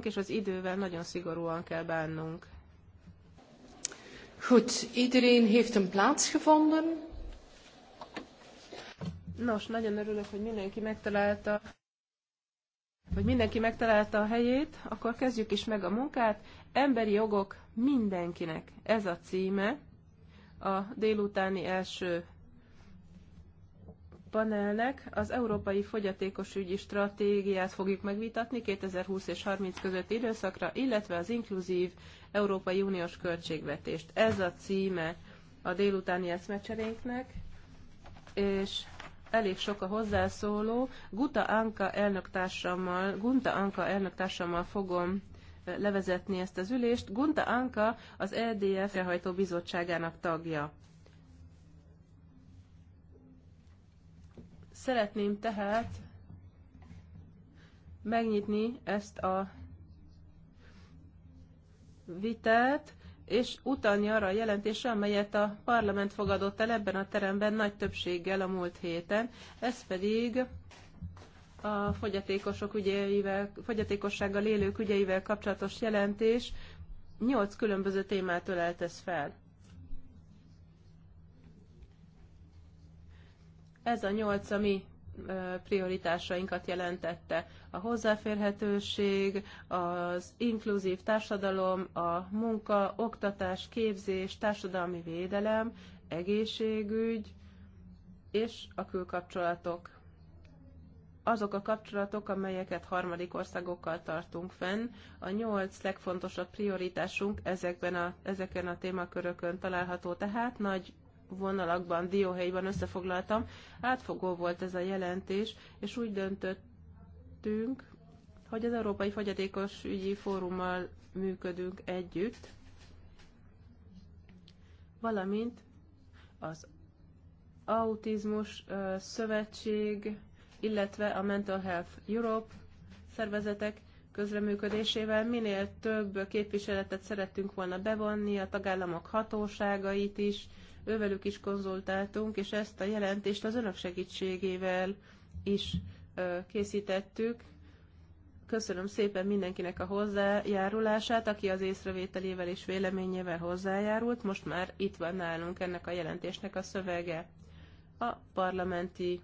és az idővel nagyon szigorúan kell bánnunk. Goed, iedereen heeft een plaats gevonden. Nos, nagyon örülök, hogy mindenki megtalálta hogy mindenki megtalálta a helyét, akkor kezdjük is meg a munkát. Emberi jogok mindenkinek. Ez a címe a délutáni első panelnek az Európai Fogyatékos Ügyi Stratégiát fogjuk megvitatni 2020 és 30 között időszakra, illetve az inkluzív Európai Uniós költségvetést. Ez a címe a délutáni eszmecserénknek, és elég sok a hozzászóló. Guta Anka elnöktársammal, Gunta Anka elnöktársammal fogom eh, levezetni ezt az ülést. Gunta Anka az EDF rehajtó bizottságának tagja. Szeretném tehát megnyitni ezt a vitát, és utalni arra a jelentésre, amelyet a parlament fogadott el ebben a teremben nagy többséggel a múlt héten. Ez pedig a fogyatékosok ügyeivel, fogyatékossággal élők ügyeivel kapcsolatos jelentés nyolc különböző témát ölelt ez fel. Ez a nyolc, ami prioritásainkat jelentette. A hozzáférhetőség, az inkluzív társadalom, a munka, oktatás, képzés, társadalmi védelem, egészségügy és a külkapcsolatok. Azok a kapcsolatok, amelyeket harmadik országokkal tartunk fenn, a nyolc legfontosabb prioritásunk ezekben a, ezeken a témakörökön található, tehát nagy vonalakban, dióhelyben összefoglaltam. Átfogó volt ez a jelentés, és úgy döntöttünk, hogy az Európai Fogyatékos Ügyi Fórummal működünk együtt, valamint az Autizmus Szövetség, illetve a Mental Health Europe szervezetek közreműködésével minél több képviseletet szerettünk volna bevonni, a tagállamok hatóságait is, ővelük is konzultáltunk, és ezt a jelentést az önök segítségével is készítettük. Köszönöm szépen mindenkinek a hozzájárulását, aki az észrevételével és véleményével hozzájárult. Most már itt van nálunk ennek a jelentésnek a szövege. A parlamenti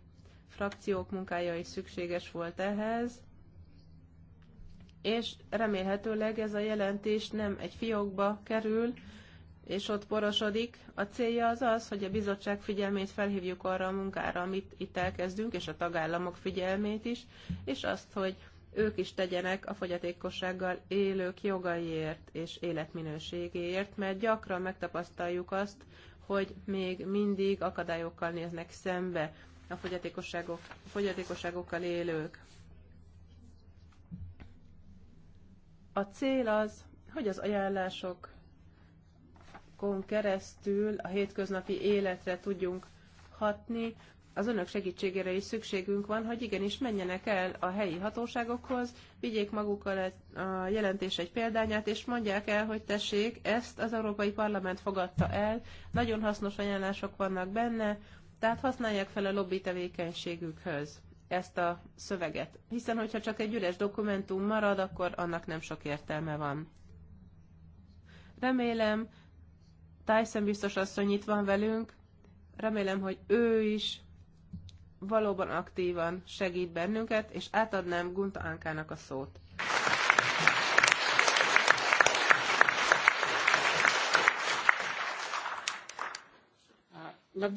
frakciók munkája is szükséges volt ehhez, és remélhetőleg ez a jelentés nem egy fiókba kerül, és ott porosodik. A célja az az, hogy a bizottság figyelmét felhívjuk arra a munkára, amit itt elkezdünk, és a tagállamok figyelmét is, és azt, hogy ők is tegyenek a fogyatékossággal élők jogaiért és életminőségéért, mert gyakran megtapasztaljuk azt, hogy még mindig akadályokkal néznek szembe a fogyatékosságok, fogyatékosságokkal élők. A cél az, hogy az ajánlások kon keresztül a hétköznapi életre tudjunk hatni, az önök segítségére is szükségünk van, hogy igenis menjenek el a helyi hatóságokhoz, vigyék magukkal a jelentés egy példányát, és mondják el, hogy tessék, ezt az Európai Parlament fogadta el, nagyon hasznos ajánlások vannak benne, tehát használják fel a lobby tevékenységükhöz ezt a szöveget. Hiszen, hogyha csak egy üres dokumentum marad, akkor annak nem sok értelme van. Remélem, Tyson biztos asszony itt van velünk, remélem, hogy ő is valóban aktívan segít bennünket, és átadnám Gunta Ánkának a szót. Uh,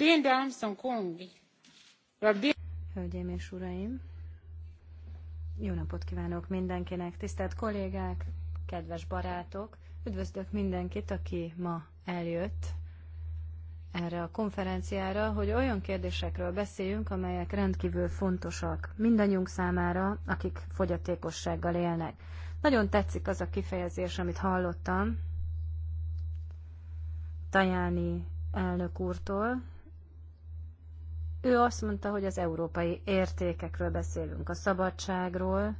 Hölgyeim és uraim! Jó napot kívánok mindenkinek, tisztelt kollégák, kedves barátok! Üdvözlök mindenkit, aki ma eljött erre a konferenciára, hogy olyan kérdésekről beszéljünk, amelyek rendkívül fontosak mindannyiunk számára, akik fogyatékossággal élnek. Nagyon tetszik az a kifejezés, amit hallottam Tajáni elnök úrtól. Ő azt mondta, hogy az európai értékekről beszélünk, a szabadságról,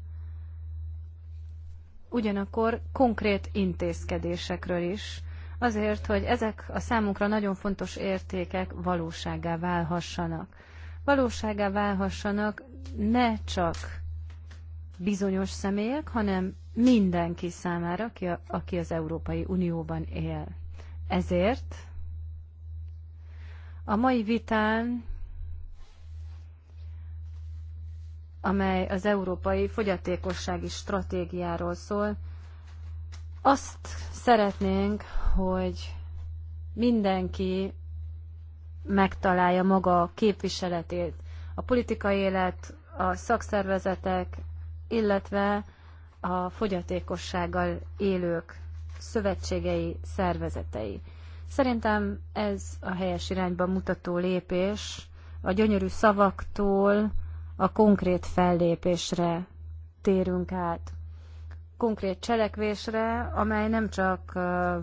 ugyanakkor konkrét intézkedésekről is, azért, hogy ezek a számunkra nagyon fontos értékek valóságá válhassanak. Valóságá válhassanak ne csak bizonyos személyek, hanem mindenki számára, aki, a, aki az Európai Unióban él. Ezért a mai vitán amely az európai fogyatékossági stratégiáról szól. Azt szeretnénk, hogy mindenki megtalálja maga a képviseletét. A politikai élet, a szakszervezetek, illetve a fogyatékossággal élők szövetségei, szervezetei. Szerintem ez a helyes irányba mutató lépés, a gyönyörű szavaktól a konkrét fellépésre térünk át. Konkrét cselekvésre, amely nem csak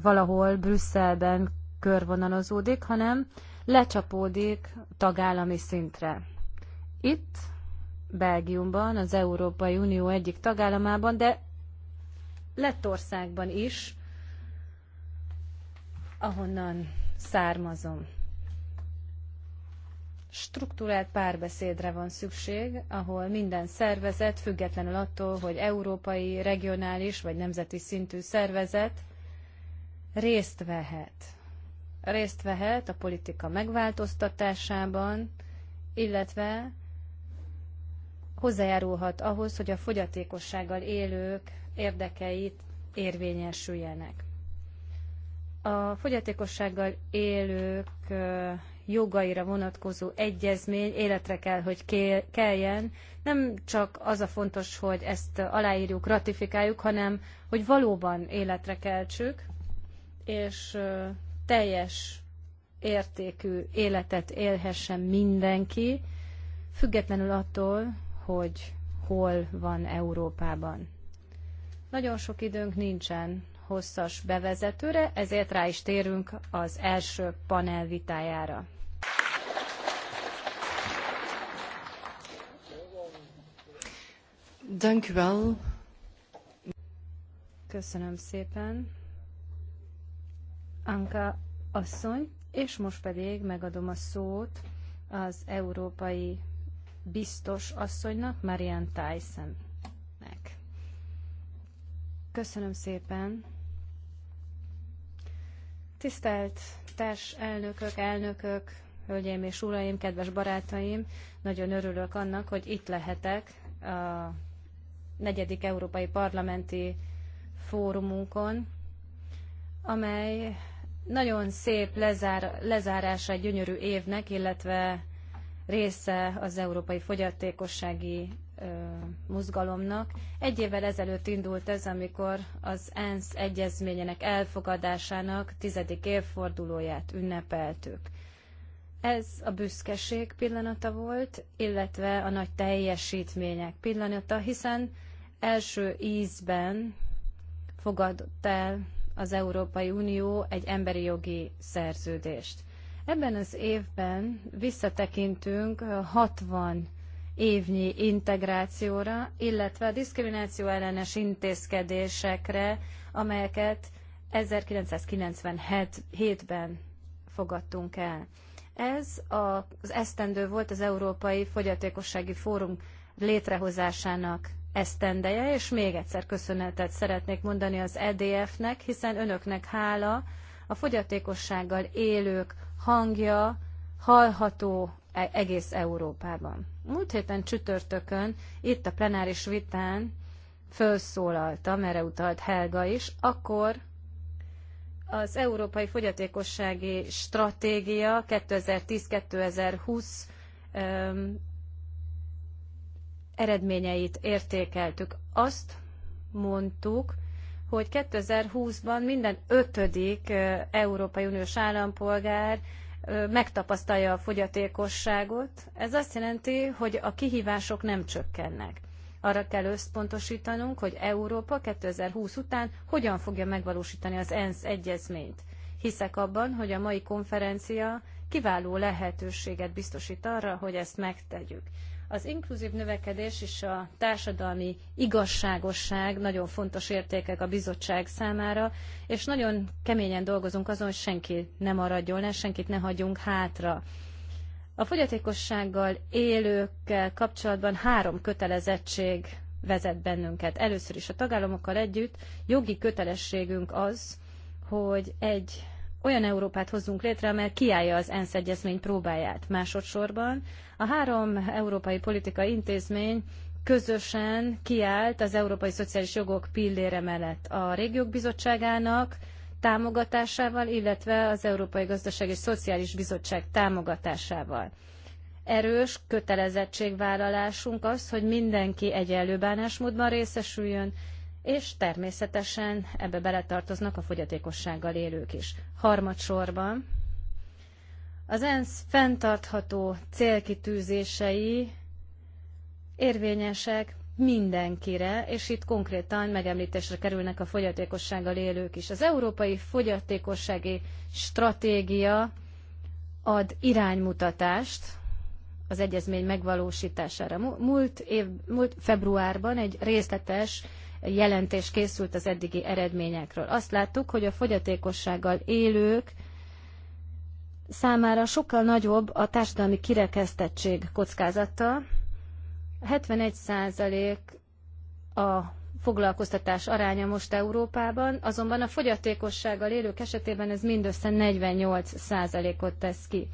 valahol Brüsszelben körvonalozódik, hanem lecsapódik tagállami szintre. Itt, Belgiumban, az Európai Unió egyik tagállamában, de Lettországban is, ahonnan származom. Strukturált párbeszédre van szükség, ahol minden szervezet, függetlenül attól, hogy európai, regionális vagy nemzeti szintű szervezet részt vehet. Részt vehet a politika megváltoztatásában, illetve hozzájárulhat ahhoz, hogy a fogyatékossággal élők érdekeit érvényesüljenek. A fogyatékossággal élők jogaira vonatkozó egyezmény életre kell, hogy keljen. Nem csak az a fontos, hogy ezt aláírjuk, ratifikáljuk, hanem hogy valóban életre keltsük, és teljes értékű életet élhessen mindenki, függetlenül attól, hogy hol van Európában. Nagyon sok időnk nincsen hosszas bevezetőre, ezért rá is térünk az első panel vitájára. Dank u wel. Köszönöm szépen. Anka asszony, és most pedig megadom a szót az európai biztos asszonynak, Marianne Tysonnek. Köszönöm szépen. Tisztelt társ elnökök, elnökök, hölgyeim és uraim, kedves barátaim, nagyon örülök annak, hogy itt lehetek a negyedik Európai Parlamenti Fórumunkon, amely nagyon szép lezár, lezárása egy gyönyörű évnek, illetve része az európai fogyatékossági ö, mozgalomnak. Egy évvel ezelőtt indult ez, amikor az ENSZ egyezményének elfogadásának tizedik évfordulóját ünnepeltük. Ez a büszkeség pillanata volt, illetve a nagy teljesítmények pillanata, hiszen első ízben fogadott el az Európai Unió egy emberi jogi szerződést. Ebben az évben visszatekintünk 60 évnyi integrációra, illetve a diszkrimináció ellenes intézkedésekre, amelyeket 1997-ben fogadtunk el. Ez az esztendő volt az Európai Fogyatékossági Fórum létrehozásának esztendeje, és még egyszer köszönetet szeretnék mondani az EDF-nek, hiszen önöknek hála a fogyatékossággal élők hangja hallható e-, egész Európában. Múlt héten csütörtökön, itt a plenáris vitán felszólaltam, erre utalt Helga is, akkor az Európai Fogyatékossági Stratégia 2010-2020 eredményeit értékeltük. Azt mondtuk, hogy 2020-ban minden ötödik Európai Uniós állampolgár megtapasztalja a fogyatékosságot. Ez azt jelenti, hogy a kihívások nem csökkennek. Arra kell összpontosítanunk, hogy Európa 2020 után hogyan fogja megvalósítani az ENSZ egyezményt. Hiszek abban, hogy a mai konferencia kiváló lehetőséget biztosít arra, hogy ezt megtegyük. Az inkluzív növekedés és a társadalmi igazságosság nagyon fontos értékek a bizottság számára, és nagyon keményen dolgozunk azon, hogy senki ne maradjon le, senkit ne hagyjunk hátra. A fogyatékossággal élőkkel kapcsolatban három kötelezettség vezet bennünket. Először is a tagállamokkal együtt jogi kötelességünk az, hogy egy olyan Európát hozzunk létre, amely kiállja az ENSZ egyezmény próbáját. Másodszorban a három európai politikai intézmény közösen kiállt az Európai Szociális Jogok pillére mellett a Régiók Bizottságának támogatásával, illetve az Európai Gazdaság és Szociális Bizottság támogatásával. Erős kötelezettségvállalásunk az, hogy mindenki egyenlő bánásmódban részesüljön, és természetesen ebbe beletartoznak a fogyatékossággal élők is. Harmadsorban az ENSZ fenntartható célkitűzései érvényesek mindenkire, és itt konkrétan megemlítésre kerülnek a fogyatékossággal élők is. Az Európai Fogyatékossági Stratégia ad iránymutatást az egyezmény megvalósítására. Múlt, év, múlt februárban egy részletes jelentés készült az eddigi eredményekről. Azt láttuk, hogy a fogyatékossággal élők számára sokkal nagyobb a társadalmi kirekesztettség kockázata. 71% a foglalkoztatás aránya most Európában, azonban a fogyatékossággal élők esetében ez mindössze 48%-ot tesz ki.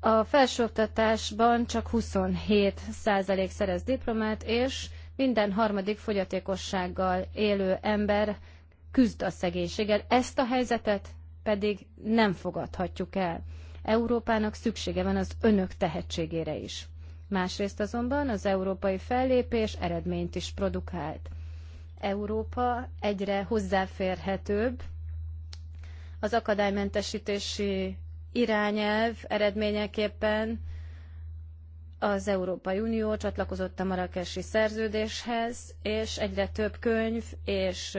A felsőoktatásban csak 27% szerez diplomát, és minden harmadik fogyatékossággal élő ember küzd a szegénységgel. Ezt a helyzetet pedig nem fogadhatjuk el. Európának szüksége van az önök tehetségére is. Másrészt azonban az európai fellépés eredményt is produkált. Európa egyre hozzáférhetőbb, az akadálymentesítési irányelv eredményeképpen az Európai Unió csatlakozott a marakesi szerződéshez, és egyre több könyv és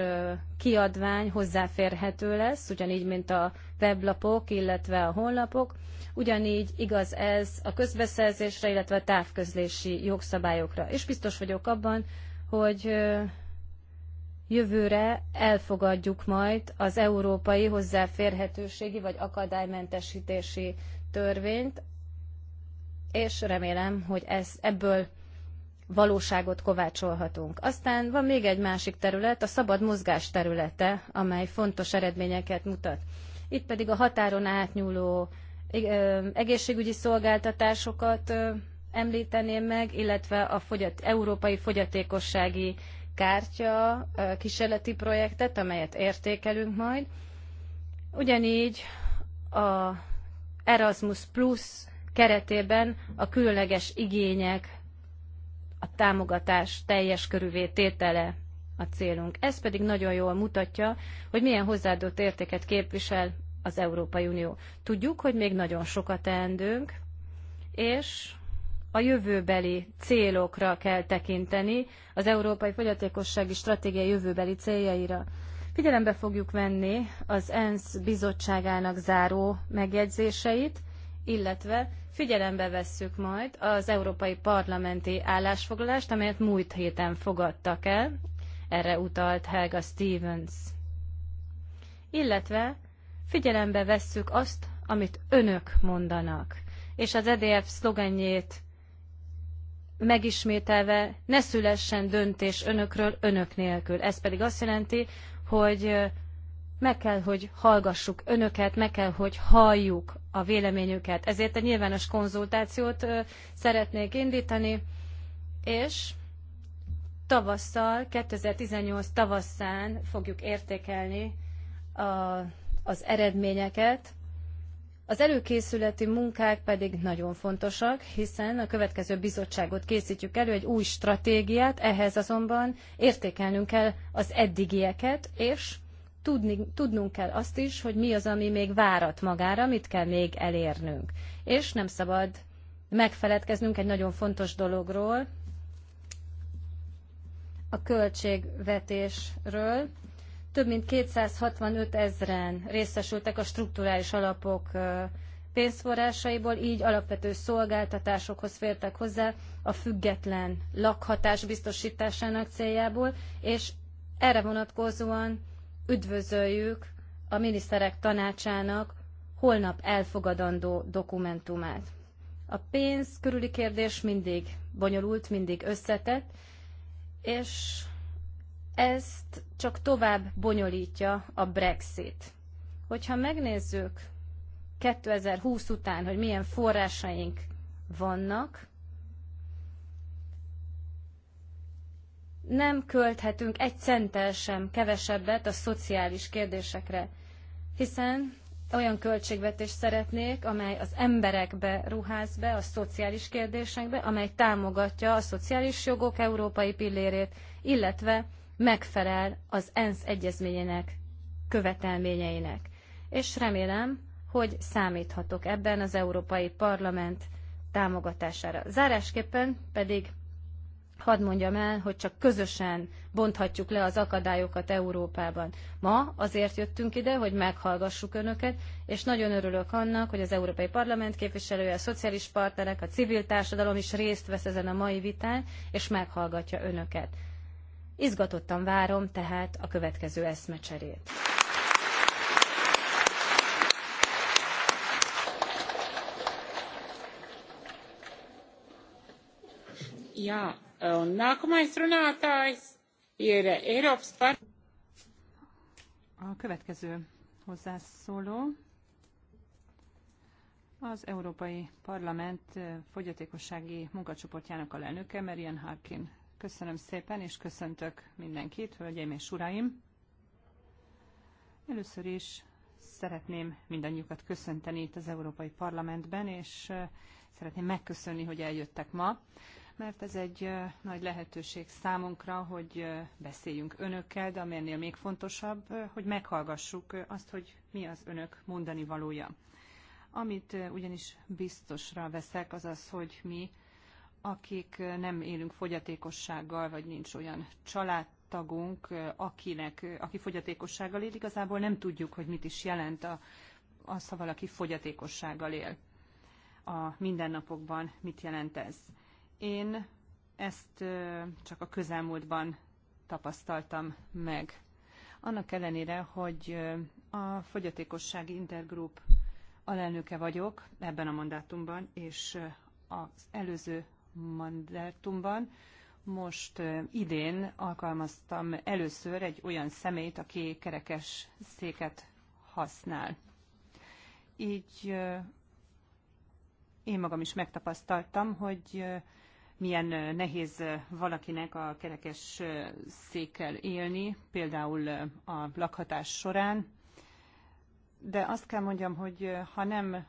kiadvány hozzáférhető lesz, ugyanígy, mint a weblapok, illetve a honlapok. Ugyanígy igaz ez a közbeszerzésre, illetve a távközlési jogszabályokra. És biztos vagyok abban, hogy jövőre elfogadjuk majd az európai hozzáférhetőségi vagy akadálymentesítési törvényt, és remélem, hogy ez, ebből valóságot kovácsolhatunk. Aztán van még egy másik terület, a szabad mozgás területe, amely fontos eredményeket mutat. Itt pedig a határon átnyúló egészségügyi szolgáltatásokat említeném meg, illetve a fogyat, európai fogyatékossági kártya kísérleti projektet, amelyet értékelünk majd. Ugyanígy a Erasmus Plus keretében a különleges igények, a támogatás teljes körűvé tétele a célunk. Ez pedig nagyon jól mutatja, hogy milyen hozzáadott értéket képvisel az Európai Unió. Tudjuk, hogy még nagyon sokat teendőnk, és a jövőbeli célokra kell tekinteni, az Európai Fogyatékossági Stratégia jövőbeli céljaira. Figyelembe fogjuk venni az ENSZ bizottságának záró megjegyzéseit, illetve Figyelembe vesszük majd az Európai Parlamenti állásfoglalást, amelyet múlt héten fogadtak el, erre utalt Helga Stevens. Illetve figyelembe vesszük azt, amit önök mondanak, és az EDF szlogenjét megismételve ne szülessen döntés önökről önök nélkül. Ez pedig azt jelenti, hogy meg kell, hogy hallgassuk önöket, meg kell, hogy halljuk a véleményüket. Ezért a nyilvános konzultációt szeretnék indítani, és tavasszal, 2018 tavasszán fogjuk értékelni a, az eredményeket. Az előkészületi munkák pedig nagyon fontosak, hiszen a következő bizottságot készítjük elő, egy új stratégiát, ehhez azonban értékelnünk kell az eddigieket, és tudni, tudnunk kell azt is, hogy mi az, ami még várat magára, mit kell még elérnünk. És nem szabad megfeledkeznünk egy nagyon fontos dologról, a költségvetésről. Több mint 265 ezeren részesültek a strukturális alapok pénzforrásaiból, így alapvető szolgáltatásokhoz fértek hozzá a független lakhatás biztosításának céljából, és erre vonatkozóan üdvözöljük a miniszterek tanácsának holnap elfogadandó dokumentumát. A pénz körüli kérdés mindig bonyolult, mindig összetett, és ezt csak tovább bonyolítja a Brexit. Hogyha megnézzük 2020 után, hogy milyen forrásaink vannak, nem költhetünk egy centtel sem kevesebbet a szociális kérdésekre, hiszen olyan költségvetést szeretnék, amely az emberekbe ruház be, a szociális kérdésekbe, amely támogatja a szociális jogok európai pillérét, illetve megfelel az ENSZ egyezményének követelményeinek. És remélem, hogy számíthatok ebben az Európai Parlament támogatására. Zárásképpen pedig hadd mondjam el, hogy csak közösen bonthatjuk le az akadályokat Európában. Ma azért jöttünk ide, hogy meghallgassuk Önöket, és nagyon örülök annak, hogy az Európai Parlament képviselője, a szociális partnerek, a civil társadalom is részt vesz ezen a mai vitán, és meghallgatja Önöket. Izgatottan várom tehát a következő eszmecserét. Ja, Un nākamais runātājs ir Eiropas par... A következő hozzászóló az Európai Parlament fogyatékossági munkacsoportjának a lelnöke, Marian Harkin. Köszönöm szépen, és köszöntök mindenkit, hölgyeim és uraim! Először is szeretném mindannyiukat köszönteni itt az Európai Parlamentben, és szeretném megköszönni, hogy eljöttek ma mert ez egy nagy lehetőség számunkra, hogy beszéljünk önökkel, de amennél még fontosabb, hogy meghallgassuk azt, hogy mi az önök mondani valója. Amit ugyanis biztosra veszek, az az, hogy mi, akik nem élünk fogyatékossággal, vagy nincs olyan családtagunk, akinek, aki fogyatékossággal él, igazából nem tudjuk, hogy mit is jelent a, az, ha valaki szóval, fogyatékossággal él. A mindennapokban mit jelent ez? Én ezt csak a közelmúltban tapasztaltam meg. Annak ellenére, hogy a fogyatékossági intergroup alelnöke vagyok ebben a mandátumban, és az előző mandátumban most idén alkalmaztam először egy olyan személyt, aki kerekes széket használ. Így én magam is megtapasztaltam, hogy milyen nehéz valakinek a kerekes székkel élni, például a lakhatás során. De azt kell mondjam, hogy ha nem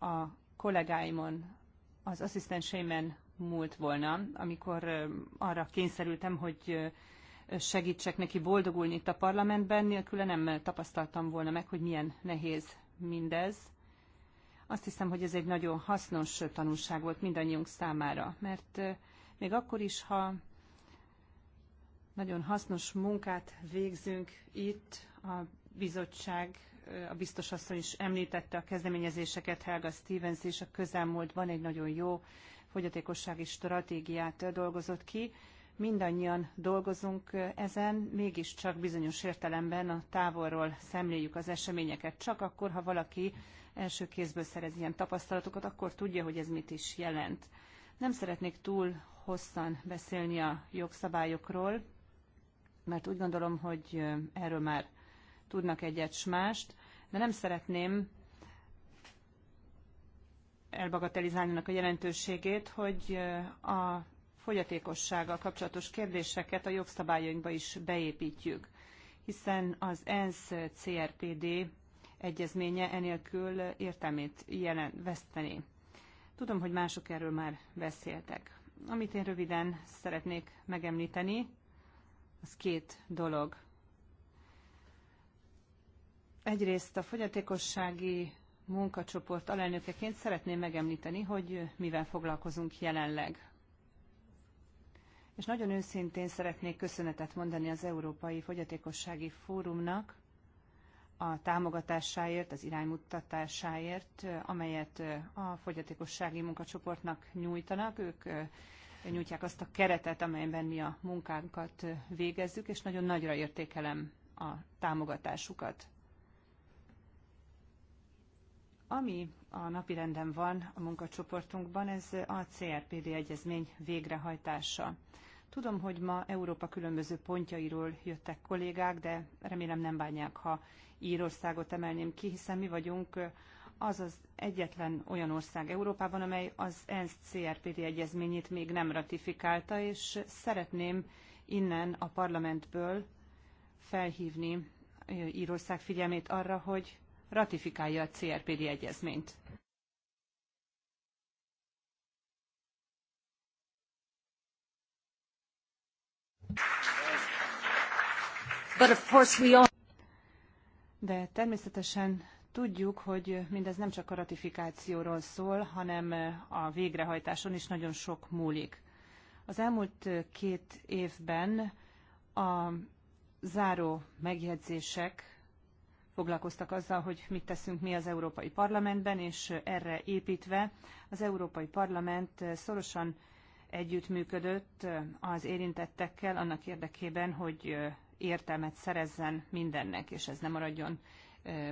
a kollégáimon, az asszisztenseimen múlt volna, amikor arra kényszerültem, hogy segítsek neki boldogulni itt a parlamentben, nélküle nem tapasztaltam volna meg, hogy milyen nehéz mindez azt hiszem, hogy ez egy nagyon hasznos tanulság volt mindannyiunk számára, mert még akkor is, ha nagyon hasznos munkát végzünk itt, a bizottság, a biztos asszony is említette a kezdeményezéseket, Helga Stevens és a közelmúltban egy nagyon jó fogyatékossági stratégiát dolgozott ki. Mindannyian dolgozunk ezen, mégiscsak bizonyos értelemben a távolról szemléljük az eseményeket, csak akkor, ha valaki első kézből szerez ilyen tapasztalatokat, akkor tudja, hogy ez mit is jelent. Nem szeretnék túl hosszan beszélni a jogszabályokról, mert úgy gondolom, hogy erről már tudnak egyet s mást, de nem szeretném elbagatelizálni a jelentőségét, hogy a fogyatékossággal kapcsolatos kérdéseket a jogszabályainkba is beépítjük, hiszen az ENSZ CRPD egyezménye enélkül értelmét jelen, veszteni. Tudom, hogy mások erről már beszéltek. Amit én röviden szeretnék megemlíteni, az két dolog. Egyrészt a fogyatékossági munkacsoport alelnökeként szeretném megemlíteni, hogy mivel foglalkozunk jelenleg. És nagyon őszintén szeretnék köszönetet mondani az Európai Fogyatékossági Fórumnak, a támogatásáért, az iránymutatásáért, amelyet a fogyatékossági munkacsoportnak nyújtanak. Ők nyújtják azt a keretet, amelyben mi a munkánkat végezzük, és nagyon nagyra értékelem a támogatásukat. Ami a renden van a munkacsoportunkban, ez a CRPD egyezmény végrehajtása. Tudom, hogy ma Európa különböző pontjairól jöttek kollégák, de remélem nem bánják, ha Írországot emelném ki, hiszen mi vagyunk az az egyetlen olyan ország Európában, amely az ENSZ CRPD egyezményét még nem ratifikálta, és szeretném innen a parlamentből felhívni Írország figyelmét arra, hogy ratifikálja a CRPD egyezményt. De természetesen tudjuk, hogy mindez nem csak a ratifikációról szól, hanem a végrehajtáson is nagyon sok múlik. Az elmúlt két évben a záró megjegyzések foglalkoztak azzal, hogy mit teszünk mi az Európai Parlamentben, és erre építve az Európai Parlament szorosan együttműködött az érintettekkel annak érdekében, hogy értelmet szerezzen mindennek, és ez nem maradjon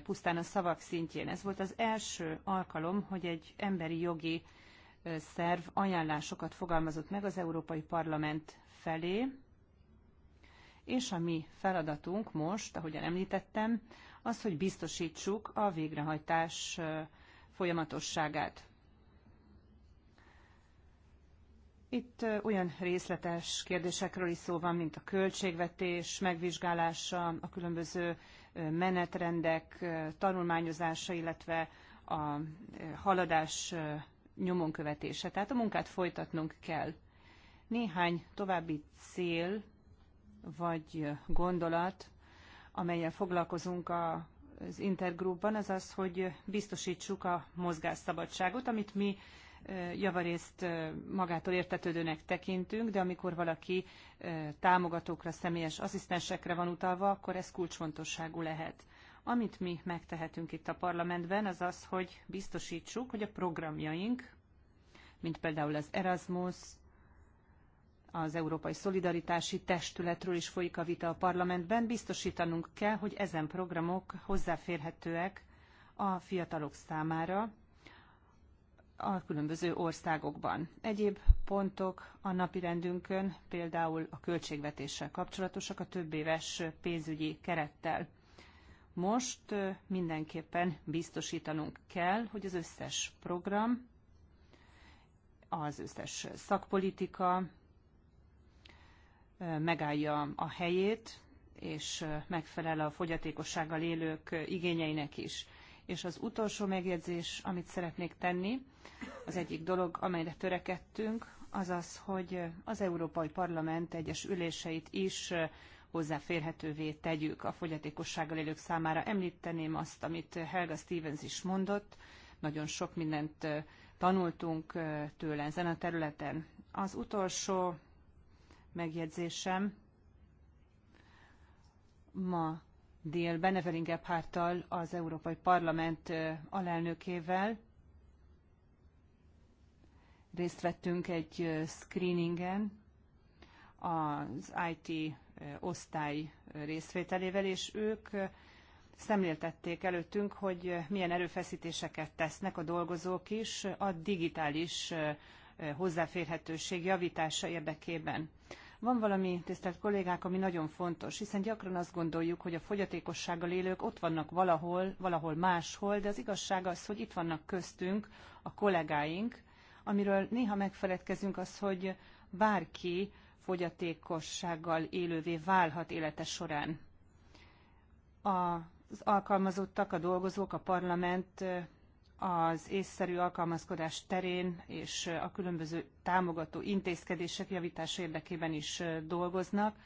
pusztán a szavak szintjén. Ez volt az első alkalom, hogy egy emberi jogi szerv ajánlásokat fogalmazott meg az Európai Parlament felé, és a mi feladatunk most, ahogyan említettem, az, hogy biztosítsuk a végrehajtás folyamatosságát. Itt olyan részletes kérdésekről is szó van, mint a költségvetés megvizsgálása, a különböző menetrendek tanulmányozása, illetve a haladás nyomon követése. Tehát a munkát folytatnunk kell. Néhány további cél vagy gondolat, amelyen foglalkozunk a az intergrupban, az az, hogy biztosítsuk a mozgásszabadságot, amit mi javarészt magától értetődőnek tekintünk, de amikor valaki támogatókra, személyes asszisztensekre van utalva, akkor ez kulcsfontosságú lehet. Amit mi megtehetünk itt a parlamentben, az az, hogy biztosítsuk, hogy a programjaink, mint például az Erasmus, az Európai Szolidaritási Testületről is folyik a vita a parlamentben, biztosítanunk kell, hogy ezen programok hozzáférhetőek a fiatalok számára, a különböző országokban. Egyéb pontok a napi rendünkön, például a költségvetéssel kapcsolatosak a több éves pénzügyi kerettel. Most mindenképpen biztosítanunk kell, hogy az összes program, az összes szakpolitika megállja a helyét, és megfelel a fogyatékossággal élők igényeinek is. És az utolsó megjegyzés, amit szeretnék tenni, az egyik dolog, amelyre törekedtünk, az az, hogy az Európai Parlament egyes üléseit is hozzáférhetővé tegyük a fogyatékossággal élők számára. Említeném azt, amit Helga Stevens is mondott, nagyon sok mindent tanultunk tőle ezen a területen. Az utolsó megjegyzésem ma dél Beneverin Gepharttal, az Európai Parlament alelnökével. Részt vettünk egy screeningen az IT osztály részvételével, és ők szemléltették előttünk, hogy milyen erőfeszítéseket tesznek a dolgozók is a digitális hozzáférhetőség javítása érdekében. Van valami, tisztelt kollégák, ami nagyon fontos, hiszen gyakran azt gondoljuk, hogy a fogyatékossággal élők ott vannak valahol, valahol máshol, de az igazság az, hogy itt vannak köztünk a kollégáink, amiről néha megfeledkezünk az, hogy bárki fogyatékossággal élővé válhat élete során. Az alkalmazottak, a dolgozók, a parlament az észszerű alkalmazkodás terén és a különböző támogató intézkedések javítása érdekében is dolgoznak,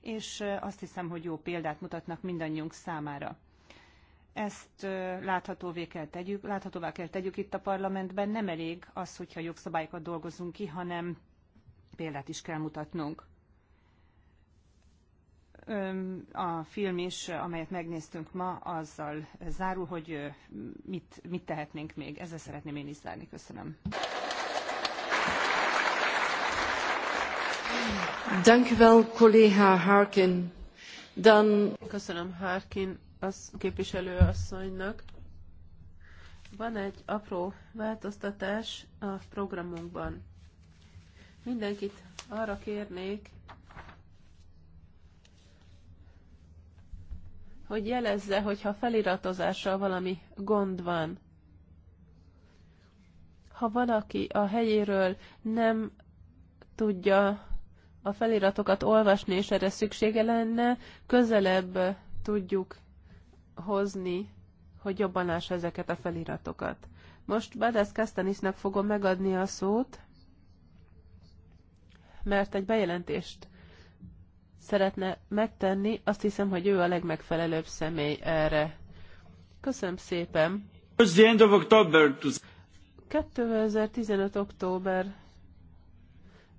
és azt hiszem, hogy jó példát mutatnak mindannyiunk számára. Ezt láthatóvá kell tegyük, láthatóvá kell tegyük itt a parlamentben. Nem elég az, hogyha jogszabályokat dolgozunk ki, hanem példát is kell mutatnunk. A film is, amelyet megnéztünk ma, azzal zárul, hogy mit, mit tehetnénk még. Ezzel szeretném én is zárni. Köszönöm. Köszönöm Harkin az képviselő asszonynak. Van egy apró változtatás a programunkban. Mindenkit arra kérnék, hogy jelezze, hogyha feliratozással valami gond van. Ha valaki a helyéről nem tudja a feliratokat olvasni, és erre szüksége lenne, közelebb tudjuk hozni, hogy jobban lássa ezeket a feliratokat. Most Badász Kastanisnak fogom megadni a szót, mert egy bejelentést szeretne megtenni, azt hiszem, hogy ő a legmegfelelőbb személy erre. Köszönöm szépen. 2015. október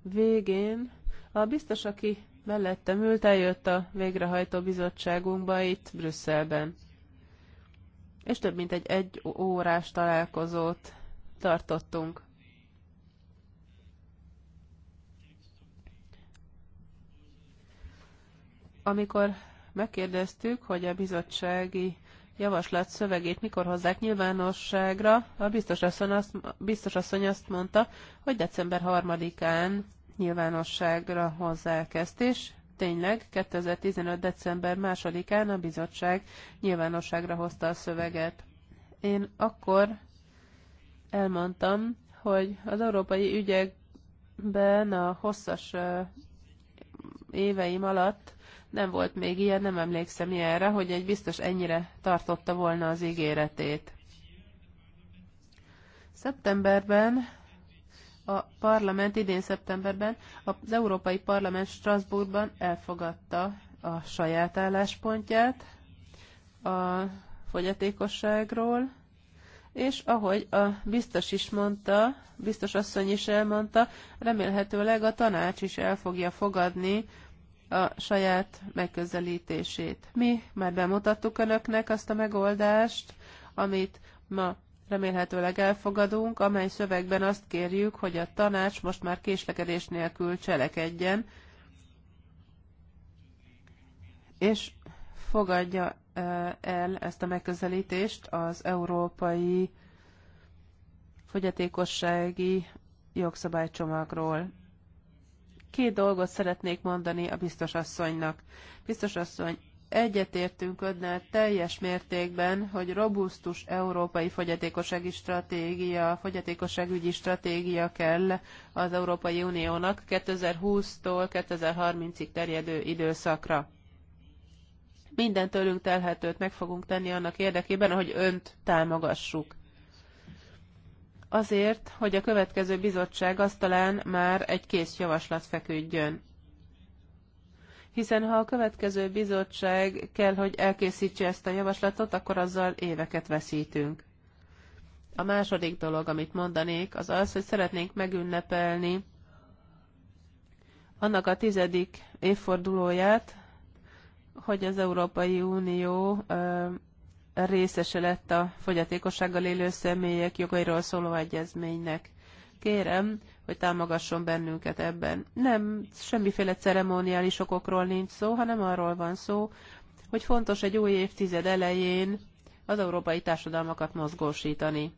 végén a biztos, aki mellettem ült, eljött a végrehajtó bizottságunkba itt Brüsszelben. És több mint egy egy órás találkozót tartottunk. Amikor megkérdeztük, hogy a bizottsági javaslat szövegét mikor hozzák nyilvánosságra, a biztos asszony azt, biztos asszony azt mondta, hogy december 3-án nyilvánosságra hozzák ezt, és tényleg 2015. december 2-án a bizottság nyilvánosságra hozta a szöveget. Én akkor elmondtam, hogy az európai ügyekben a hosszas éveim alatt nem volt még ilyen, nem emlékszem ilyenre, hogy egy biztos ennyire tartotta volna az ígéretét. Szeptemberben a parlament, idén szeptemberben az Európai Parlament Strasbourgban elfogadta a saját álláspontját a fogyatékosságról, és ahogy a biztos is mondta, biztos asszony is elmondta, remélhetőleg a tanács is el fogja fogadni a saját megközelítését. Mi már bemutattuk önöknek azt a megoldást, amit ma remélhetőleg elfogadunk, amely szövegben azt kérjük, hogy a tanács most már késlekedés nélkül cselekedjen, és fogadja el ezt a megközelítést az európai fogyatékossági jogszabálycsomagról. Két dolgot szeretnék mondani a biztos asszonynak. Biztos asszony, egyetértünk önnel teljes mértékben, hogy robusztus európai fogyatékosági stratégia, fogyatékosságügyi stratégia kell az Európai Uniónak 2020-tól 2030-ig terjedő időszakra. Minden tőlünk telhetőt meg fogunk tenni annak érdekében, hogy önt támogassuk azért, hogy a következő bizottság aztalán már egy kész javaslat feküdjön. Hiszen ha a következő bizottság kell, hogy elkészítse ezt a javaslatot, akkor azzal éveket veszítünk. A második dolog, amit mondanék, az az, hogy szeretnénk megünnepelni annak a tizedik évfordulóját, hogy az Európai Unió részese lett a fogyatékossággal élő személyek jogairól szóló egyezménynek. Kérem, hogy támogasson bennünket ebben. Nem semmiféle ceremoniális okokról nincs szó, hanem arról van szó, hogy fontos egy új évtized elején az európai társadalmakat mozgósítani.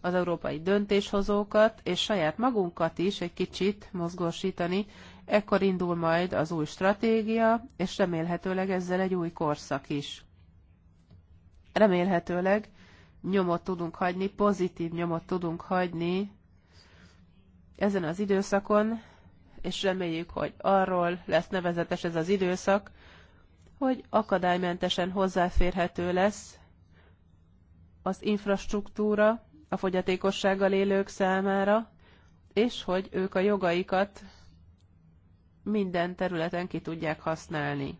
Az európai döntéshozókat és saját magunkat is egy kicsit mozgósítani, ekkor indul majd az új stratégia, és remélhetőleg ezzel egy új korszak is remélhetőleg nyomot tudunk hagyni, pozitív nyomot tudunk hagyni ezen az időszakon, és reméljük, hogy arról lesz nevezetes ez az időszak, hogy akadálymentesen hozzáférhető lesz az infrastruktúra a fogyatékossággal élők számára, és hogy ők a jogaikat minden területen ki tudják használni.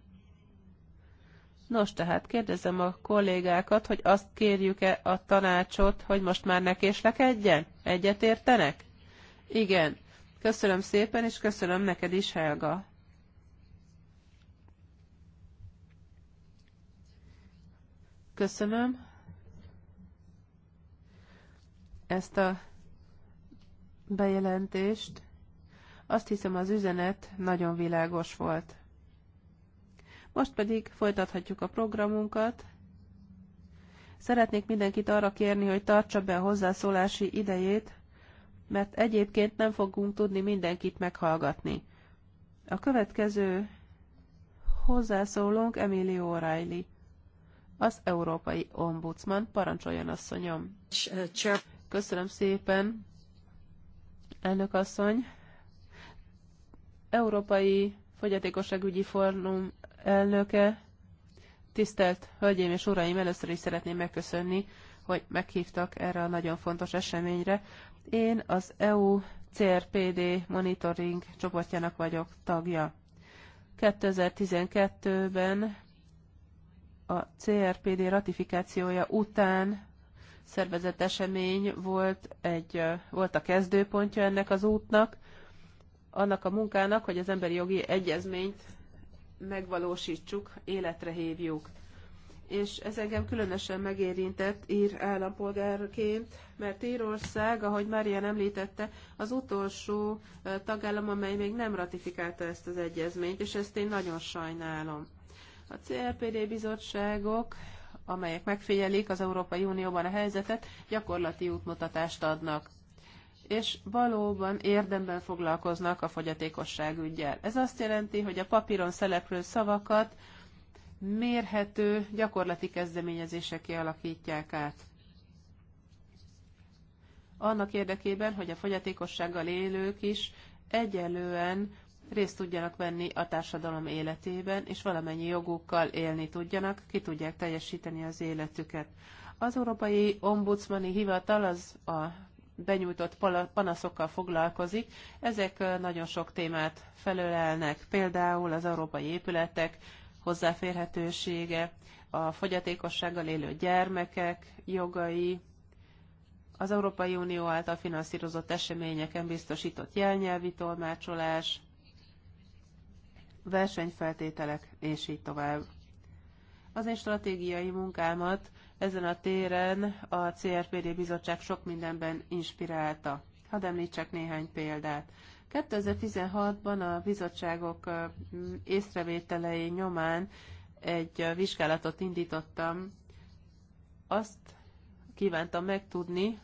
Nos, tehát kérdezem a kollégákat, hogy azt kérjük-e a tanácsot, hogy most már ne késlekedjen? Egyetértenek? Igen. Köszönöm szépen, és köszönöm neked is, Helga. Köszönöm ezt a bejelentést. Azt hiszem, az üzenet nagyon világos volt. Most pedig folytathatjuk a programunkat. Szeretnék mindenkit arra kérni, hogy tartsa be a hozzászólási idejét, mert egyébként nem fogunk tudni mindenkit meghallgatni. A következő hozzászólónk Emilio O'Reilly, az Európai Ombudsman. Parancsoljon, asszonyom! Köszönöm szépen, elnök asszony! Európai Fogyatékosságügyi Fórum elnöke. Tisztelt Hölgyeim és Uraim, először is szeretném megköszönni, hogy meghívtak erre a nagyon fontos eseményre. Én az EU CRPD monitoring csoportjának vagyok tagja. 2012-ben a CRPD ratifikációja után szervezett esemény volt, egy, volt a kezdőpontja ennek az útnak, annak a munkának, hogy az emberi jogi egyezményt megvalósítsuk, életre hívjuk. És ez engem különösen megérintett ír állampolgárként, mert Írország, ahogy Mária említette, az utolsó tagállam, amely még nem ratifikálta ezt az egyezményt, és ezt én nagyon sajnálom. A CRPD bizottságok amelyek megfigyelik az Európai Unióban a helyzetet, gyakorlati útmutatást adnak és valóban érdemben foglalkoznak a fogyatékosság ügyel. Ez azt jelenti, hogy a papíron szereplő szavakat mérhető gyakorlati kezdeményezések kialakítják át. Annak érdekében, hogy a fogyatékossággal élők is egyelően részt tudjanak venni a társadalom életében, és valamennyi jogukkal élni tudjanak, ki tudják teljesíteni az életüket. Az Európai Ombudsmani Hivatal az a benyújtott panaszokkal foglalkozik. Ezek nagyon sok témát felölelnek, például az európai épületek hozzáférhetősége, a fogyatékossággal élő gyermekek jogai, az Európai Unió által finanszírozott eseményeken biztosított jelnyelvi tolmácsolás, versenyfeltételek, és így tovább. Az én stratégiai munkámat ezen a téren a CRPD bizottság sok mindenben inspirálta. Hadd említsek néhány példát. 2016-ban a bizottságok észrevételei nyomán egy vizsgálatot indítottam. Azt kívántam megtudni,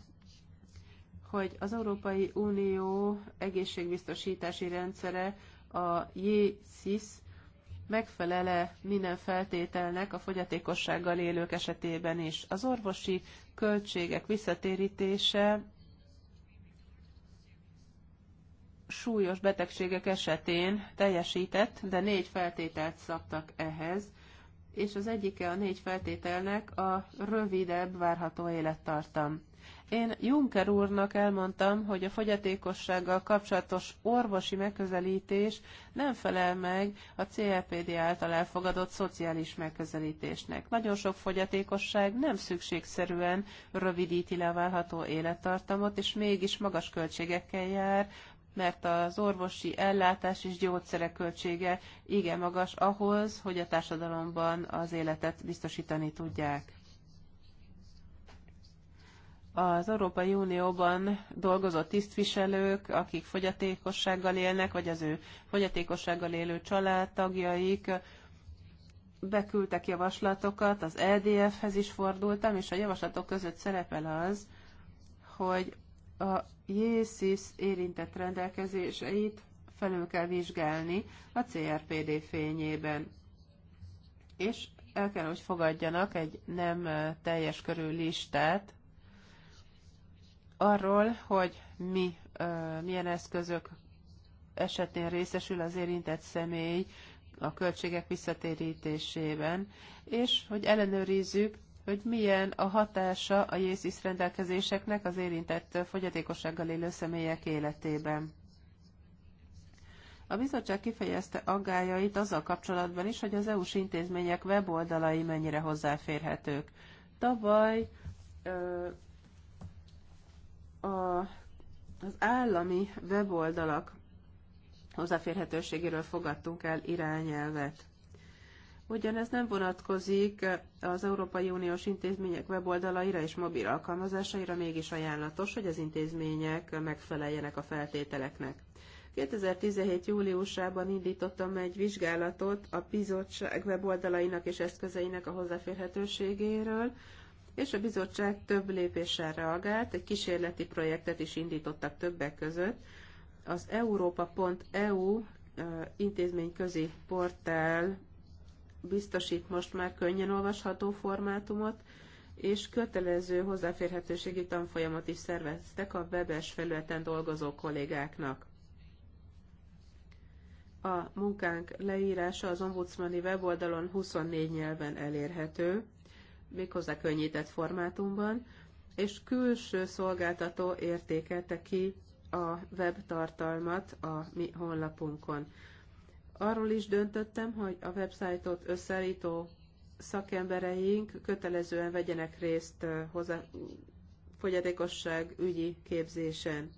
hogy az Európai Unió egészségbiztosítási rendszere a JSIS megfelele minden feltételnek a fogyatékossággal élők esetében is. Az orvosi költségek visszatérítése súlyos betegségek esetén teljesített, de négy feltételt szabtak ehhez, és az egyike a négy feltételnek a rövidebb várható élettartam. Én Juncker úrnak elmondtam, hogy a fogyatékossággal kapcsolatos orvosi megközelítés nem felel meg a CLPD által elfogadott szociális megközelítésnek. Nagyon sok fogyatékosság nem szükségszerűen rövidíti le a válható élettartamot, és mégis magas költségekkel jár, mert az orvosi ellátás és gyógyszerek költsége igen magas ahhoz, hogy a társadalomban az életet biztosítani tudják az Európai Unióban dolgozó tisztviselők, akik fogyatékossággal élnek, vagy az ő fogyatékossággal élő családtagjaik, beküldtek javaslatokat, az LDF-hez e is fordultam, és a javaslatok között szerepel az, hogy a JSIS érintett rendelkezéseit felül kell vizsgálni a CRPD fényében. És el kell, hogy fogadjanak egy nem teljes körű listát arról, hogy mi, milyen eszközök esetén részesül az érintett személy a költségek visszatérítésében, és hogy ellenőrizzük, hogy milyen a hatása a JSZISZ rendelkezéseknek az érintett fogyatékossággal élő személyek életében. A bizottság kifejezte aggájait azzal kapcsolatban is, hogy az EU-s intézmények weboldalai mennyire hozzáférhetők. Tavaly ö, a, az állami weboldalak hozzáférhetőségéről fogadtunk el irányelvet. Ugyanez nem vonatkozik az Európai Uniós intézmények weboldalaira és mobil alkalmazásaira, mégis ajánlatos, hogy az intézmények megfeleljenek a feltételeknek. 2017. júliusában indítottam egy vizsgálatot a bizottság weboldalainak és eszközeinek a hozzáférhetőségéről, és a bizottság több lépéssel reagált, egy kísérleti projektet is indítottak többek között. Az Európa.eu intézményközi portál biztosít most már könnyen olvasható formátumot, és kötelező hozzáférhetőségi tanfolyamot is szerveztek a webes felületen dolgozó kollégáknak. A munkánk leírása az ombudsmani weboldalon 24 nyelven elérhető, méghozzá könnyített formátumban, és külső szolgáltató értékelte ki a web tartalmat a mi honlapunkon. Arról is döntöttem, hogy a websájtot összeállító szakembereink kötelezően vegyenek részt hozzá fogyatékosság ügyi képzésen.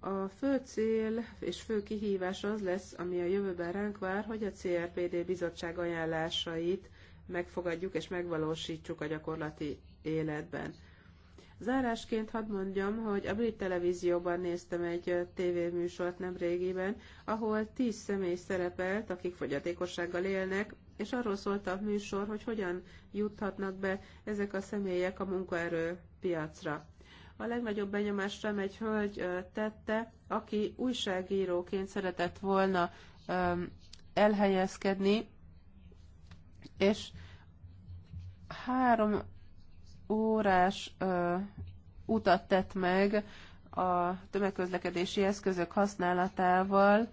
A fő cél és fő kihívás az lesz, ami a jövőben ránk vár, hogy a CRPD bizottság ajánlásait megfogadjuk és megvalósítsuk a gyakorlati életben. Zárásként hadd mondjam, hogy a brit televízióban néztem egy tévéműsort nem régiben, ahol tíz személy szerepelt, akik fogyatékossággal élnek, és arról szólt a műsor, hogy hogyan juthatnak be ezek a személyek a munkaerő piacra. A legnagyobb benyomást sem egy hölgy tette, aki újságíróként szeretett volna elhelyezkedni, és három órás ö, utat tett meg a tömegközlekedési eszközök használatával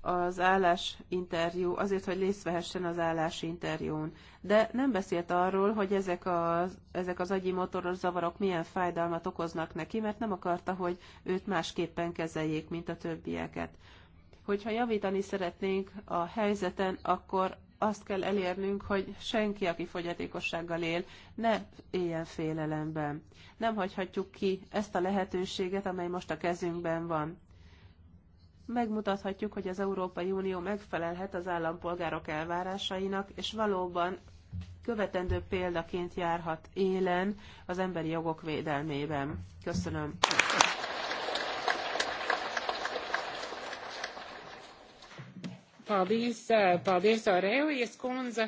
az állásinterjú, azért, hogy részt vehessen az állásinterjún. De nem beszélt arról, hogy ezek az, ezek az agyi motoros zavarok milyen fájdalmat okoznak neki, mert nem akarta, hogy őt másképpen kezeljék, mint a többieket. Hogyha javítani szeretnénk a helyzeten, akkor azt kell elérnünk, hogy senki, aki fogyatékossággal él, ne éljen félelemben. Nem hagyhatjuk ki ezt a lehetőséget, amely most a kezünkben van. Megmutathatjuk, hogy az Európai Unió megfelelhet az állampolgárok elvárásainak, és valóban követendő példaként járhat élen az emberi jogok védelmében. Köszönöm. Paldies, eh, paldies Aurēlijas kundze.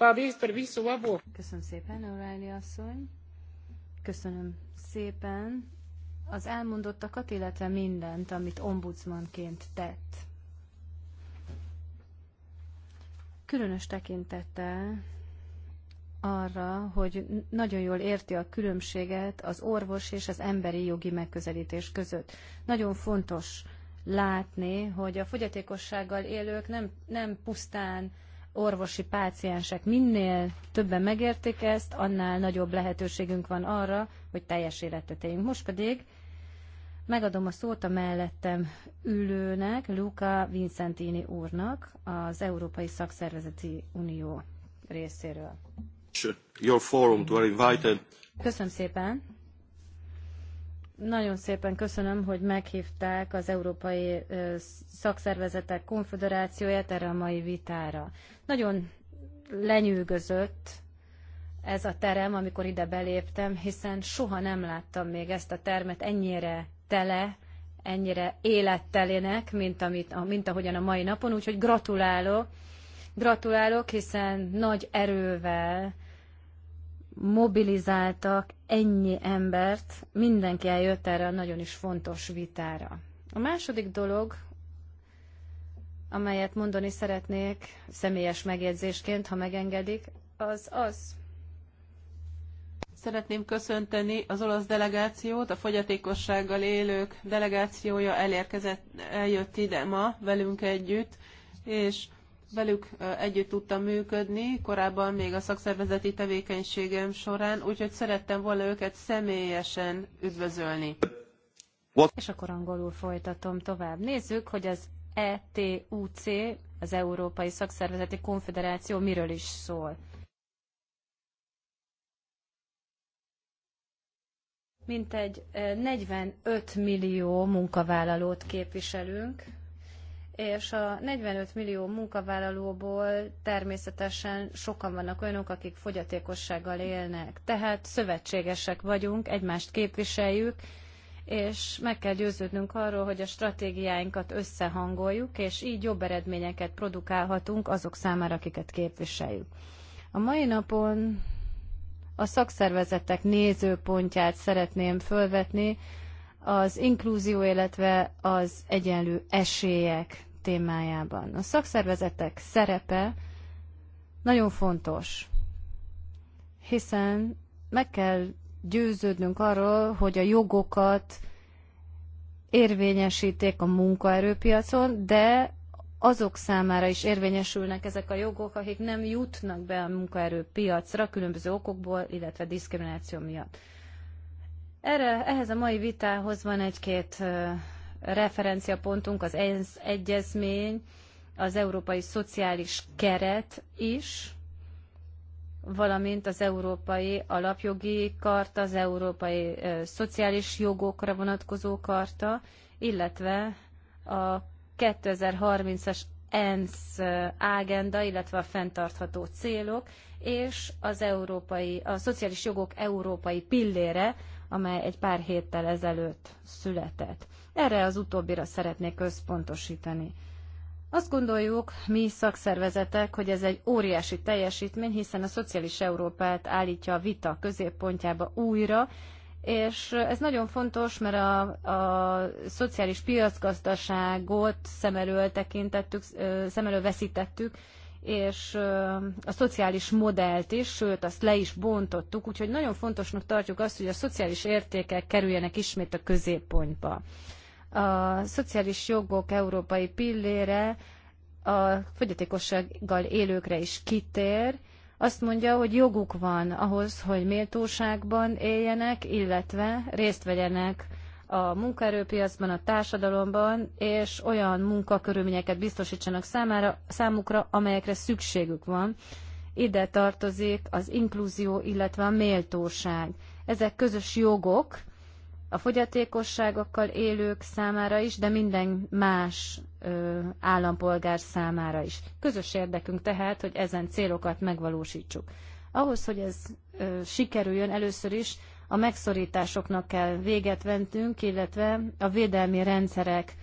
Paldies par visu labo. Köszönöm szépen, Aurelia asszony. Köszönöm szépen az elmondottakat, illetve mindent, amit ombudsmanként tett. Különös tekintettel arra, hogy nagyon jól érti a különbséget az orvos és az emberi jogi megközelítés között. Nagyon fontos látni, hogy a fogyatékossággal élők nem, nem pusztán orvosi páciensek. Minél többen megértik ezt, annál nagyobb lehetőségünk van arra, hogy teljes életet éljünk. Most pedig megadom a szót a mellettem ülőnek, Luca Vincentini úrnak, az Európai Szakszervezeti Unió részéről. Your forum to invited. Köszönöm szépen. Nagyon szépen köszönöm, hogy meghívták az Európai Szakszervezetek Konfederációját erre a mai vitára. Nagyon lenyűgözött ez a terem, amikor ide beléptem, hiszen soha nem láttam még ezt a termet ennyire tele, ennyire élettelének, mint, amit, mint ahogyan a mai napon, úgyhogy gratulálok, gratulálok, hiszen nagy erővel, mobilizáltak ennyi embert, mindenki eljött erre a nagyon is fontos vitára. A második dolog, amelyet mondani szeretnék személyes megjegyzésként, ha megengedik, az az. Szeretném köszönteni az olasz delegációt, a fogyatékossággal élők delegációja elérkezett, eljött ide ma velünk együtt, és velük együtt tudtam működni, korábban még a szakszervezeti tevékenységem során, úgyhogy szerettem volna őket személyesen üdvözölni. What? És akkor angolul folytatom tovább. Nézzük, hogy az ETUC, az Európai Szakszervezeti Konfederáció miről is szól. Mintegy 45 millió munkavállalót képviselünk, és a 45 millió munkavállalóból természetesen sokan vannak olyanok, akik fogyatékossággal élnek. Tehát szövetségesek vagyunk, egymást képviseljük, és meg kell győződnünk arról, hogy a stratégiáinkat összehangoljuk, és így jobb eredményeket produkálhatunk azok számára, akiket képviseljük. A mai napon a szakszervezetek nézőpontját szeretném fölvetni, az inkluzió, illetve az egyenlő esélyek témájában. A szakszervezetek szerepe nagyon fontos, hiszen meg kell győződnünk arról, hogy a jogokat érvényesíték a munkaerőpiacon, de azok számára is érvényesülnek ezek a jogok, akik nem jutnak be a munkaerőpiacra különböző okokból, illetve diszkrimináció miatt. Erre, ehhez a mai vitához van egy-két referenciapontunk az ENSZ egyezmény, az Európai Szociális Keret is, valamint az Európai Alapjogi Karta, az Európai Szociális Jogokra vonatkozó karta, illetve a 2030-as ENSZ ágenda, illetve a fenntartható célok, és az európai, a szociális jogok európai pillére, amely egy pár héttel ezelőtt született. Erre az utóbbira szeretnék összpontosítani. Azt gondoljuk, mi szakszervezetek, hogy ez egy óriási teljesítmény, hiszen a szociális Európát állítja a vita középpontjába újra, és ez nagyon fontos, mert a, a szociális piacgazdaságot szem elől tekintettük, szem elől veszítettük, és a szociális modellt is, sőt, azt le is bontottuk, úgyhogy nagyon fontosnak tartjuk azt, hogy a szociális értékek kerüljenek ismét a középpontba. A szociális jogok európai pillére a fogyatékossággal élőkre is kitér, azt mondja, hogy joguk van ahhoz, hogy méltóságban éljenek, illetve részt vegyenek a munkaerőpiacban, a társadalomban, és olyan munkakörülményeket biztosítsanak számára, számukra, amelyekre szükségük van. Ide tartozik az inkluzió, illetve a méltóság. Ezek közös jogok, a fogyatékosságokkal élők számára is, de minden más ö, állampolgár számára is. Közös érdekünk tehát, hogy ezen célokat megvalósítsuk. Ahhoz, hogy ez ö, sikerüljön, először is a megszorításoknak kell véget ventünk, illetve a védelmi rendszerek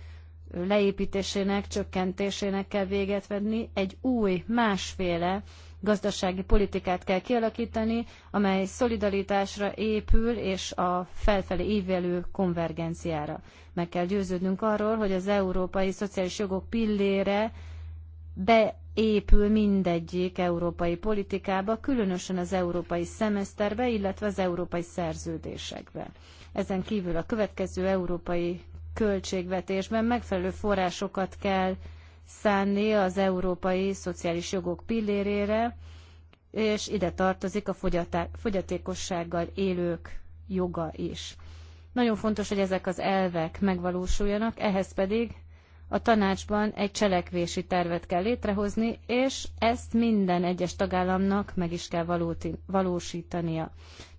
leépítésének, csökkentésének kell véget venni, egy új, másféle gazdasági politikát kell kialakítani, amely szolidaritásra épül és a felfelé ívelő konvergenciára. Meg kell győződnünk arról, hogy az európai szociális jogok pillére beépül mindegyik európai politikába, különösen az európai szemeszterbe, illetve az európai szerződésekbe. Ezen kívül a következő európai költségvetésben megfelelő forrásokat kell szánni az európai szociális jogok pillérére, és ide tartozik a fogyatékossággal élők joga is. Nagyon fontos, hogy ezek az elvek megvalósuljanak, ehhez pedig a tanácsban egy cselekvési tervet kell létrehozni, és ezt minden egyes tagállamnak meg is kell valósítania.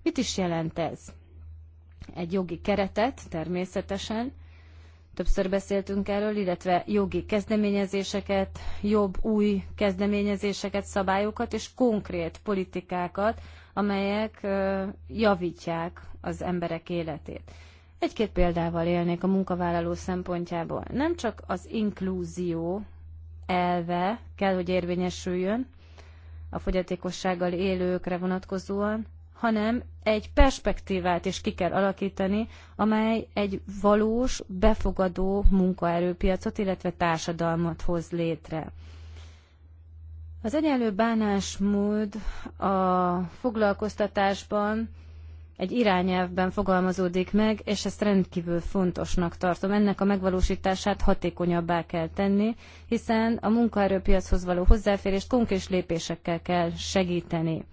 Mit is jelent ez? Egy jogi keretet természetesen, többször beszéltünk erről, illetve jogi kezdeményezéseket, jobb új kezdeményezéseket, szabályokat és konkrét politikákat, amelyek javítják az emberek életét. Egy-két példával élnék a munkavállaló szempontjából. Nem csak az inklúzió elve kell, hogy érvényesüljön a fogyatékossággal élőkre vonatkozóan, hanem egy perspektívát is ki kell alakítani, amely egy valós, befogadó munkaerőpiacot, illetve társadalmat hoz létre. Az egyenlő bánásmód a foglalkoztatásban egy irányelvben fogalmazódik meg, és ezt rendkívül fontosnak tartom. Ennek a megvalósítását hatékonyabbá kell tenni, hiszen a munkaerőpiachoz való hozzáférést konkrét lépésekkel kell segíteni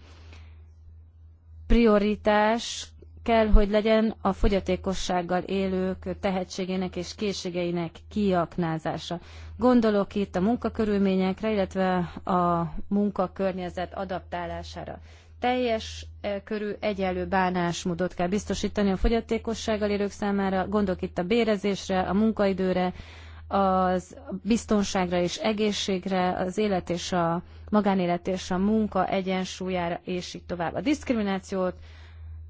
prioritás kell, hogy legyen a fogyatékossággal élők tehetségének és készségeinek kiaknázása. Gondolok itt a munkakörülményekre, illetve a munkakörnyezet adaptálására. Teljes e, körű egyenlő bánásmódot kell biztosítani a fogyatékossággal élők számára, gondolok itt a bérezésre, a munkaidőre, az biztonságra és egészségre, az élet és a magánélet és a munka egyensúlyára, és így tovább. A diszkriminációt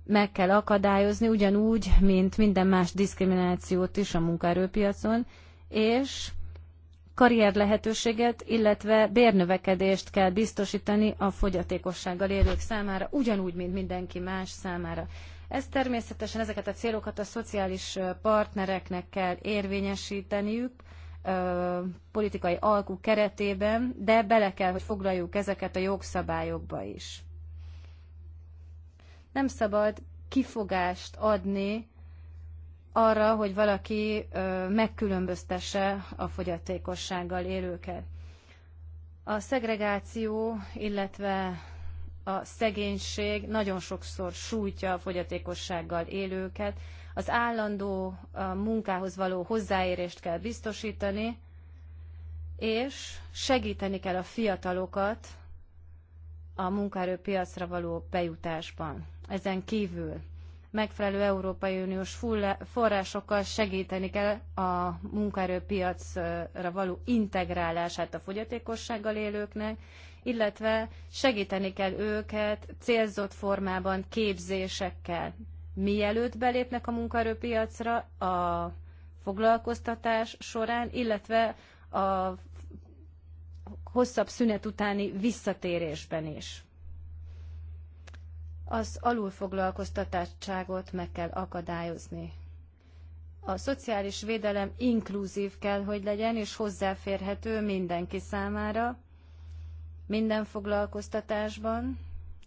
meg kell akadályozni, ugyanúgy, mint minden más diszkriminációt is a munkaerőpiacon, és karrier lehetőséget, illetve bérnövekedést kell biztosítani a fogyatékossággal élők számára, ugyanúgy, mint mindenki más számára. Ez természetesen ezeket a célokat a szociális partnereknek kell érvényesíteniük, politikai alkú keretében, de bele kell, hogy foglaljuk ezeket a jogszabályokba is. Nem szabad kifogást adni arra, hogy valaki ö, megkülönböztesse a fogyatékossággal élőket. A szegregáció, illetve a szegénység nagyon sokszor sújtja a fogyatékossággal élőket, az állandó munkához való hozzáérést kell biztosítani, és segíteni kell a fiatalokat a munkaerőpiacra való bejutásban. Ezen kívül megfelelő Európai Uniós forrásokkal segíteni kell a munkaerőpiacra való integrálását a fogyatékossággal élőknek, illetve segíteni kell őket célzott formában, képzésekkel, mielőtt belépnek a munkaerőpiacra a foglalkoztatás során, illetve a hosszabb szünet utáni visszatérésben is. Az alulfoglalkoztatottságot meg kell akadályozni. A szociális védelem inkluzív kell, hogy legyen, és hozzáférhető mindenki számára, minden foglalkoztatásban,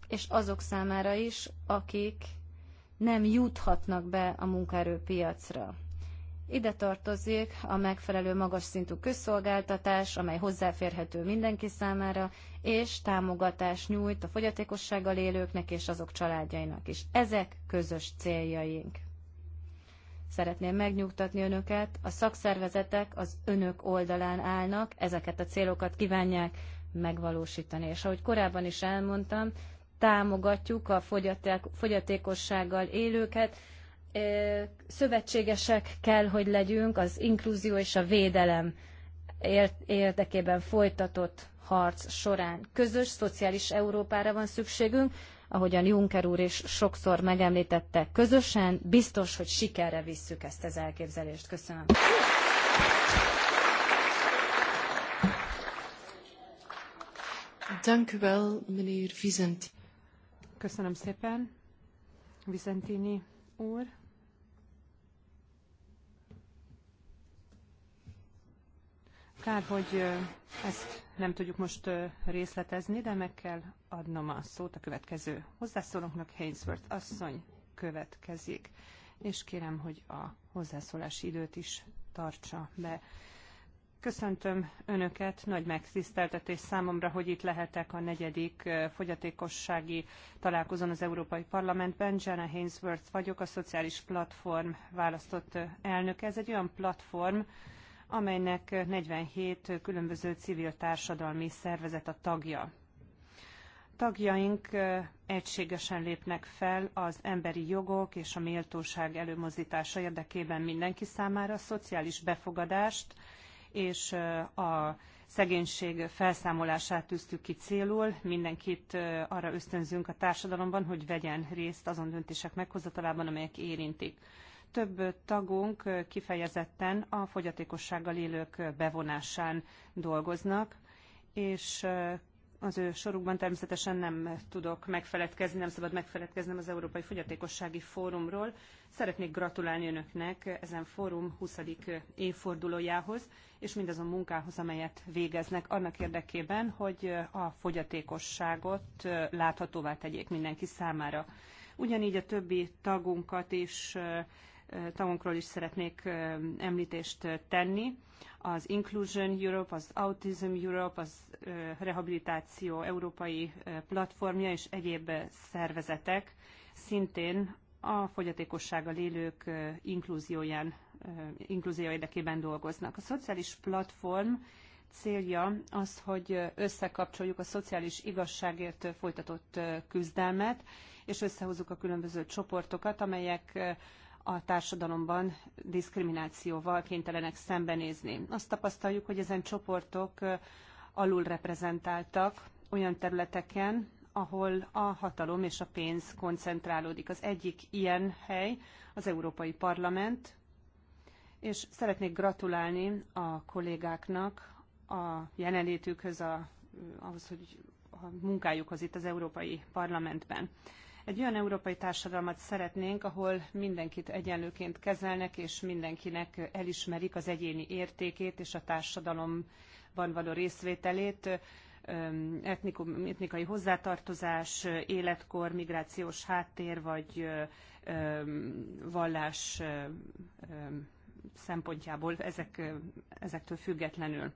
és azok számára is, akik nem juthatnak be a munkaerőpiacra. Ide tartozik a megfelelő magas szintű közszolgáltatás, amely hozzáférhető mindenki számára, és támogatás nyújt a fogyatékossággal élőknek és azok családjainak is. Ezek közös céljaink. Szeretném megnyugtatni önöket, a szakszervezetek az önök oldalán állnak, ezeket a célokat kívánják megvalósítani. És ahogy korábban is elmondtam, támogatjuk a fogyatékossággal élőket. Szövetségesek kell, hogy legyünk az inkluzió és a védelem érdekében folytatott harc során. Közös, szociális Európára van szükségünk, ahogyan Juncker úr is sokszor megemlítette közösen, biztos, hogy sikerre visszük ezt az elképzelést. Köszönöm. Dank u wel, meneer Vizent. Köszönöm szépen, Vizentini úr. Kár, hogy ezt nem tudjuk most részletezni, de meg kell adnom a szót a következő hozzászólónknak. Hainsworth asszony következik, és kérem, hogy a hozzászólási időt is tartsa be. Köszöntöm Önöket, nagy megtiszteltetés számomra, hogy itt lehetek a negyedik fogyatékossági találkozón az Európai Parlamentben. Jenna Hainsworth vagyok, a Szociális Platform választott elnöke. Ez egy olyan platform, amelynek 47 különböző civil társadalmi szervezet a tagja. Tagjaink egységesen lépnek fel az emberi jogok és a méltóság előmozdítása érdekében mindenki számára, a szociális befogadást, és a szegénység felszámolását tűztük ki célul. Mindenkit arra ösztönzünk a társadalomban, hogy vegyen részt azon döntések meghozatalában, amelyek érintik. Több tagunk kifejezetten a fogyatékossággal élők bevonásán dolgoznak, és az ő sorukban természetesen nem tudok megfeledkezni, nem szabad megfeledkeznem az Európai Fogyatékossági Fórumról. Szeretnék gratulálni önöknek ezen fórum 20. évfordulójához, és mindazon munkához, amelyet végeznek annak érdekében, hogy a fogyatékosságot láthatóvá tegyék mindenki számára. Ugyanígy a többi tagunkat is tagunkról is szeretnék említést tenni. Az Inclusion Europe, az Autism Europe, az Rehabilitáció Európai Platformja és egyéb szervezetek szintén a fogyatékossággal élők inklúzióján, inklúzió érdekében dolgoznak. A szociális platform célja az, hogy összekapcsoljuk a szociális igazságért folytatott küzdelmet, és összehozzuk a különböző csoportokat, amelyek a társadalomban diszkriminációval kénytelenek szembenézni. Azt tapasztaljuk, hogy ezen csoportok alul reprezentáltak olyan területeken, ahol a hatalom és a pénz koncentrálódik. Az egyik ilyen hely az Európai Parlament, és szeretnék gratulálni a kollégáknak a jelenlétükhöz, a, ahhoz, hogy a munkájukhoz itt az Európai Parlamentben. Egy olyan európai társadalmat szeretnénk, ahol mindenkit egyenlőként kezelnek, és mindenkinek elismerik az egyéni értékét és a társadalomban való részvételét, etnikum, etnikai hozzátartozás, életkor, migrációs háttér vagy vallás szempontjából ezek, ezektől függetlenül.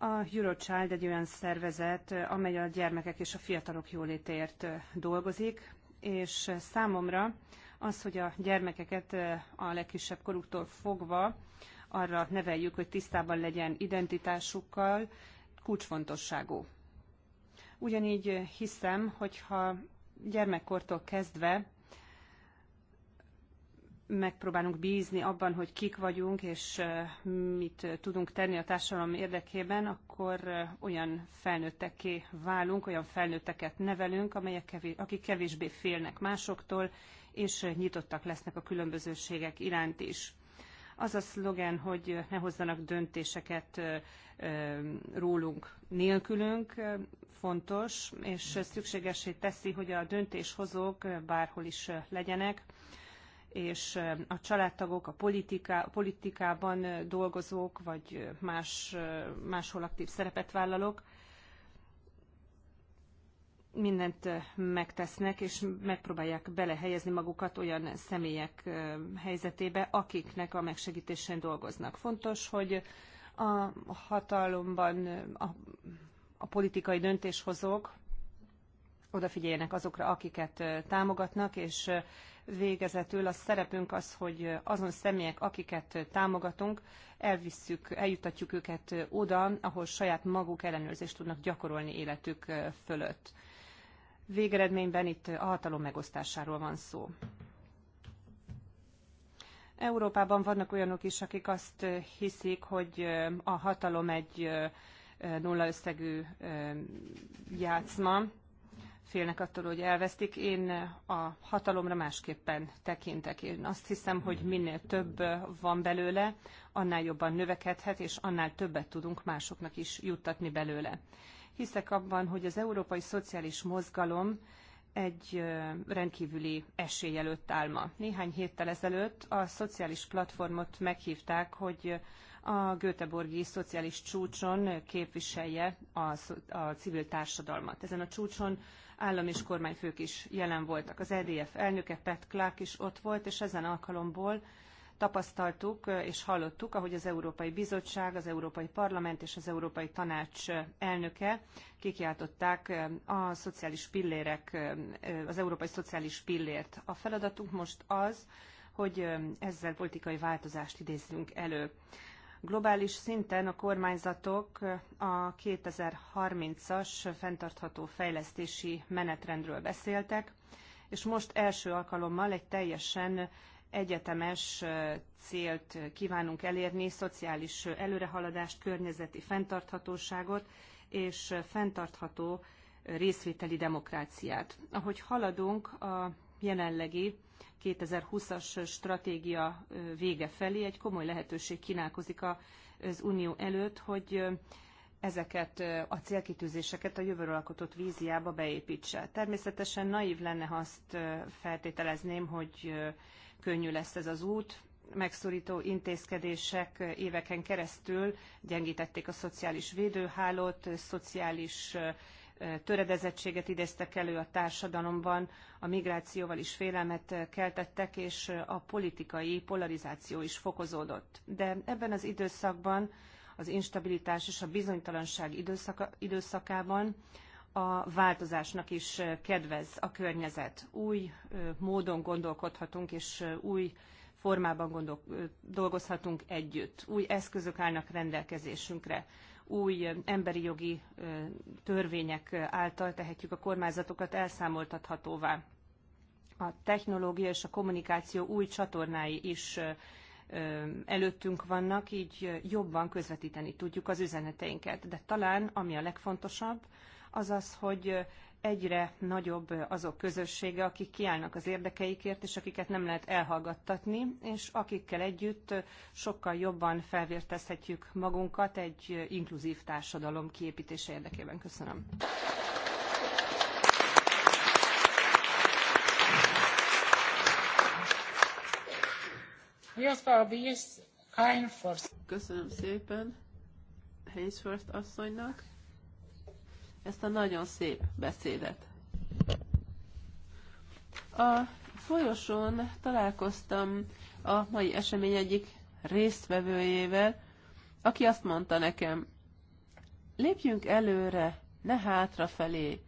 A Eurochild egy olyan szervezet, amely a gyermekek és a fiatalok jólétért dolgozik, és számomra az, hogy a gyermekeket a legkisebb koruktól fogva arra neveljük, hogy tisztában legyen identitásukkal, kulcsfontosságú. Ugyanígy hiszem, hogyha gyermekkortól kezdve megpróbálunk bízni abban, hogy kik vagyunk, és mit tudunk tenni a társadalom érdekében, akkor olyan felnőtteké válunk, olyan felnőtteket nevelünk, amelyek kevés, akik kevésbé félnek másoktól, és nyitottak lesznek a különbözőségek iránt is. Az a szlogen, hogy ne hozzanak döntéseket rólunk nélkülünk, fontos, és szükségesé teszi, hogy a döntéshozók bárhol is legyenek, és a családtagok, a politika, politikában dolgozók, vagy más, máshol aktív szerepet vállalók mindent megtesznek, és megpróbálják belehelyezni magukat olyan személyek helyzetébe, akiknek a megsegítésén dolgoznak. Fontos, hogy a hatalomban a, a politikai döntéshozók odafigyeljenek azokra, akiket támogatnak, és Végezetül a szerepünk az, hogy azon személyek, akiket támogatunk, elvisszük, eljutatjuk őket oda, ahol saját maguk ellenőrzést tudnak gyakorolni életük fölött. Végeredményben itt a hatalom megosztásáról van szó. Európában vannak olyanok is, akik azt hiszik, hogy a hatalom egy nulla összegű játszma, félnek attól, hogy elvesztik. Én a hatalomra másképpen tekintek. Én azt hiszem, hogy minél több van belőle, annál jobban növekedhet, és annál többet tudunk másoknak is juttatni belőle. Hiszek abban, hogy az európai szociális mozgalom egy rendkívüli esély előtt áll ma. Néhány héttel ezelőtt a szociális platformot meghívták, hogy a Göteborgi Szociális Csúcson képviselje a, a civil társadalmat. Ezen a csúcson állam és kormányfők is jelen voltak. Az EDF elnöke Pat Clark is ott volt, és ezen alkalomból tapasztaltuk eh, és hallottuk, ahogy az Európai Bizottság, az Európai Parlament és az Európai Tanács eh, elnöke kikiáltották eh, a szociális pillérek, az európai szociális pillért. A feladatunk most az, hogy ezzel politikai változást idézzünk elő. Globális szinten a kormányzatok a 2030-as fenntartható fejlesztési menetrendről beszéltek, és most első alkalommal egy teljesen egyetemes célt kívánunk elérni, szociális előrehaladást, környezeti fenntarthatóságot és fenntartható részvételi demokráciát. Ahogy haladunk a jelenlegi 2020-as stratégia vége felé egy komoly lehetőség kínálkozik az Unió előtt, hogy ezeket a célkitűzéseket a jövőről alkotott víziába beépítse. Természetesen naív lenne, ha azt feltételezném, hogy könnyű lesz ez az út, megszorító intézkedések éveken keresztül gyengítették a szociális védőhálót, szociális töredezettséget idéztek elő a társadalomban, a migrációval is félelmet keltettek, és a politikai polarizáció is fokozódott. De ebben az időszakban, az instabilitás és a bizonytalanság időszaka, időszakában a változásnak is kedvez a környezet. Új módon gondolkodhatunk, és új formában gondol, dolgozhatunk együtt. Új eszközök állnak rendelkezésünkre új emberi jogi törvények által tehetjük a kormányzatokat elszámoltathatóvá. A technológia és a kommunikáció új csatornái is előttünk vannak, így jobban közvetíteni tudjuk az üzeneteinket. De talán, ami a legfontosabb, az az, hogy egyre nagyobb azok közössége, akik kiállnak az érdekeikért, és akiket nem lehet elhallgattatni, és akikkel együtt sokkal jobban felvértezhetjük magunkat egy inkluzív társadalom kiépítése érdekében. Köszönöm. Köszönöm szépen Hainsworth asszonynak ezt a nagyon szép beszédet. A folyosón találkoztam a mai esemény egyik résztvevőjével, aki azt mondta nekem, lépjünk előre, ne hátrafelé,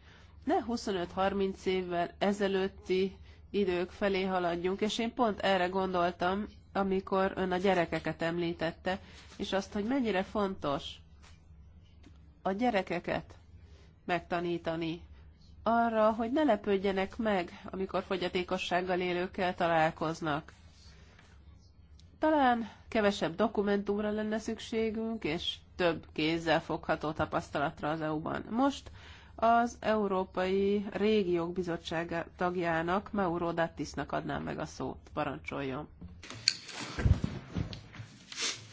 ne 25-30 évvel ezelőtti idők felé haladjunk, és én pont erre gondoltam, amikor ön a gyerekeket említette, és azt, hogy mennyire fontos a gyerekeket megtanítani arra, hogy ne lepődjenek meg, amikor fogyatékossággal élőkkel találkoznak. Talán kevesebb dokumentumra lenne szükségünk, és több kézzel fogható tapasztalatra az EU-ban. Most az Európai Régiók bizottsága tagjának, Mauro Dattisnak adnám meg a szót. Parancsoljon.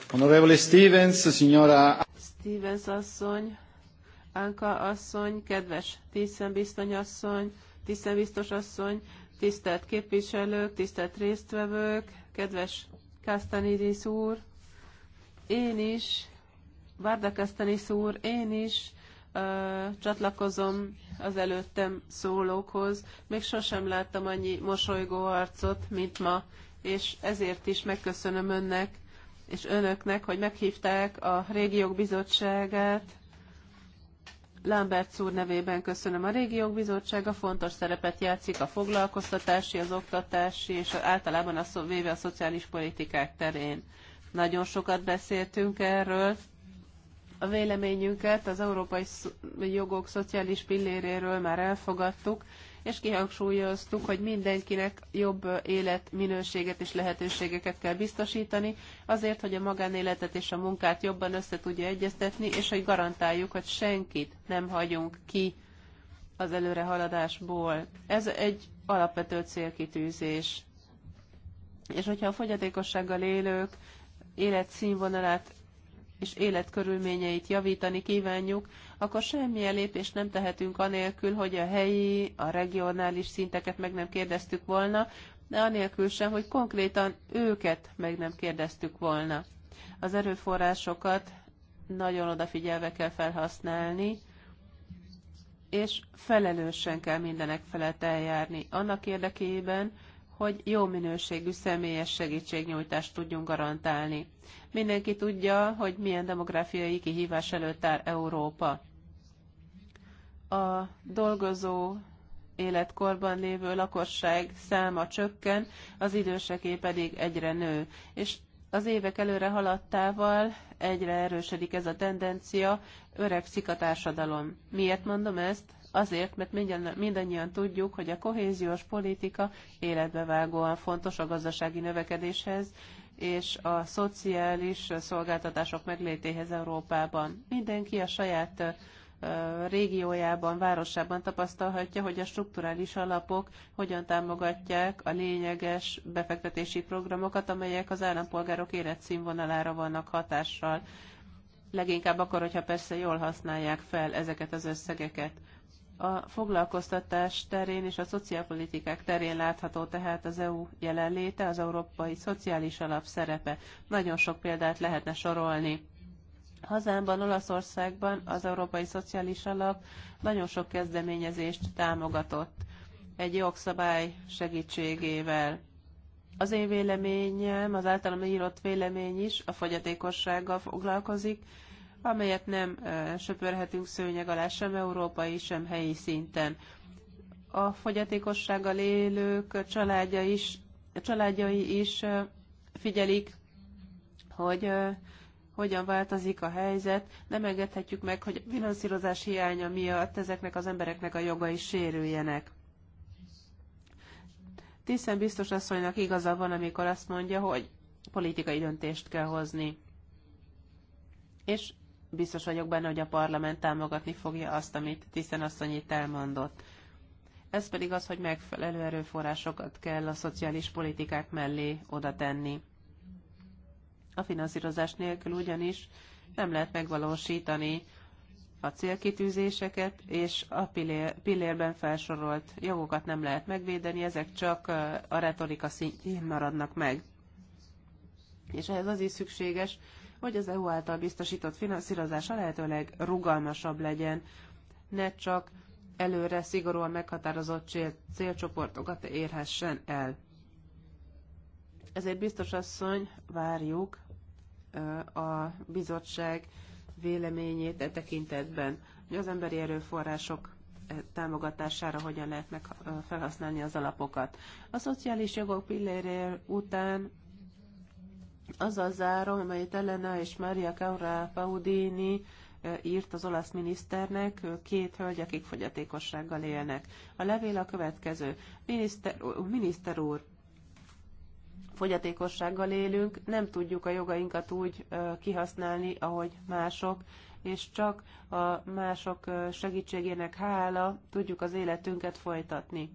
Honorable Stevens, signora... Stevens asszony, Anka asszony, kedves tisztenbiztony asszony, tisztenbiztos asszony, tisztelt képviselők, tisztelt résztvevők, kedves Kastanidis úr, én is, Várda Kastanis úr, én is ö, csatlakozom az előttem szólókhoz. Még sosem láttam annyi mosolygó arcot, mint ma, és ezért is megköszönöm önnek és önöknek, hogy meghívták a régiók bizottságát, Lamberts úr nevében köszönöm. A Régiók Bizottsága fontos szerepet játszik a foglalkoztatási, az oktatási és általában a szó, véve a szociális politikák terén. Nagyon sokat beszéltünk erről. A véleményünket az európai jogok szociális pilléréről már elfogadtuk, és kihangsúlyoztuk, hogy mindenkinek jobb életminőséget és lehetőségeket kell biztosítani, azért, hogy a magánéletet és a munkát jobban össze tudja egyeztetni, és hogy garantáljuk, hogy senkit nem hagyunk ki az előrehaladásból. Ez egy alapvető célkitűzés. És hogyha a fogyatékossággal élők életszínvonalát és életkörülményeit javítani kívánjuk, akkor semmilyen lépést nem tehetünk anélkül, hogy a helyi, a regionális szinteket meg nem kérdeztük volna, de anélkül sem, hogy konkrétan őket meg nem kérdeztük volna. Az erőforrásokat nagyon odafigyelve kell felhasználni, és felelősen kell mindenek felett eljárni. Annak érdekében, hogy jó minőségű személyes segítségnyújtást tudjunk garantálni. Mindenki tudja, hogy milyen demográfiai kihívás előtt áll Európa. A dolgozó életkorban lévő lakosság száma csökken, az időseké pedig egyre nő. És az évek előre haladtával egyre erősödik ez a tendencia, öregszik a társadalom. Miért mondom ezt? Azért, mert mindannyian tudjuk, hogy a kohéziós politika életbevágóan fontos a gazdasági növekedéshez, és a szociális szolgáltatások meglétéhez Európában. Mindenki a saját régiójában, városában tapasztalhatja, hogy a strukturális alapok hogyan támogatják a lényeges befektetési programokat, amelyek az állampolgárok életszínvonalára vannak hatással. Leginkább akkor, hogyha persze jól használják fel ezeket az összegeket. A foglalkoztatás terén és a szociálpolitikák terén látható tehát az EU jelenléte, az Európai Szociális Alap szerepe. Nagyon sok példát lehetne sorolni. Hazámban, Olaszországban az Európai Szociális Alap nagyon sok kezdeményezést támogatott egy jogszabály segítségével. Az én véleményem, az általam írott vélemény is a fogyatékossággal foglalkozik, amelyet nem söpörhetünk szőnyeg alá sem európai, sem helyi szinten. A fogyatékossággal élők családja is, családjai is figyelik, hogy hogyan változik a helyzet, nem engedhetjük meg, hogy a finanszírozás hiánya miatt ezeknek az embereknek a jogai sérüljenek. Tiszen biztos asszonynak igaza van, amikor azt mondja, hogy politikai döntést kell hozni. És biztos vagyok benne, hogy a parlament támogatni fogja azt, amit Tiszen asszony itt elmondott. Ez pedig az, hogy megfelelő erőforrásokat kell a szociális politikák mellé oda tenni. A finanszírozás nélkül ugyanis nem lehet megvalósítani a célkitűzéseket, és a pillérben felsorolt jogokat nem lehet megvédeni, ezek csak eh, a retorika szintjén maradnak meg. És ehhez az is szükséges, hogy az EU által biztosított finanszírozása lehetőleg rugalmasabb legyen, ne csak előre szigorúan meghatározott cél, célcsoportokat érhessen el. Ezért biztos asszony, várjuk a bizottság véleményét e tekintetben, hogy az emberi erőforrások e, támogatására hogyan lehet meg felhasználni az alapokat. A szociális jogok pillérér után az a, záró, amelyet Elena és Maria Caura Paudini írt az olasz miniszternek, két hölgy, akik fogyatékossággal élnek. A levél a következő. Miniszter, miniszter úr, fogyatékossággal élünk, nem tudjuk a jogainkat úgy kihasználni, ahogy mások, és csak a mások segítségének hála tudjuk az életünket folytatni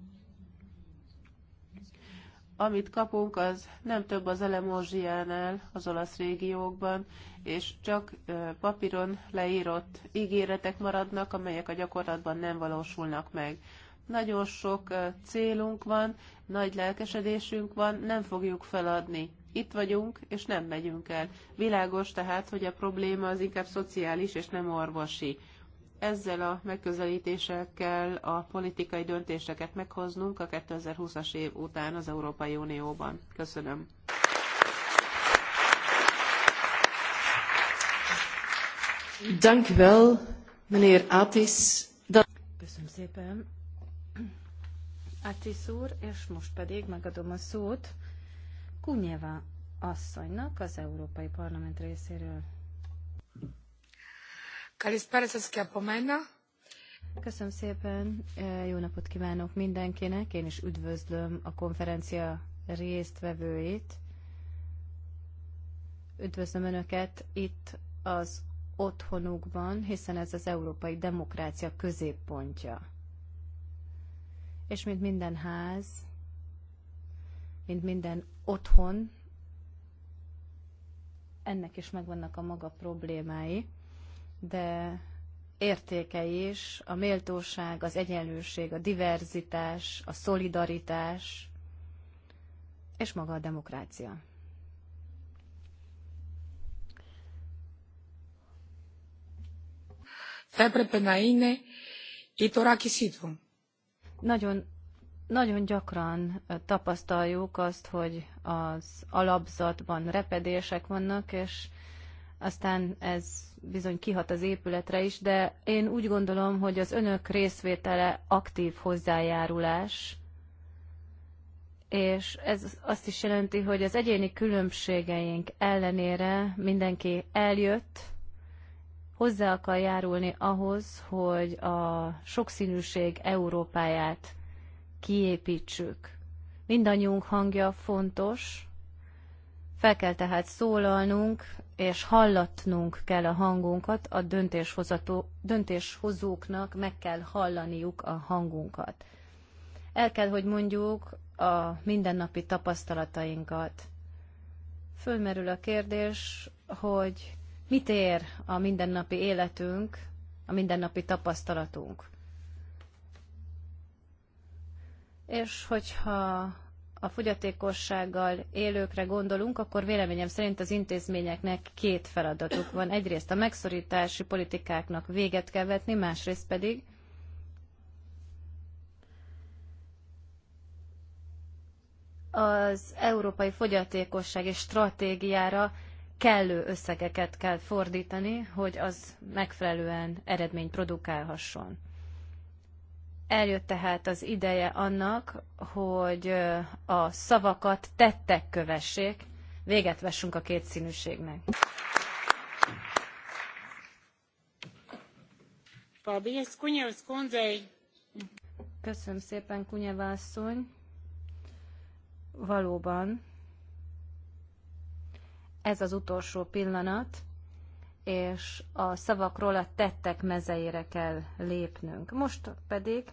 amit kapunk, az nem több az elemózsiánál az olasz régiókban, és csak papíron leírott ígéretek maradnak, amelyek a gyakorlatban nem valósulnak meg. Nagyon sok célunk van, nagy lelkesedésünk van, nem fogjuk feladni. Itt vagyunk, és nem megyünk el. Világos tehát, hogy a probléma az inkább szociális és nem orvosi ezzel a megközelítéssel kell a politikai döntéseket meghoznunk a 2020-as év után az Európai Unióban. Köszönöm. Dank u wel, meneer Atis. Köszönöm szépen. Atis úr, és most pedig megadom a szót Kunyeva asszonynak az Európai Parlament részéről. Köszönöm szépen, eh, jó napot kívánok mindenkinek, én is üdvözlöm a konferencia résztvevőit. Üdvözlöm Önöket itt az otthonukban, hiszen ez az európai demokrácia középpontja. És mint minden ház, mint minden otthon, ennek is megvannak a maga problémái de értéke is a méltóság, az egyenlőség, a diverzitás, a szolidaritás és maga a demokrácia. Nagyon, nagyon gyakran tapasztaljuk azt, hogy az alapzatban repedések vannak, és aztán ez bizony kihat az épületre is, de én úgy gondolom, hogy az önök részvétele aktív hozzájárulás, és ez azt is jelenti, hogy az egyéni különbségeink ellenére mindenki eljött, hozzá akar járulni ahhoz, hogy a sokszínűség Európáját kiépítsük. Mindannyiunk hangja fontos, fel kell tehát szólalnunk, és hallatnunk kell a hangunkat, a döntéshozató, döntéshozóknak meg kell hallaniuk a hangunkat. El kell, hogy mondjuk a mindennapi tapasztalatainkat. Fölmerül a kérdés, hogy mit ér a mindennapi életünk, a mindennapi tapasztalatunk. És hogyha a fogyatékossággal élőkre gondolunk, akkor véleményem szerint az intézményeknek két feladatuk van. Egyrészt a megszorítási politikáknak véget kell vetni, másrészt pedig az európai fogyatékossági stratégiára kellő összegeket kell fordítani, hogy az megfelelően eredményt produkálhasson. Eljött tehát az ideje annak, hogy a szavakat tettek kövessék, véget vessünk a kétszínűségnek. Köszönöm szépen, Kunyeva asszony. Valóban ez az utolsó pillanat, és a szavakról a tettek mezeire kell lépnünk. Most pedig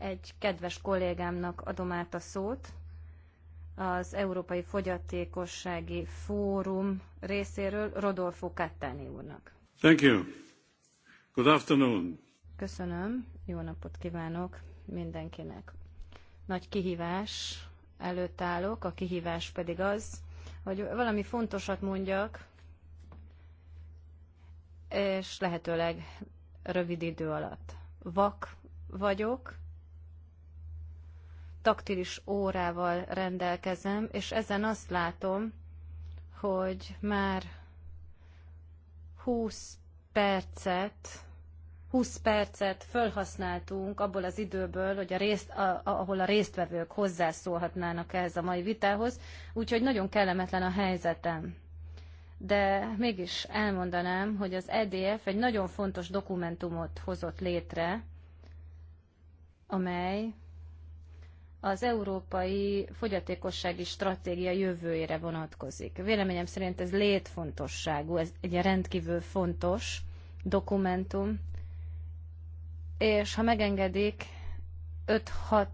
egy kedves kollégámnak adom át a szót, az Európai Fogyatékossági Fórum részéről Rodolfo Cattani úrnak. Thank you. Good afternoon. Köszönöm, jó napot kívánok mindenkinek. Nagy kihívás előtt állok, a kihívás pedig az, hogy valami fontosat mondjak, és lehetőleg rövid idő alatt. Vak vagyok, taktilis órával rendelkezem, és ezen azt látom, hogy már 20 percet 20 percet fölhasználtunk abból az időből, hogy a részt, a, ahol a résztvevők hozzászólhatnának ehhez a mai vitához, úgyhogy nagyon kellemetlen a helyzetem. De mégis elmondanám, hogy az EDF egy nagyon fontos dokumentumot hozott létre, amely az európai fogyatékossági stratégia jövőjére vonatkozik. Véleményem szerint ez létfontosságú, ez egy rendkívül fontos dokumentum, és ha megengedik, 5-6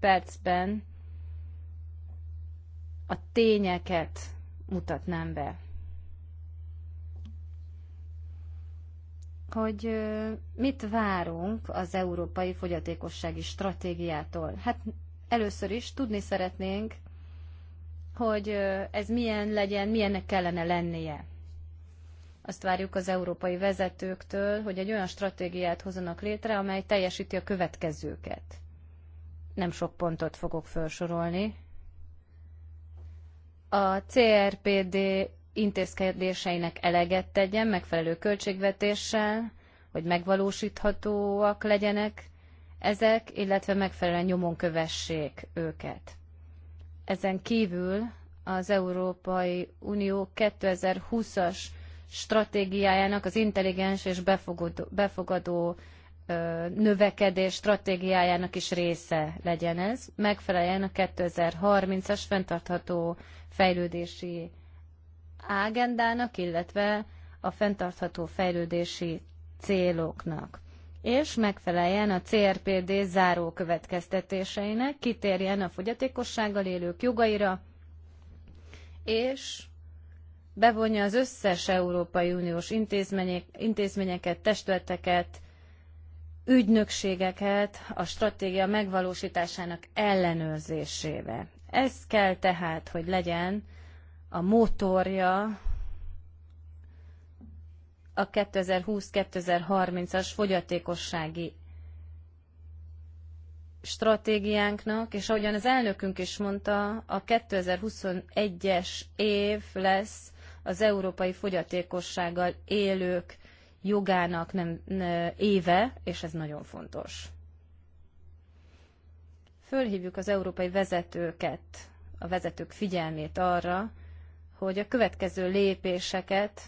percben a tényeket mutatnám be. hogy mit várunk az európai fogyatékossági stratégiától. Hát először is tudni szeretnénk, hogy ez milyen legyen, milyennek kellene lennie. Azt várjuk az európai vezetőktől, hogy egy olyan stratégiát hozzanak létre, amely teljesíti a következőket. Nem sok pontot fogok felsorolni. A CRPD intézkedéseinek eleget tegyen, megfelelő költségvetéssel, hogy megvalósíthatóak legyenek ezek, illetve megfelelően nyomon kövessék őket. Ezen kívül az Európai Unió 2020-as stratégiájának, az intelligens és befogadó, befogadó növekedés stratégiájának is része legyen ez, megfeleljen a 2030-as fenntartható fejlődési ágendának, illetve a fenntartható fejlődési céloknak és megfeleljen a CRPD záró következtetéseinek, kitérjen a fogyatékossággal élők jogaira, és bevonja az összes Európai Uniós intézmények, intézményeket, testületeket, ügynökségeket a stratégia megvalósításának ellenőrzésébe. Ez kell tehát, hogy legyen a motorja a 2020-2030-as fogyatékossági stratégiánknak, és ahogyan az elnökünk is mondta, a 2021-es év lesz az európai fogyatékossággal élők jogának nem, ne, éve, és ez nagyon fontos. Fölhívjuk az európai vezetőket, a vezetők figyelmét arra, hogy a következő lépéseket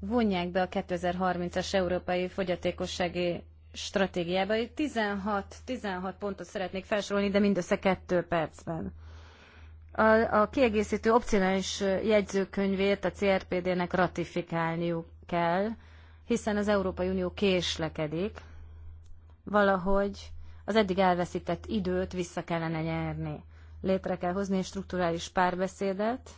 vonják be a 2030-as európai fogyatékossági stratégiába. 16, 16 pontot szeretnék felsorolni, de mindössze kettő percben. A, a kiegészítő opcionális jegyzőkönyvét a CRPD-nek ratifikálniuk kell, hiszen az Európai Unió késlekedik. Valahogy az eddig elveszített időt vissza kellene nyerni létre kell hozni egy strukturális párbeszédet,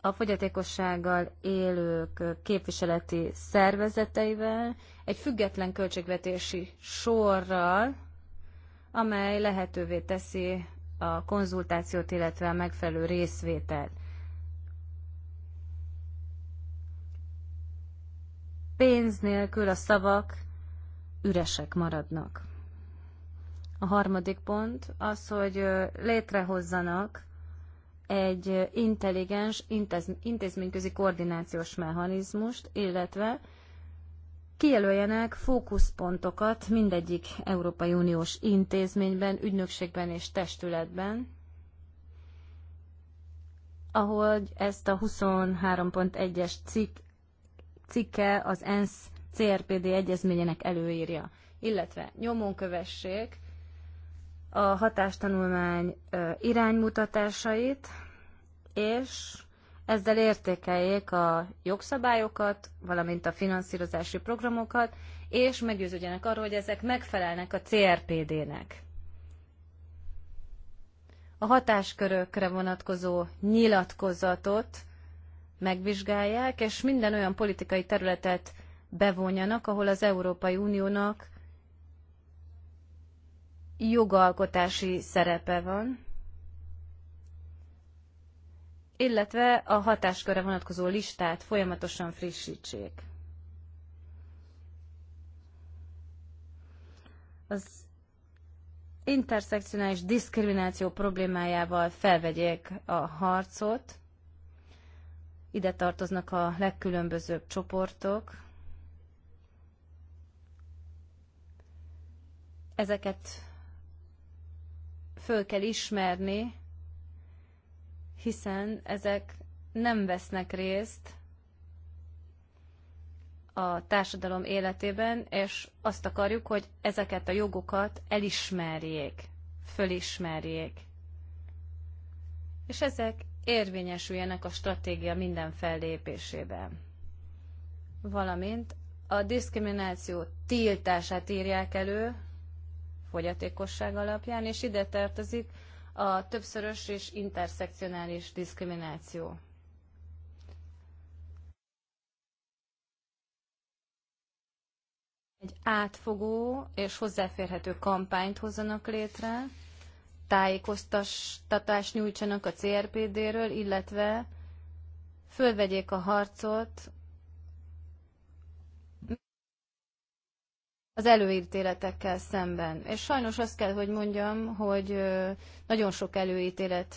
a fogyatékossággal élők képviseleti szervezeteivel, egy független költségvetési sorral, amely lehetővé teszi a konzultációt, illetve a megfelelő részvételt. Pénz nélkül a szavak üresek maradnak. A harmadik pont az, hogy létrehozzanak egy intelligens intézményközi koordinációs mechanizmust, illetve kijelöljenek fókuszpontokat mindegyik Európai Uniós intézményben, ügynökségben és testületben, ahogy ezt a 23.1-es cikk, cikke az ENSZ CRPD egyezményének előírja, illetve nyomon kövessék a hatástanulmány iránymutatásait, és ezzel értékeljék a jogszabályokat, valamint a finanszírozási programokat, és meggyőződjenek arról, hogy ezek megfelelnek a CRPD-nek. A hatáskörökre vonatkozó nyilatkozatot megvizsgálják, és minden olyan politikai területet bevonjanak, ahol az Európai Uniónak jogalkotási szerepe van, illetve a hatáskörre vonatkozó listát folyamatosan frissítsék. Az interszekcionális diszkrimináció problémájával felvegyék a harcot. Ide tartoznak a legkülönbözőbb csoportok. Ezeket föl kell ismerni, hiszen ezek nem vesznek részt a társadalom életében, és azt akarjuk, hogy ezeket a jogokat elismerjék, fölismerjék. És ezek érvényesüljenek a stratégia minden fellépésében. Valamint a diszkrimináció tiltását írják elő, fogyatékosság alapján, és ide tartozik a többszörös és interszekcionális diszkrimináció. Egy átfogó és hozzáférhető kampányt hozzanak létre, tájékoztatást nyújtsanak a CRPD-ről, illetve fölvegyék a harcot az előítéletekkel szemben. És sajnos azt kell, hogy mondjam, hogy nagyon sok előítélet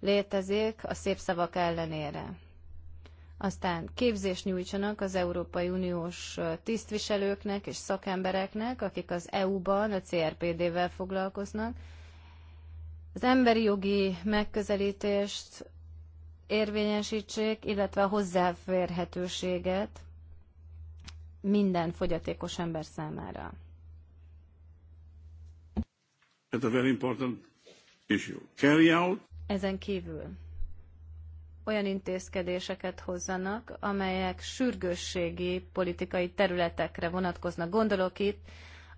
létezik a szép szavak ellenére. Aztán képzést nyújtsanak az Európai Uniós tisztviselőknek és szakembereknek, akik az EU-ban a CRPD-vel foglalkoznak. Az emberi jogi megközelítést érvényesítsék, illetve a hozzáférhetőséget minden fogyatékos ember számára. a very important issue. Carry out. Ezen kívül olyan intézkedéseket hozzanak, amelyek sürgősségi politikai területekre vonatkoznak. Gondolok itt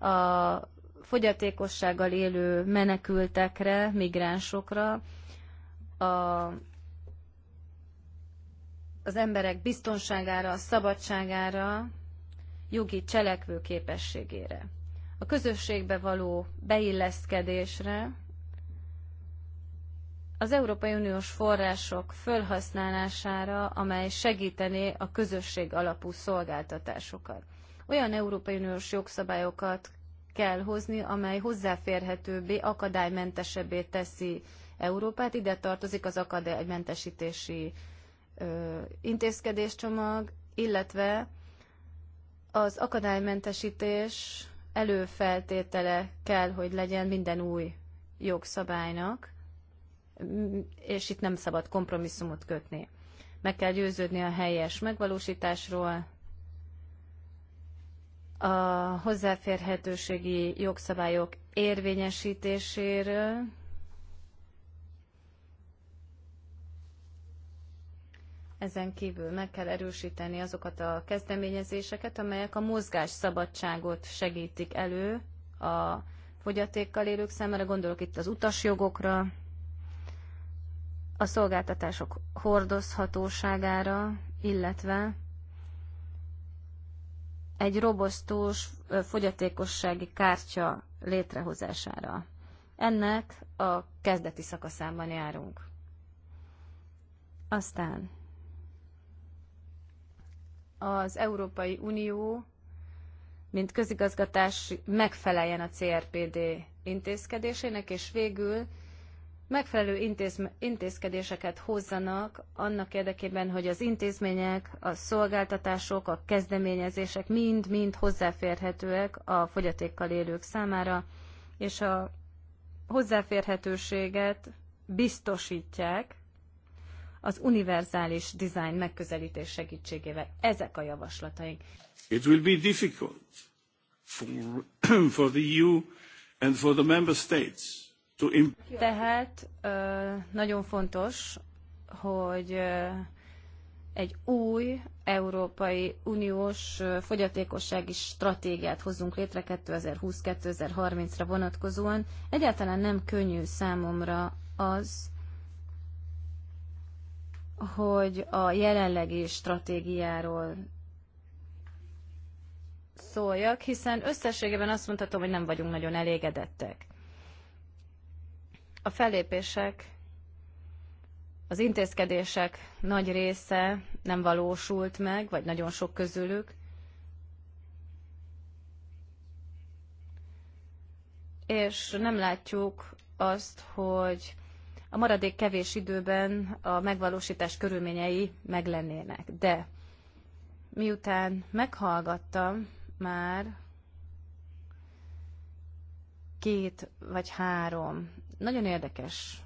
a fogyatékossággal élő menekültekre, migránsokra, a, az emberek biztonságára, a szabadságára, jogi cselekvő képességére, a közösségbe való beilleszkedésre, az Európai Uniós források fölhasználására, amely segítené a közösség alapú szolgáltatásokat. Olyan Európai Uniós jogszabályokat kell hozni, amely hozzáférhetőbbé, akadálymentesebbé teszi Európát. Ide tartozik az akadálymentesítési ö, intézkedéscsomag, illetve az akadálymentesítés előfeltétele kell, hogy legyen minden új jogszabálynak, mm, és itt nem szabad kompromisszumot kötni. Meg kell győződni a helyes megvalósításról, a hozzáférhetőségi jogszabályok érvényesítéséről, Ezen kívül meg kell erősíteni azokat a kezdeményezéseket, amelyek a mozgásszabadságot segítik elő a fogyatékkal élők számára, gondolok itt az utasjogokra, a szolgáltatások hordozhatóságára, illetve egy robosztus fogyatékossági kártya létrehozására. Ennek a kezdeti szakaszában járunk. Aztán az Európai Unió, mint közigazgatás megfeleljen a CRPD intézkedésének, és végül megfelelő intéz, intézkedéseket hozzanak annak érdekében, hogy az intézmények, a szolgáltatások, a kezdeményezések mind-mind hozzáférhetőek a fogyatékkal élők számára, és a hozzáférhetőséget biztosítják az univerzális design megközelítés segítségével. Ezek a javaslataink. It will be difficult for, for the EU and for the member states to Tehát nagyon fontos, hogy egy új Európai Uniós fogyatékossági stratégiát hozzunk létre 2020-2030-ra vonatkozóan. Egyáltalán nem könnyű számomra az, hogy a jelenlegi stratégiáról szóljak, hiszen összességében azt mondhatom, hogy nem vagyunk nagyon elégedettek. A fellépések, az intézkedések nagy része nem valósult meg, vagy nagyon sok közülük, és nem látjuk azt, hogy a maradék kevés időben a megvalósítás körülményei meglennének. De miután meghallgattam már két vagy három nagyon érdekes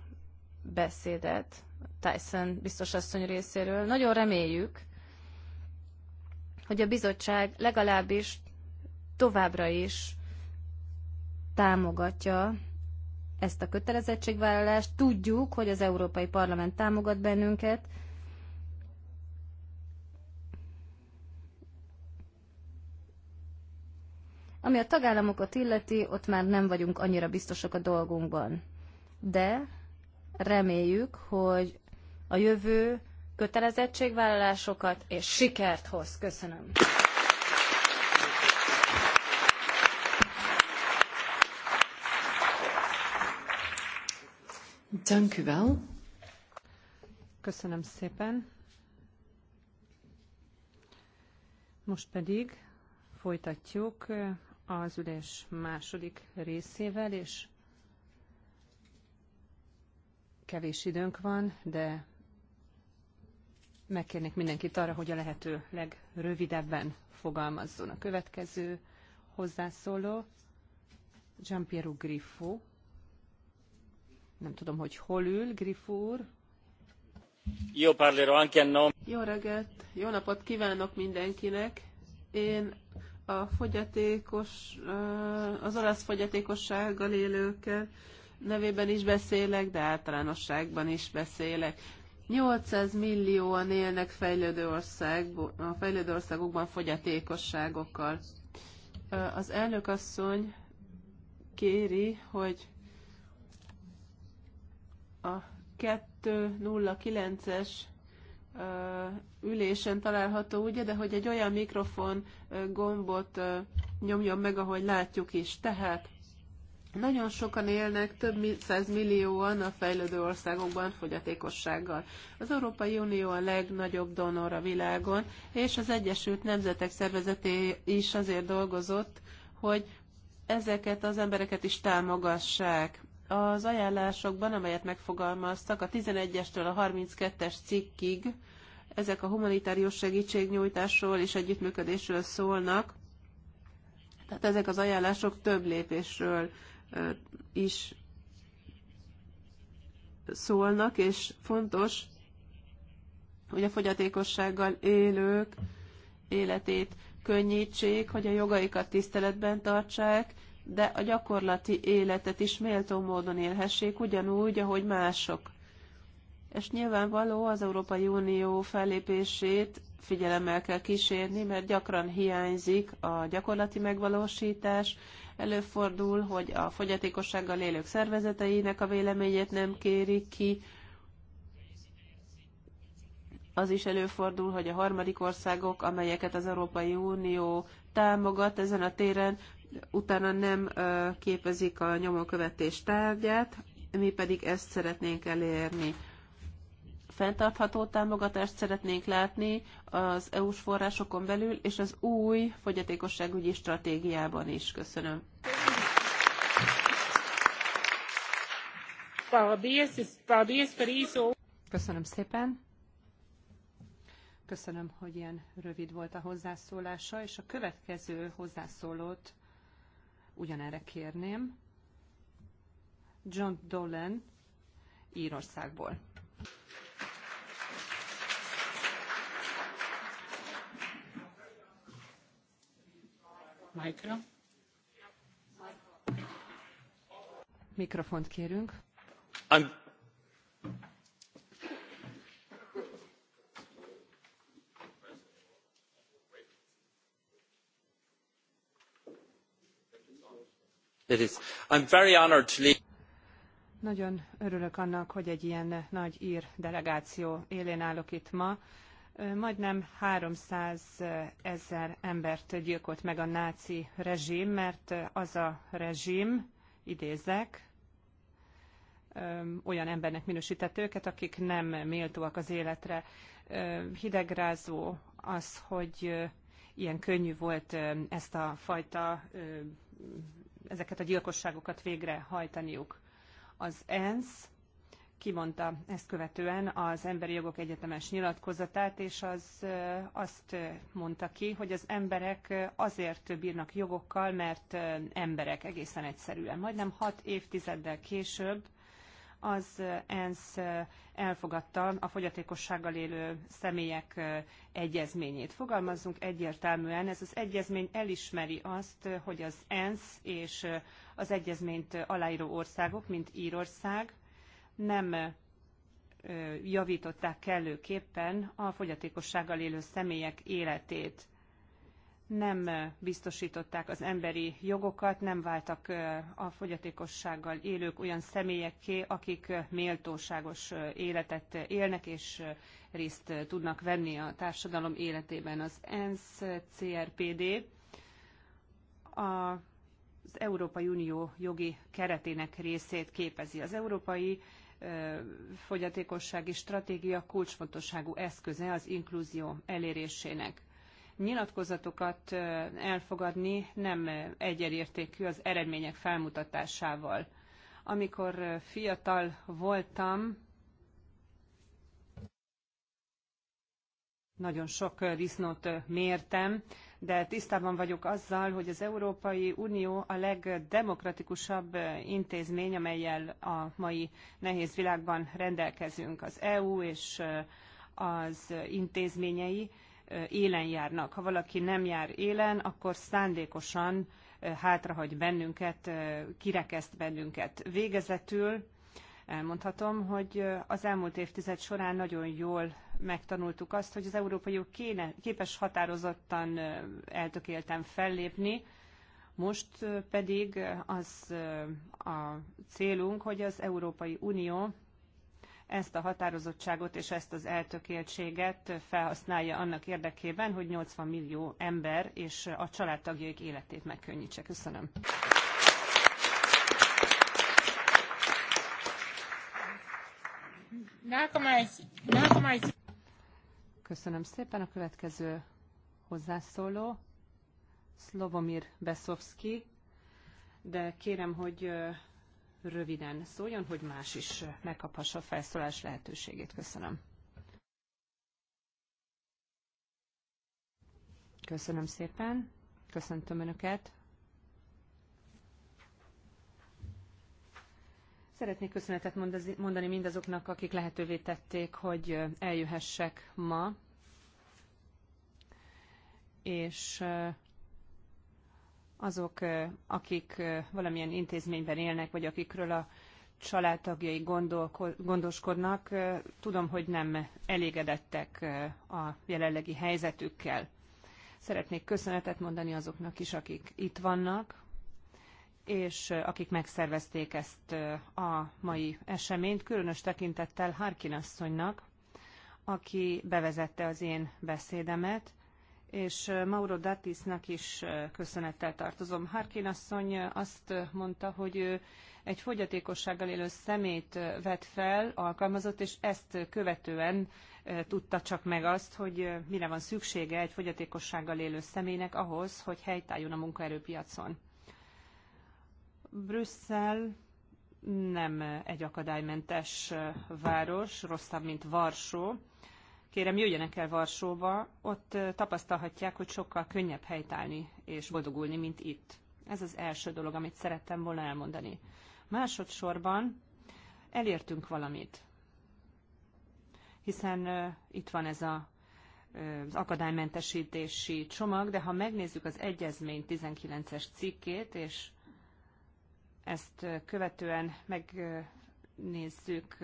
beszédet Tyson biztos asszony részéről, nagyon reméljük, hogy a bizottság legalábbis továbbra is támogatja ezt a kötelezettségvállalást. Tudjuk, hogy az Európai Parlament támogat bennünket, Ami a tagállamokat illeti, ott már nem vagyunk annyira biztosak a dolgunkban. De reméljük, hogy a jövő kötelezettségvállalásokat és sikert hoz. Köszönöm. Dank u wel. Köszönöm szépen. Most pedig folytatjuk eh, az ülés második részével, és kevés időnk van, de megkérnék mindenkit arra, hogy a lehető legrövidebben fogalmazzon a következő hozzászóló, Giampiero Griffo, nem tudom, hogy hol ül, Griff úr. Jó parlerò anche Jó reggelt, jó napot kívánok mindenkinek. Én a fogyatékos, eh, az olasz fogyatékossággal élőkkel nevében is beszélek, de általánosságban is beszélek. 800 millióan élnek fejlődő, ország, a fejlődő országokban fogyatékosságokkal. Eh, az elnök asszony kéri, hogy a 209-es ülésen található, ugye, de hogy egy olyan mikrofon gombot nyomjon meg, ahogy látjuk is. Tehát nagyon sokan élnek, több százmillióan a fejlődő országokban fogyatékossággal. Az Európai Unió a legnagyobb donor a világon, és az Egyesült Nemzetek Szervezeté is azért dolgozott, hogy ezeket az embereket is támogassák. Az ajánlásokban, amelyet megfogalmaztak, a 11-estől a 32-es cikkig ezek a humanitárius segítségnyújtásról és együttműködésről szólnak. Tehát ezek az ajánlások több lépésről is szólnak, és fontos, hogy a fogyatékossággal élők életét könnyítsék, hogy a jogaikat tiszteletben tartsák, de a gyakorlati életet is méltó módon élhessék, ugyanúgy, ahogy mások. És nyilvánvaló az Európai Unió fellépését figyelemmel kell kísérni, mert gyakran hiányzik a gyakorlati megvalósítás, előfordul, hogy a fogyatékossággal élők szervezeteinek a véleményét nem kérik ki, az is előfordul, hogy a harmadik országok, amelyeket az Európai Unió támogat ezen a téren, utána nem képezik a nyomonkövetés tárgyát, mi pedig ezt szeretnénk elérni. Fentartható támogatást szeretnénk látni az EU-s forrásokon belül, és az új fogyatékosságügyi stratégiában is. Köszönöm. Köszönöm szépen. Köszönöm, hogy ilyen rövid volt a hozzászólása, és a következő hozzászólót ugyanerre kérném. John Dolan Írországból. Mikro. Mikrofont kérünk. I'm Nagyon örülök annak, hogy egy ilyen nagy ír delegáció élén állok itt ma. Majdnem 300 embert gyilkolt meg a náci rezsim, mert az a rezsim, idézek, olyan embernek minősített őket, akik nem méltóak az életre. Hidegrázó az, hogy ilyen könnyű volt ezt a fajta ezeket a gyilkosságokat végrehajtaniuk. Az ENSZ kimondta ezt követően az Emberi Jogok Egyetemes nyilatkozatát, és az azt mondta ki, hogy az emberek azért bírnak jogokkal, mert emberek egészen egyszerűen. Majdnem hat évtizeddel később az ENSZ elfogadta a fogyatékossággal élő személyek egyezményét. Fogalmazzunk egyértelműen, ez az egyezmény elismeri azt, hogy az ENSZ és az egyezményt aláíró országok, mint Írország, nem javították kellőképpen a fogyatékossággal élő személyek életét nem biztosították az emberi jogokat, nem váltak a fogyatékossággal élők olyan személyekké, akik méltóságos életet élnek és részt tudnak venni a társadalom életében. Az ENSZ CRPD a az Európai Unió jogi keretének részét képezi. Az Európai Fogyatékossági Stratégia kulcsfontosságú eszköze az inkluzió elérésének nyilatkozatokat elfogadni nem egyenértékű az eredmények felmutatásával. Amikor fiatal voltam, nagyon sok disznót mértem, de tisztában vagyok azzal, hogy az Európai Unió a legdemokratikusabb intézmény, amelyel a mai nehéz világban rendelkezünk. Az EU és az intézményei élen járnak. Ha valaki nem jár élen, akkor szándékosan hátrahagy bennünket, kirekeszt bennünket. Végezetül elmondhatom, hogy az elmúlt évtized során nagyon jól megtanultuk azt, hogy az Európai kéne képes határozottan eltökéltem fellépni, most pedig az a célunk, hogy az Európai Unió ezt a határozottságot és ezt az eltökéltséget felhasználja annak érdekében, hogy 80 millió ember és a családtagjaik életét megkönnyítse. Köszönöm. Köszönöm szépen. A következő hozzászóló Slovomir Beszovszki, de kérem, hogy röviden szóljon, hogy más is megkaphassa a felszólás lehetőségét. Köszönöm. Köszönöm szépen. Köszöntöm Önöket. Szeretnék köszönetet mondani mindazoknak, akik lehetővé tették, hogy eljöhessek ma, és azok, akik valamilyen intézményben élnek, vagy akikről a családtagjai gondoskodnak, tudom, hogy nem elégedettek a jelenlegi helyzetükkel. Szeretnék köszönetet mondani azoknak is, akik itt vannak, és akik megszervezték ezt a mai eseményt, különös tekintettel Harkin asszonynak, aki bevezette az én beszédemet, és Mauro Datisnak is köszönettel tartozom. Harkin asszony azt mondta, hogy ő egy fogyatékossággal élő szemét vett fel, alkalmazott, és ezt követően tudta csak meg azt, hogy mire van szüksége egy fogyatékossággal élő személynek ahhoz, hogy helytálljon a munkaerőpiacon. Brüsszel nem egy akadálymentes város, rosszabb, mint Varsó Kérem, jöjjenek el Varsóba, ott tapasztalhatják, hogy sokkal könnyebb helytállni és boldogulni, mint itt. Ez az első dolog, amit szerettem volna elmondani. Másodszorban elértünk valamit, hiszen uh, itt van ez a az akadálymentesítési csomag, de ha megnézzük az egyezmény 19-es cikkét, és ezt követően megnézzük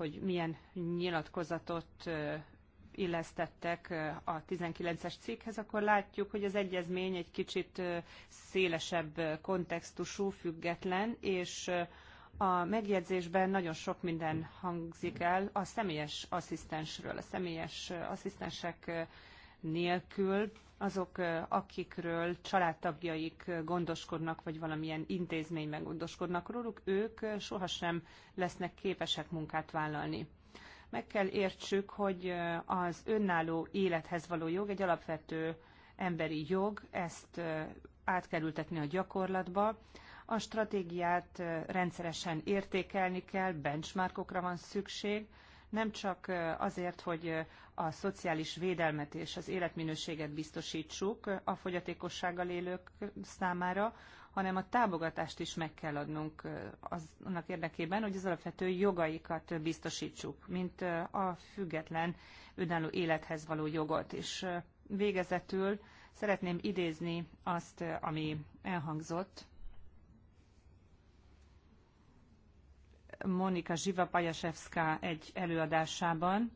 hogy milyen nyilatkozatot illesztettek a 19-es cikkhez, akkor látjuk, hogy az egyezmény egy kicsit szélesebb kontextusú, független, és a megjegyzésben nagyon sok minden hangzik el a személyes asszisztensről, a személyes asszisztensek nélkül azok, akikről családtagjaik gondoskodnak, vagy valamilyen intézmény gondoskodnak róluk, ők sohasem lesznek képesek munkát vállalni. Meg kell értsük, hogy az önálló élethez való jog egy alapvető emberi jog, ezt át kell ültetni a gyakorlatba. A stratégiát rendszeresen értékelni kell, benchmarkokra van szükség, nem csak azért, hogy a szociális védelmet és az életminőséget biztosítsuk a fogyatékossággal élők számára, hanem a támogatást is meg kell adnunk az, annak érdekében, hogy az alapvető jogaikat biztosítsuk, mint a független önálló élethez való jogot. És végezetül szeretném idézni azt, ami elhangzott Monika Zsiva pajasevszka egy előadásában,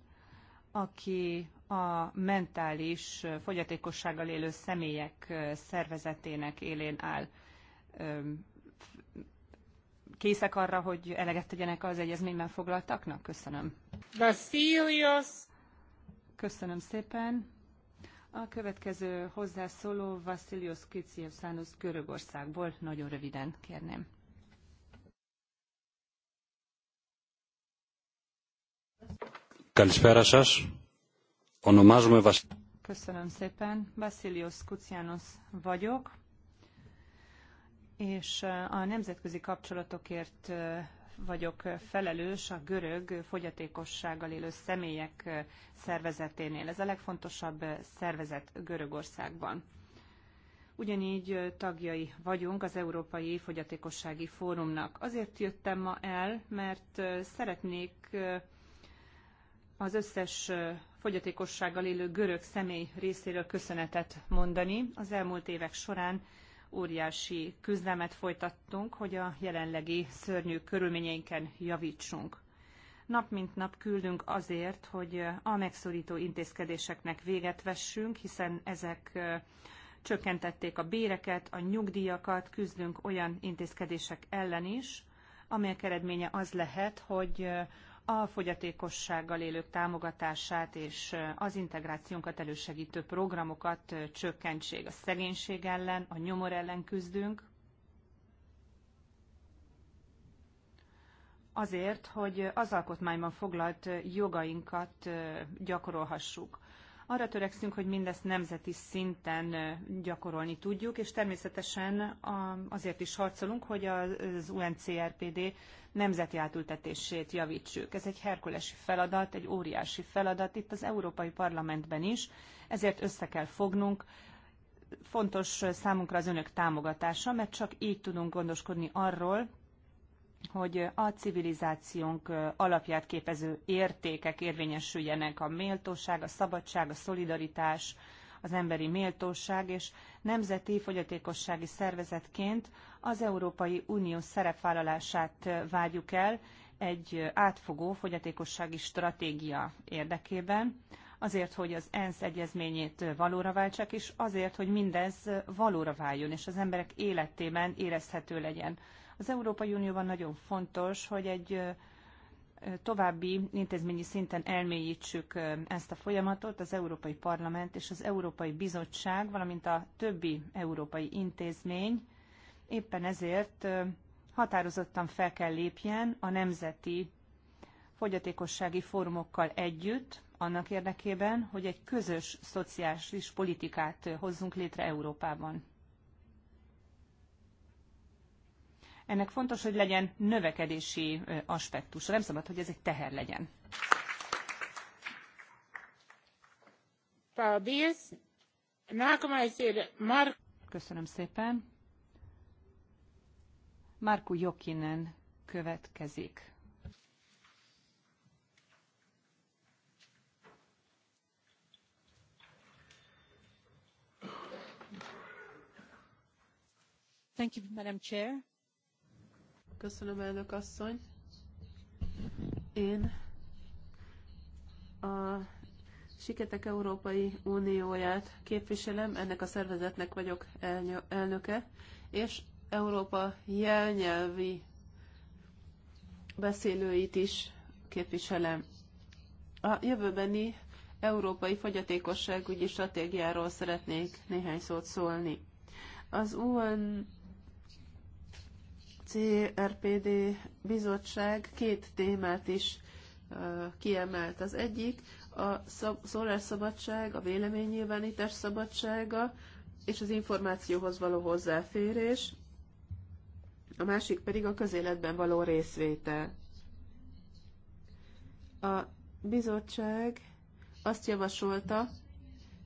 aki a mentális fogyatékossággal élő személyek szervezetének élén áll. Készek arra, hogy eleget tegyenek az egyezményben foglaltaknak? Köszönöm. Vasilios! Köszönöm szépen. A következő hozzászóló Vasilios Kiciev Szánusz Görögországból. Nagyon röviden kérném. Καλησπέρα σας. Ονομάζομαι Βασίλη. Köszönöm szépen. Vasilios Kucianos vagyok, és eh, a nemzetközi kapcsolatokért eh, vagyok felelős a görög fogyatékossággal élő személyek eh, szervezeténél. Ez a legfontosabb szervezet Görögországban. Ugyanígy tagjai vagyunk az Európai Fogyatékossági Fórumnak. Azért jöttem ma el, mert szeretnék az összes fogyatékossággal élő görög személy részéről köszönetet mondani. Az elmúlt évek során óriási küzdelmet folytattunk, hogy a jelenlegi szörnyű körülményeinken javítsunk. Nap mint nap küldünk azért, hogy a megszorító intézkedéseknek véget vessünk, hiszen ezek csökkentették a béreket, a nyugdíjakat, küzdünk olyan intézkedések ellen is, amelyek eredménye az lehet, hogy a fogyatékossággal élők támogatását és az integrációnkat elősegítő programokat csökkentség. A szegénység ellen, a nyomor ellen küzdünk, azért, hogy az alkotmányban foglalt jogainkat gyakorolhassuk. Arra törekszünk, hogy mindezt nemzeti szinten gyakorolni tudjuk, és természetesen azért is harcolunk, hogy az UNCRPD nemzeti átültetését javítsuk. Ez egy herkulesi feladat, egy óriási feladat itt az Európai Parlamentben is, ezért össze kell fognunk, fontos számunkra az önök támogatása, mert csak így tudunk gondoskodni arról, hogy a civilizációnk alapját képező értékek érvényesüljenek a méltóság, a szabadság, a szolidaritás, az emberi méltóság és nemzeti fogyatékossági szervezetként az Európai Unió szerepvállalását vágyjuk el egy átfogó fogyatékossági stratégia érdekében, azért, hogy az ENSZ egyezményét valóra váltsák, és azért, hogy mindez valóra váljon, és az emberek életében érezhető legyen. Az Európai Unióban nagyon fontos, hogy egy további intézményi szinten elmélyítsük ezt a folyamatot, az Európai Parlament és az Európai Bizottság, valamint a többi európai intézmény. Éppen ezért határozottan fel kell lépjen a nemzeti fogyatékossági fórumokkal együtt, annak érdekében, hogy egy közös szociális politikát hozzunk létre Európában. ennek fontos, hogy legyen növekedési aspektusa. Nem szabad, hogy ez egy teher legyen. Köszönöm szépen. Marku Jokinen következik. Thank you, Madam Chair. Köszönöm, elnök asszony. Én a Siketek Európai Unióját képviselem, ennek a szervezetnek vagyok elnöke, és Európa jelnyelvi beszélőit is képviselem. A jövőbeni európai fogyatékosságügyi stratégiáról szeretnék néhány szót szólni. Az UN CRPD bizottság két témát is kiemelt. Az egyik a szólásszabadság, a véleménynyilvánítás szabadsága és az információhoz való hozzáférés, a másik pedig a közéletben való részvétel. A bizottság azt javasolta,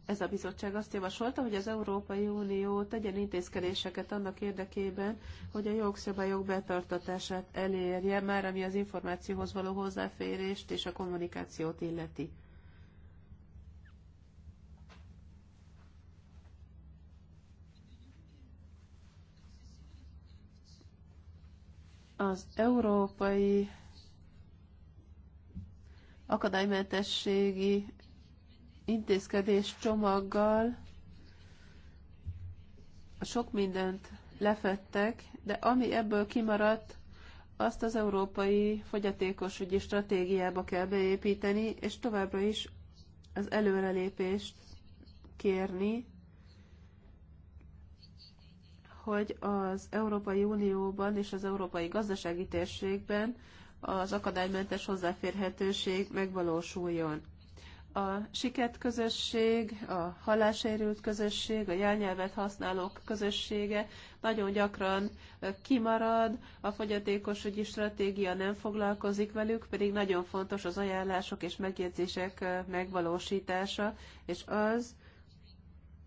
ez a bizottság azt javasolta, hogy az Európai Unió tegyen intézkedéseket annak érdekében, hogy a jogszabályok betartatását elérje, már ami az információhoz való hozzáférést és a kommunikációt illeti. Az európai akadálymentességi intézkedés csomaggal sok mindent lefettek, de ami ebből kimaradt, azt az európai fogyatékosügyi stratégiába kell beépíteni, és továbbra is az előrelépést kérni, hogy az Európai Unióban és az Európai Gazdasági Térségben az akadálymentes hozzáférhetőség megvalósuljon a siket közösség, a hallásérült közösség, a jelnyelvet használók közössége nagyon gyakran kimarad, a fogyatékosügyi stratégia nem foglalkozik velük, pedig nagyon fontos az ajánlások és megjegyzések megvalósítása, és az,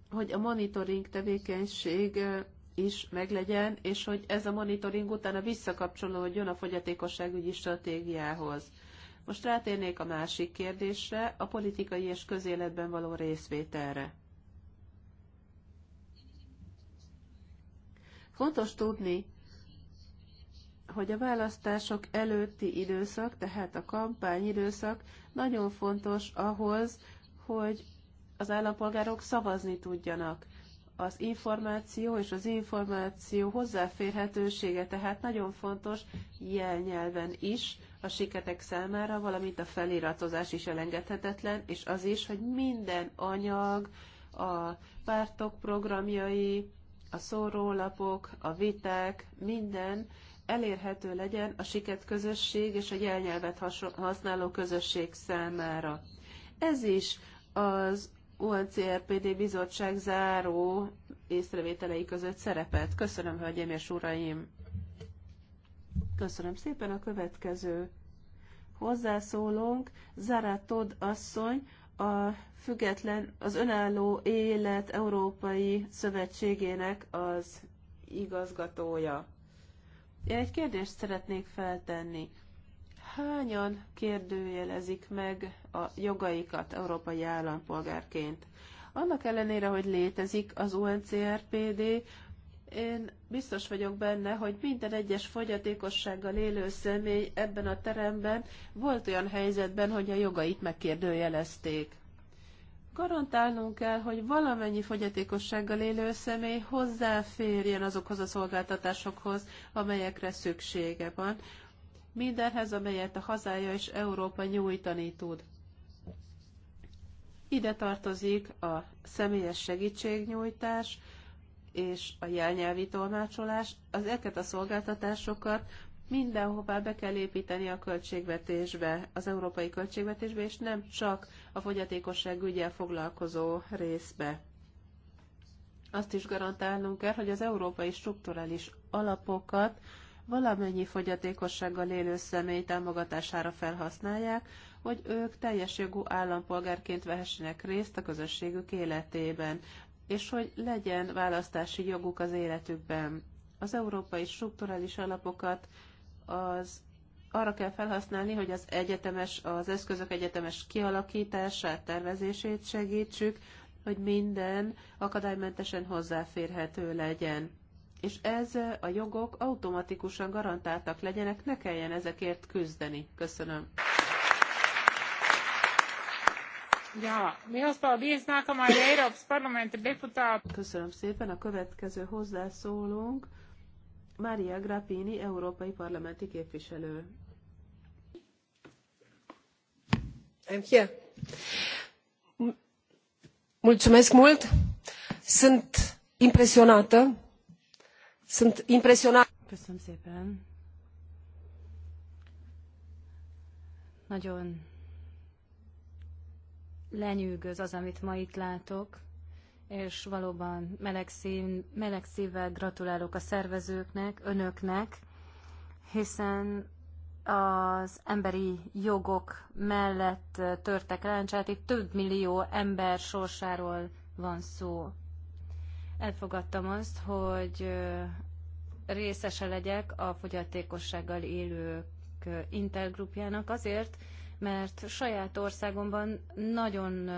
hogy a monitoring tevékenység is meglegyen, és hogy ez a monitoring utána visszakapcsolódjon a fogyatékosságügyi stratégiához. Most rátérnék a másik kérdésre, a politikai és közéletben való részvételre. Fontos tudni, hogy a választások előtti időszak, tehát a kampány időszak nagyon fontos ahhoz, hogy az állampolgárok szavazni tudjanak. Az információ és az információ hozzáférhetősége tehát nagyon fontos jelnyelven is, a siketek számára, valamint a feliratozás is elengedhetetlen, és az is, hogy minden anyag, a pártok programjai, a szórólapok, a viták, minden elérhető legyen a siket közösség és a jelnyelvet használó közösség számára. Ez is az UNCRPD bizottság záró észrevételei között szerepelt. Köszönöm, hölgyeim és uraim! Köszönöm szépen. A következő hozzászólónk Zara Todd asszony, a független, az önálló élet Európai Szövetségének az igazgatója. Én egy kérdést szeretnék feltenni. Hányan kérdőjelezik meg a jogaikat európai állampolgárként? Annak ellenére, hogy létezik az UNCRPD, én biztos vagyok benne, hogy minden egyes fogyatékossággal élő személy ebben a teremben volt olyan helyzetben, hogy a jogait megkérdőjelezték. Garantálnunk kell, hogy valamennyi fogyatékossággal élő személy hozzáférjen azokhoz a szolgáltatásokhoz, amelyekre szüksége van, mindenhez, amelyet a hazája és Európa nyújtani tud. Ide tartozik a személyes segítségnyújtás, és a jelnyelvi tolmácsolás, az ezeket a szolgáltatásokat mindenhová be kell építeni a költségvetésbe, az európai költségvetésbe, és nem csak a fogyatékosság ügyel foglalkozó részbe. Azt is garantálnunk kell, hogy az európai strukturális alapokat valamennyi fogyatékossággal élő személy támogatására felhasználják, hogy ők teljes jogú állampolgárként vehessenek részt a közösségük életében és hogy legyen választási joguk az életükben. Az európai strukturális alapokat az arra kell felhasználni, hogy az egyetemes, az eszközök egyetemes kialakítását, tervezését segítsük, hogy minden akadálymentesen hozzáférhető legyen. És ez a jogok automatikusan garantáltak legyenek, ne kelljen ezekért küzdeni. Köszönöm a Köszönöm szépen. A következő hozzászólónk Mária Grappini, Európai Parlamenti Képviselő. I'm here. Mulțumesc mult. Sunt impresionată. Sunt impresionată. Köszönöm szépen. Nagyon lenyűgöz az, amit ma itt látok, és valóban meleg, szín, meleg szívvel gratulálok a szervezőknek, önöknek, hiszen az emberi jogok mellett törtek ráncsát, itt több millió ember sorsáról van szó. Elfogadtam azt, hogy részese legyek a fogyatékossággal élők intergrupjának azért, mert saját országomban nagyon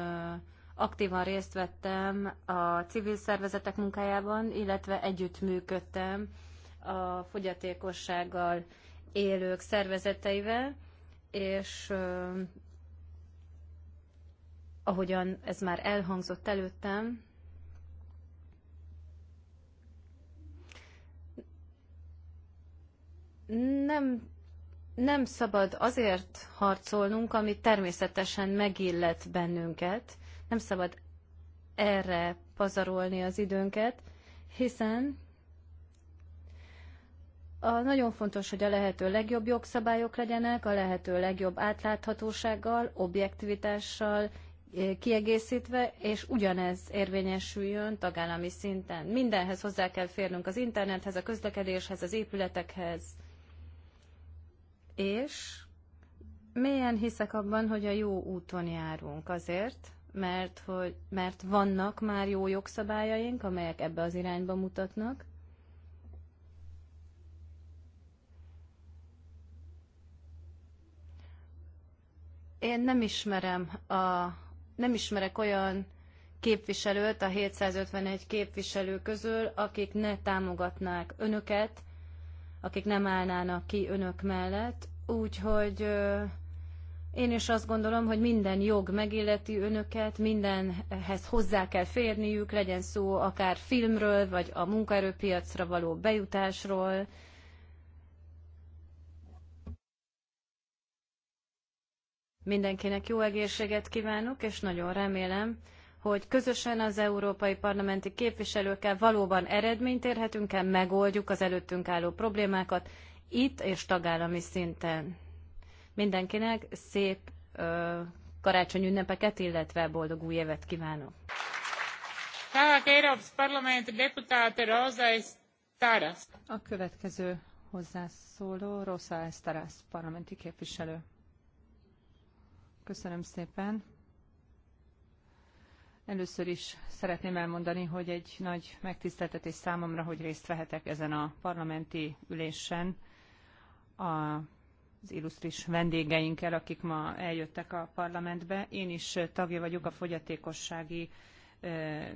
aktívan részt vettem a civil szervezetek munkájában, illetve együttműködtem a fogyatékossággal élők szervezeteivel, és ahogyan ez már elhangzott előttem, nem nem szabad azért harcolnunk, ami természetesen megillet bennünket. Nem szabad erre pazarolni az időnket, hiszen a, nagyon fontos, hogy a lehető legjobb jogszabályok legyenek, a lehető legjobb átláthatósággal, objektivitással eh, kiegészítve, és ugyanez érvényesüljön tagállami szinten. Mindenhez hozzá kell férnünk az internethez, a közlekedéshez, az épületekhez, és mélyen hiszek abban, hogy a jó úton járunk azért, mert, hogy, mert vannak már jó jogszabályaink, amelyek ebbe az irányba mutatnak, én nem ismerem a, nem ismerek olyan képviselőt a 751 képviselő közül, akik ne támogatnák önöket akik nem állnának ki önök mellett. Úgyhogy én is azt gondolom, hogy minden jog megilleti önöket, mindenhez hozzá kell férniük, legyen szó akár filmről, vagy a munkaerőpiacra való bejutásról. Mindenkinek jó egészséget kívánok, és nagyon remélem, hogy közösen az európai parlamenti képviselőkkel valóban eredményt érhetünk el, megoldjuk az előttünk álló problémákat itt és tagállami szinten. Mindenkinek szép ö, karácsony ünnepeket, illetve boldog új évet kívánok! A következő hozzászóló Rosa Estaras parlamenti képviselő. Köszönöm szépen. Először is szeretném elmondani, hogy egy nagy megtiszteltetés számomra, hogy részt vehetek ezen a parlamenti ülésen az illusztris vendégeinkkel, akik ma eljöttek a parlamentbe. Én is tagja vagyok a fogyatékossági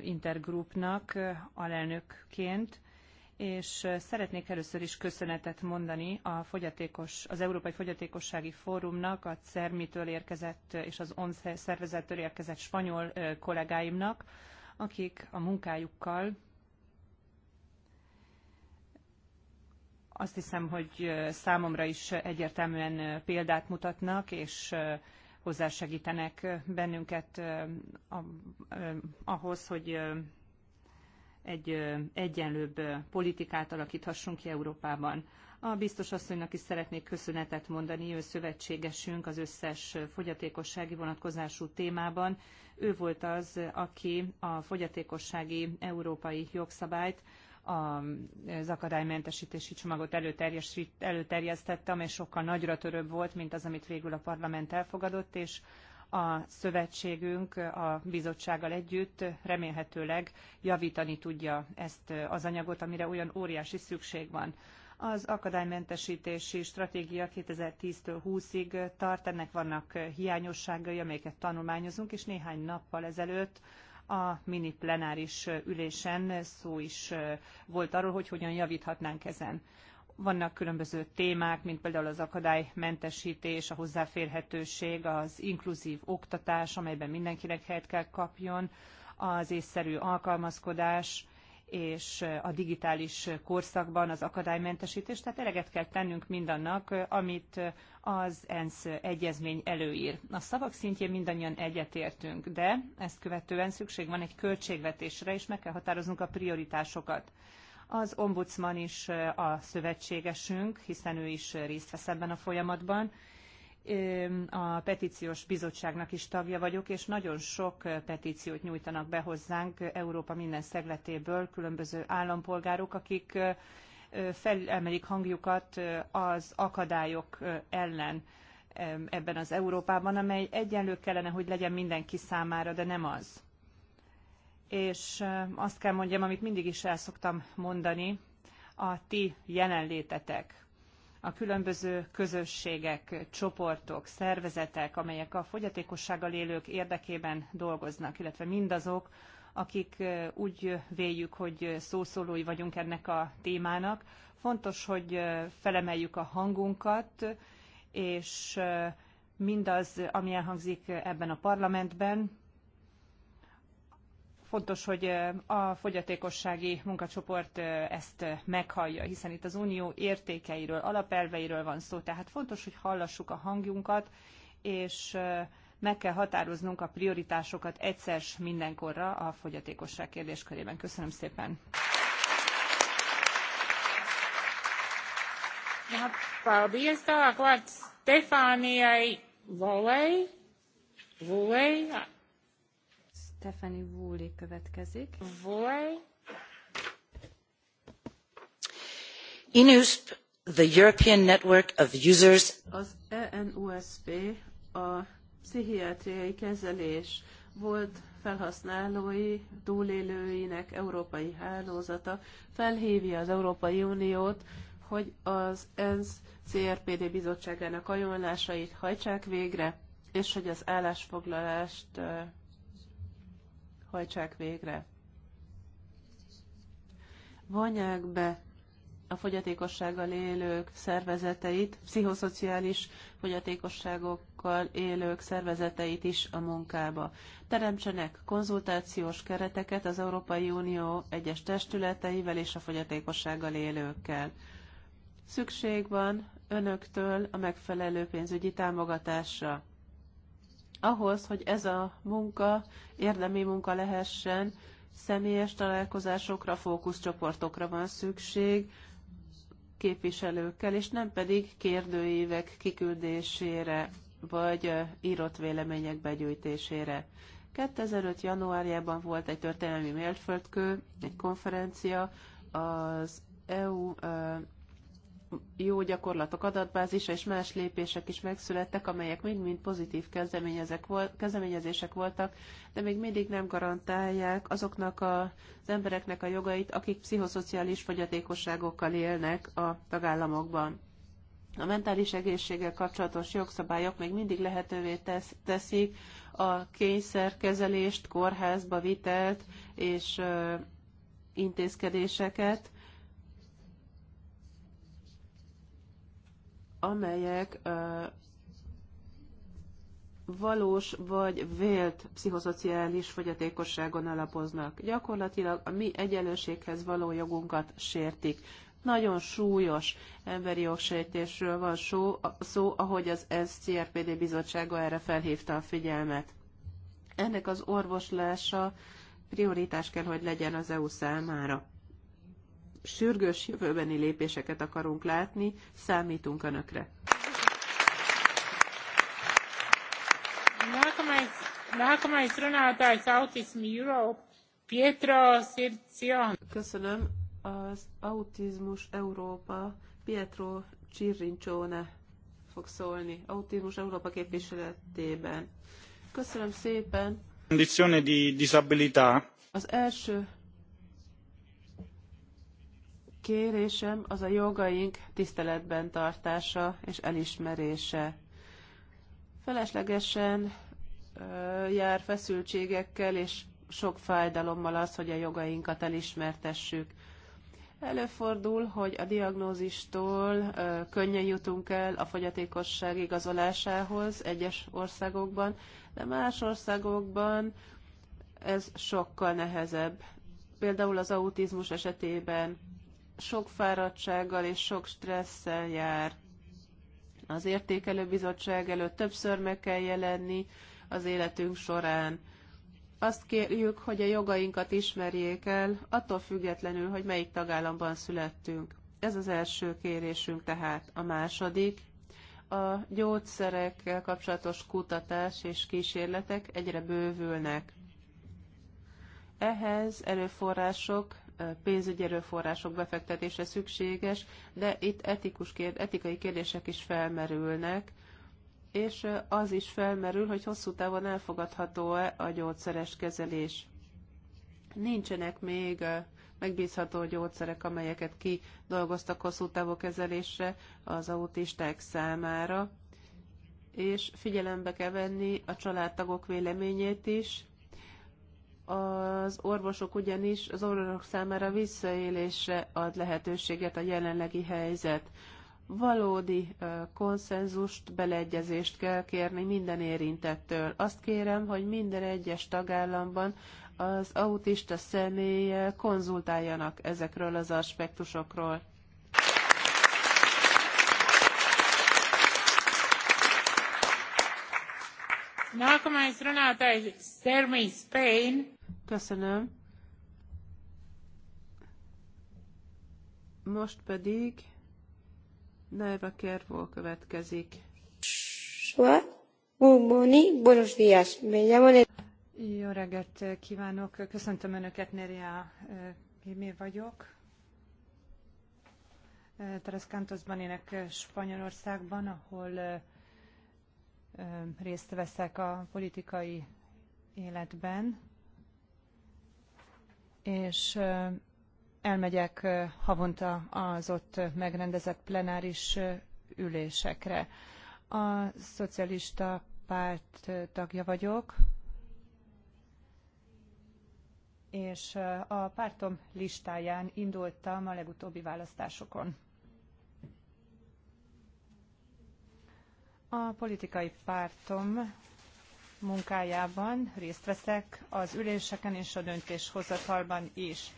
intergrupnak alelnökként, és szeretnék először is köszönetet mondani a fogyatékos, az Európai Fogyatékossági Fórumnak, a CERMI-től érkezett és az ONZ szervezettől érkezett spanyol kollégáimnak, akik a munkájukkal azt hiszem, hogy számomra is egyértelműen példát mutatnak, és hozzásegítenek bennünket ahhoz, hogy egy egyenlőbb politikát alakíthassunk ki Európában. A biztos asszonynak is szeretnék köszönetet mondani, ő szövetségesünk az összes fogyatékossági vonatkozású témában. Ő volt az, aki a fogyatékossági európai jogszabályt az akadálymentesítési csomagot előterjesztette, amely sokkal nagyra törőbb volt, mint az, amit végül a parlament elfogadott, és a szövetségünk a bizottsággal együtt remélhetőleg javítani tudja ezt az anyagot, amire olyan óriási szükség van. Az akadálymentesítési stratégia 2010-től 20-ig tart, ennek vannak hiányosságai, amelyeket tanulmányozunk, és néhány nappal ezelőtt a mini plenáris ülésen szó is volt arról, hogy hogyan javíthatnánk ezen. Vannak különböző témák, mint például az akadálymentesítés, a hozzáférhetőség, az inkluzív oktatás, amelyben mindenkinek helyet kell kapjon, az észszerű alkalmazkodás, és a digitális korszakban az akadálymentesítés, tehát eleget kell tennünk mindannak, amit az ENSZ egyezmény előír. A szavak szintjén mindannyian egyetértünk, de ezt követően szükség van egy költségvetésre, és meg kell határoznunk a prioritásokat. Az ombudsman is a szövetségesünk, hiszen ő is részt vesz ebben a folyamatban. A petíciós bizottságnak is tagja vagyok, és nagyon sok petíciót nyújtanak be hozzánk Európa minden szegletéből különböző állampolgárok, akik felemelik hangjukat az akadályok ellen ebben az Európában, amely egyenlő kellene, hogy legyen mindenki számára, de nem az és azt kell mondjam, amit mindig is el szoktam mondani, a ti jelenlétetek, a különböző közösségek, csoportok, szervezetek, amelyek a fogyatékossággal élők érdekében dolgoznak, illetve mindazok, akik úgy véljük, hogy szószólói vagyunk ennek a témának. Fontos, hogy felemeljük a hangunkat, és mindaz, ami elhangzik ebben a parlamentben, Fontos, hogy a fogyatékossági munkacsoport ezt meghallja, hiszen itt az unió értékeiről, alapelveiről van szó, tehát fontos, hogy hallassuk a hangjunkat, és meg kell határoznunk a prioritásokat egyszer mindenkorra a fogyatékosság kérdéskörében. Köszönöm szépen! Paldies, tā, Stefānijai Volei. Volei, Stephanie Woolley következik. Woolley. INUSP, the European Network of Users. Az ENUSP a pszichiátriai kezelés volt felhasználói, túlélőinek európai hálózata felhívja az Európai Uniót, hogy az ENSZ CRPD bizottságának ajánlásait hajtsák végre, és hogy az állásfoglalást hajtsák végre. Vonják be a fogyatékossággal élők szervezeteit, pszichoszociális fogyatékosságokkal élők szervezeteit is a munkába. Teremtsenek konzultációs kereteket az Európai Unió egyes testületeivel és a fogyatékossággal élőkkel. Szükség van önöktől a megfelelő pénzügyi támogatásra ahhoz, hogy ez a munka érdemi munka lehessen, személyes találkozásokra, fókuszcsoportokra van szükség, képviselőkkel, és nem pedig kérdőívek kiküldésére vagy írott vélemények begyűjtésére. 2005. januárjában volt egy történelmi mérföldkő, egy konferencia az EU jó gyakorlatok adatbázisa és más lépések is megszülettek, amelyek mind-mind pozitív kezdeményezések voltak, de még mindig nem garantálják azoknak a, az embereknek a jogait, akik pszichoszociális fogyatékosságokkal élnek a tagállamokban. A mentális egészséggel kapcsolatos jogszabályok még mindig lehetővé tesz, teszik a kényszerkezelést, kórházba vitelt és ö, intézkedéseket, amelyek valós vagy vélt pszichoszociális fogyatékosságon alapoznak. Gyakorlatilag a mi egyenlőséghez való jogunkat sértik. Nagyon súlyos emberi jogsértésről van szó, szó ahogy az SCRPD bizottsága erre felhívta a figyelmet. Ennek az orvoslása prioritás kell, hogy legyen az EU számára sürgős jövőbeni lépéseket akarunk látni, számítunk Önökre. Köszönöm az Autizmus Európa Pietro Csirincsóne fog szólni, Autizmus Európa képviseletében. Köszönöm szépen! Condizione di disabilità. Az első kérésem az a jogaink tiszteletben tartása és elismerése. Feleslegesen jár feszültségekkel és sok fájdalommal az, hogy a jogainkat elismertessük. Előfordul, hogy a diagnózistól könnyen jutunk el a fogyatékosság igazolásához egyes országokban, de más országokban ez sokkal nehezebb. Például az autizmus esetében sok fáradtsággal és sok stresszel jár. Az értékelő bizottság előtt többször meg kell jelenni az életünk során. Azt kérjük, hogy a jogainkat ismerjék el, attól függetlenül, hogy melyik tagállamban születtünk. Ez az első kérésünk tehát. A második, a gyógyszerekkel kapcsolatos kutatás és kísérletek egyre bővülnek. Ehhez előforrások pénzügyi erőforrások befektetése szükséges, de itt etikus kér, etikai kérdések is felmerülnek, és az is felmerül, hogy hosszú távon elfogadható-e a gyógyszeres kezelés. Nincsenek még megbízható gyógyszerek, amelyeket kidolgoztak hosszú távú kezelésre az autisták számára, és figyelembe kell venni a családtagok véleményét is, az orvosok ugyanis az orvosok számára visszaélésre ad lehetőséget a jelenlegi helyzet. Valódi konszenzust, beleegyezést kell kérni minden érintettől. Azt kérem, hogy minden egyes tagállamban az autista személy konzultáljanak ezekről az aspektusokról Köszönöm. Most pedig Naeva Kervó következik. Buenos días. Jó reggelt kívánok. Köszöntöm Önöket, Neria Mimé vagyok. Tereszkántoszban Cantosban ének Spanyolországban, ahol részt veszek a politikai életben, és elmegyek havonta az ott megrendezett plenáris ülésekre. A szocialista párt tagja vagyok, és a pártom listáján indultam a legutóbbi választásokon. A politikai pártom munkájában részt veszek az üléseken és a döntéshozatalban is.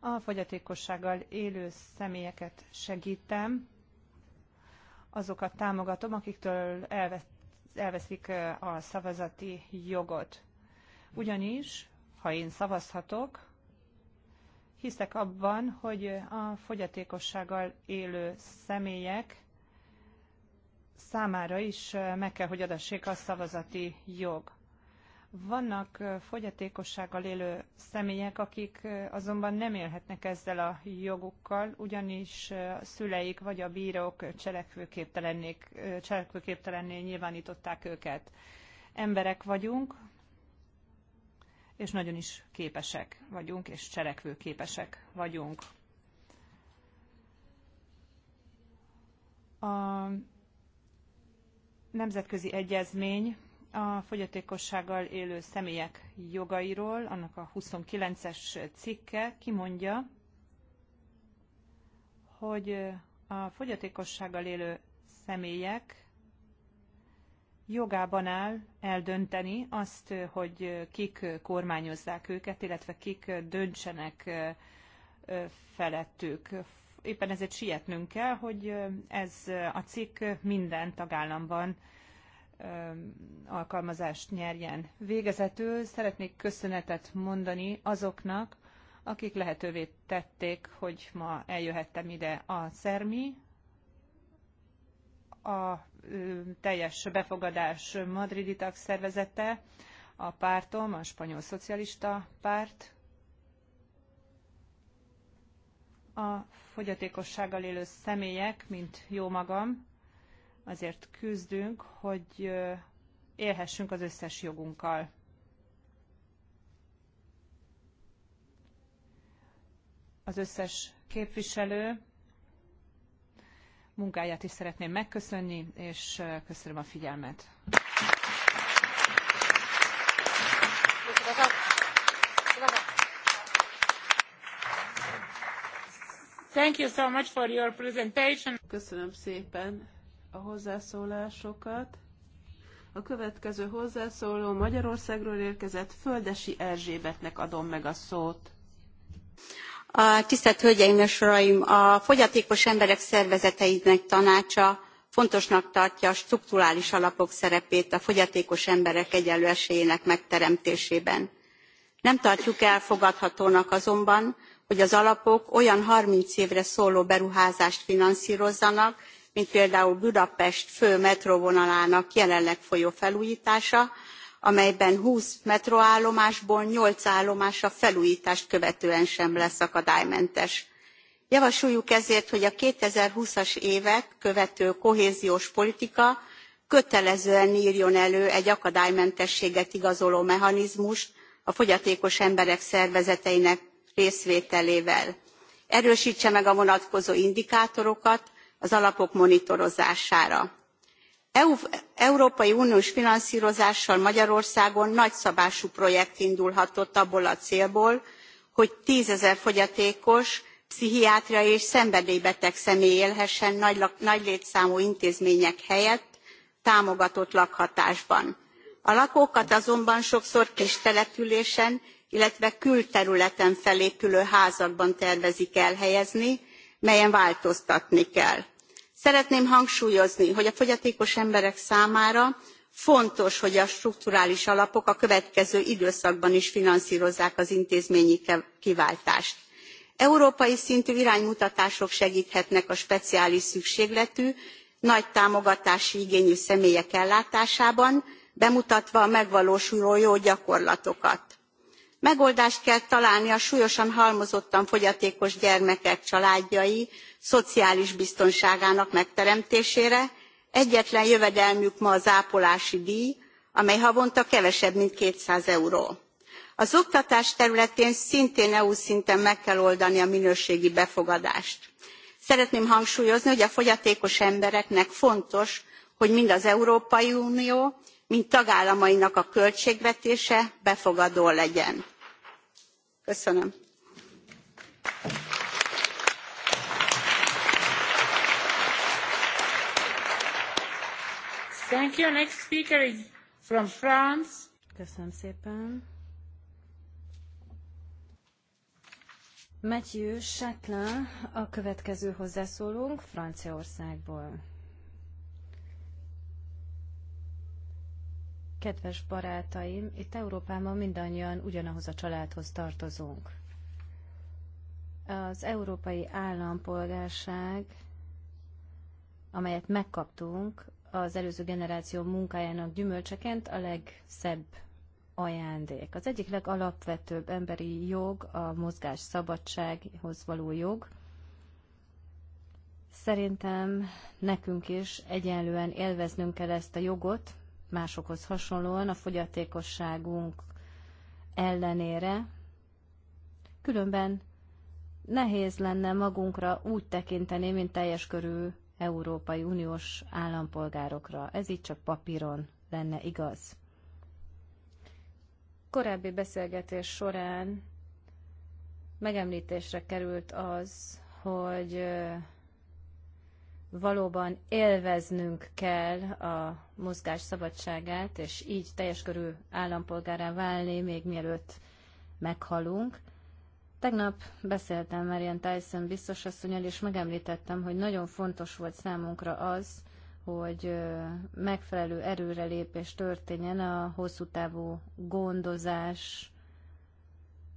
A fogyatékossággal élő személyeket segítem, azokat támogatom, akiktől elveszik a szavazati jogot. Ugyanis, ha én szavazhatok, hiszek abban, hogy a fogyatékossággal élő személyek számára is meg kell, hogy adassék a szavazati jog. Vannak fogyatékossággal élő személyek, akik azonban nem élhetnek ezzel a jogukkal, ugyanis a szüleik vagy a bírók cselekvőképtelenné nyilvánították őket. Emberek vagyunk, és nagyon is képesek vagyunk, és cselekvőképesek vagyunk. A nemzetközi egyezmény a fogyatékossággal élő személyek jogairól, annak a 29-es cikke kimondja, hogy a fogyatékossággal élő személyek jogában áll eldönteni azt, hogy kik kormányozzák őket, illetve kik döntsenek felettük éppen ezért sietnünk kell, hogy ez a cikk minden tagállamban alkalmazást nyerjen. Végezetül szeretnék köszönetet mondani azoknak, akik lehetővé tették, hogy ma eljöhettem ide a Szermi, a teljes befogadás madridi tagszervezete, a pártom, a spanyol szocialista párt, a fogyatékossággal élő személyek, mint jó magam, azért küzdünk, hogy élhessünk az összes jogunkkal. Az összes képviselő munkáját is szeretném megköszönni, és köszönöm a figyelmet. Köszönöm szépen a hozzászólásokat. A következő hozzászóló Magyarországról érkezett Földesi Erzsébetnek adom meg a szót. A tisztelt Hölgyeim és Uraim, a Fogyatékos Emberek Szervezeteinek Tanácsa fontosnak tartja a strukturális alapok szerepét a fogyatékos emberek egyenlő esélyének megteremtésében. Nem tartjuk elfogadhatónak azonban, hogy az alapok olyan harminc évre szóló beruházást finanszrozzanak mint például Budapest fő metróvonalának jelenleg folyó felújtása amelyben 20 metróállomásból 8 állomás a felújítást követően sem lesz akadálymentes. Javasoljuk ezért, hogy a 2020-as évet követő kohéziós politika kötelezően rjon elő egy akadálymentességet igazoló mechanizmust a fogyatékos emberek szervezeteinek részvételével erőstse meg a vonatkozó indikátorokat az alapok monitorozására. európai uniós finanszrozással magyarországon nagyszabású projekt indulhatott abból a célból hogy tzezer fogyatékos pszichiátriai és szenvedélybeteg személy élhessen nagy, létszámú intézmények helyett támogatott lakhatásban. a lakókat azonban sokszor kis településen illetve külterületen felépülő házakban tervezik elhelyezni melyen változtatni kell. szeretném hangsúlyozni hogy a fogyatékos emberek számára fontos hogy a strukturális alapok a következő időszakban is finanszrozzák az intézményi kiváltást. európai szintű iránymutatások segthetnek a speciális szükségletű nagy támogatási igényű személyek ellátásában bemutatva a megvalósuló jó gyakorlatokat megoldást kell találni a súlyosan halmozottan fogyatékos gyermekek családjai szociális biztonságának megteremtésére egyetlen jövedelmük ma az ápolási dj amely havonta kevesebb mint two hundred euró. az oktatás területén szintén eu szinten meg kell oldani a minőségi befogadást. szeretném hangsúlyozni hogy a fogyatékos embereknek fontos hogy mind az európai unió mint tagállamainak a költségvetése befogadó legyen. köszönöm. Thank you. Next speaker is from France. Köszönöm szépen. Mathieu Chatelain, a következő hozzászólunk Franciaországból. Kedves barátaim, itt Európában mindannyian ugyanahoz a családhoz tartozunk. Az európai állampolgárság, amelyet megkaptunk, az előző generáció munkájának gyümölcseként a legszebb ajándék. Az egyik legalapvetőbb emberi jog a mozgás szabadsághoz való jog. Szerintem nekünk is egyenlően élveznünk kell ezt a jogot, másokhoz hasonlóan a fogyatékosságunk ellenére, különben nehéz lenne magunkra úgy tekinteni, mint teljes körű Európai Uniós állampolgárokra. Ez így csak papíron lenne igaz. Korábbi beszélgetés során megemlítésre került az, hogy valóban élveznünk kell a mozgás szabadságát, és így teljes körű állampolgárá válni, még mielőtt meghalunk. Tegnap beszéltem Marian Tyson biztos asszonyal, és megemlítettem, hogy nagyon fontos volt számunkra az, hogy megfelelő erőrelépés történjen a hosszú távú gondozás,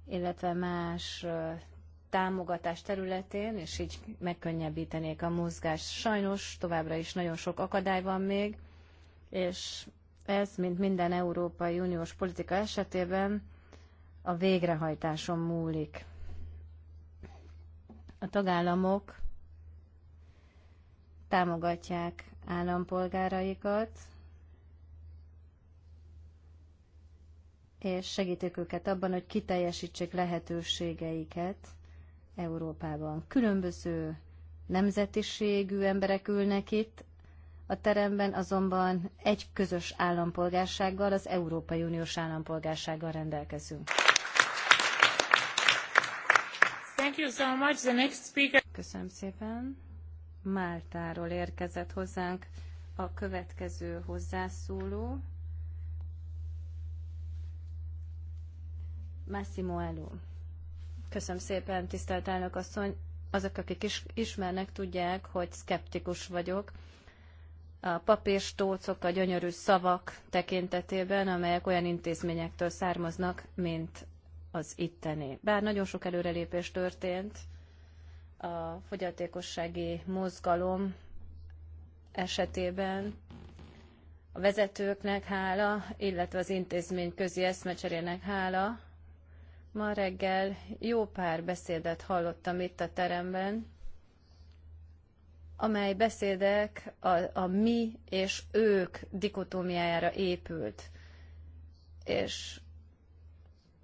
illetve más támogatás területén, és így megkönnyebbítenék a mozgást. Sajnos továbbra is nagyon sok akadály van még, és ez, mint minden Európai Uniós politika esetében, a végrehajtáson múlik. A tagállamok támogatják állampolgáraikat, és segítik őket abban, hogy kiteljesítsék lehetőségeiket, Európában. Különböző nemzetiségű emberek ülnek itt, a teremben azonban egy közös állampolgársággal, az Európai Uniós állampolgársággal rendelkezünk. Thank you so much. The next speaker... Köszönöm szépen. Máltáról érkezett hozzánk a következő hozzászóló. Massimo Elu. Köszönöm szépen, tisztelt elnök asszony. Azok, akik is, ismernek, tudják, hogy szkeptikus vagyok a papírstócok, a gyönyörű szavak tekintetében, amelyek olyan intézményektől származnak, mint az itteni. Bár nagyon sok előrelépés történt, a fogyatékossági mozgalom esetében a vezetőknek hála, illetve az intézmény közi eszmecserének hála, Ma reggel jó pár beszédet hallottam itt a teremben, amely beszédek a, a mi és ők dikotómiájára épült. És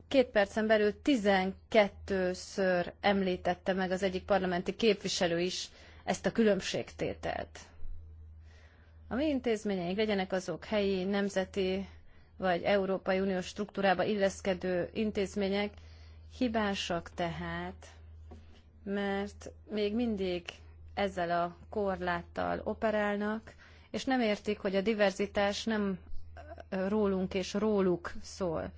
két percen belül 12-ször említette meg az egyik parlamenti képviselő is ezt a különbségtételt. A mi intézményeink legyenek azok helyi, nemzeti, vagy Európai Uniós struktúrába illeszkedő intézmények hibásak tehát, mert még mindig ezzel a korláttal operálnak, és nem értik, hogy a diverzitás nem rólunk és róluk szól.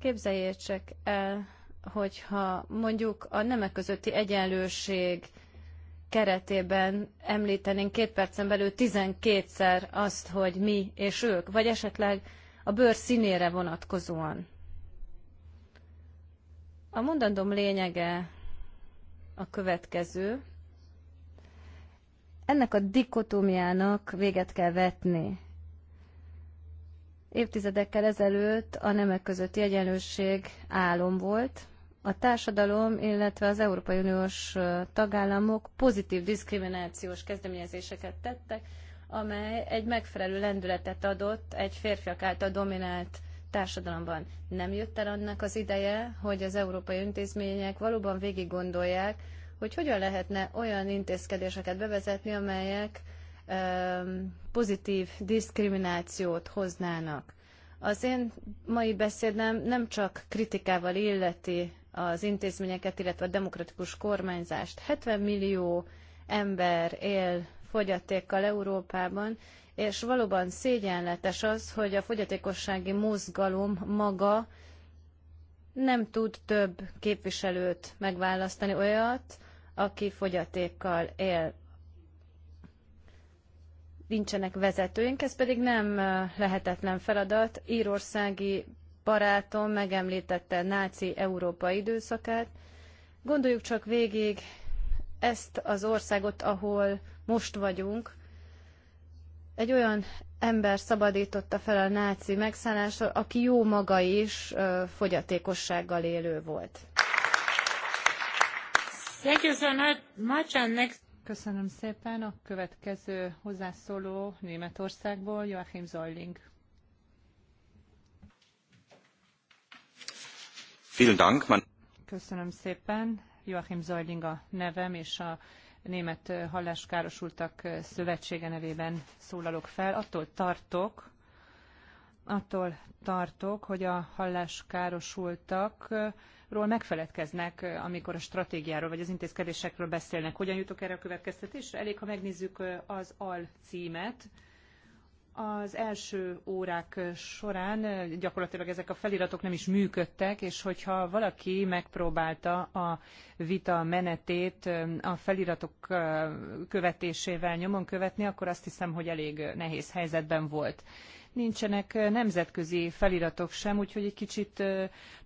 Képzeljétek el, hogyha mondjuk a nemek közötti egyenlőség keretében említenénk két percen belül 12-szer azt, hogy mi és ők, vagy esetleg a bőr színére vonatkozóan. A mondandom lényege a következő. Ennek a dikotómiának véget kell vetni. Évtizedekkel ezelőtt a nemek közötti egyenlőség álom volt, a társadalom, illetve az Európai Uniós tagállamok pozitív diszkriminációs kezdeményezéseket tettek, amely egy megfelelő lendületet adott egy férfiak által dominált társadalomban. Nem jött el annak az ideje, hogy az európai intézmények valóban végig gondolják, hogy hogyan lehetne olyan intézkedéseket bevezetni, amelyek um, pozitív diszkriminációt hoznának. Az én mai beszédem nem csak kritikával illeti az intézményeket, illetve a demokratikus kormányzást. 70 millió ember él fogyatékkal Európában, és valóban szégyenletes az, hogy a fogyatékossági mozgalom maga nem tud több képviselőt megválasztani olyat, aki fogyatékkal él. Nincsenek vezetőink, ez pedig nem lehetetlen feladat. Írországi barátom megemlítette náci Európa időszakát. Gondoljuk csak végig ezt az országot, ahol most vagyunk. Egy olyan ember szabadította fel a náci megszállásra, aki jó maga is fogyatékossággal élő volt. Köszönöm szépen. A következő hozzászóló Németországból Joachim Zolling. Köszönöm szépen. Joachim Zolding a nevem, és a Német Halláskárosultak Szövetsége nevében szólalok fel. Attól tartok, attól tartok, hogy a halláskárosultakról megfeledkeznek, amikor a stratégiáról vagy az intézkedésekről beszélnek. Hogyan jutok erre a következtetésre? Elég, ha megnézzük az alcímet, az első órák során gyakorlatilag ezek a feliratok nem is működtek, és hogyha valaki megpróbálta a vita menetét a feliratok követésével nyomon követni, akkor azt hiszem, hogy elég nehéz helyzetben volt. Nincsenek nemzetközi feliratok sem, úgyhogy egy kicsit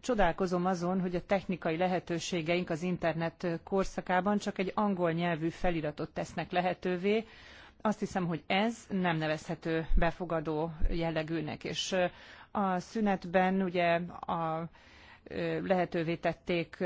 csodálkozom azon, hogy a technikai lehetőségeink az internet korszakában csak egy angol nyelvű feliratot tesznek lehetővé, azt hiszem, hogy ez nem nevezhető befogadó jellegűnek, és a szünetben ugye a lehetővé tették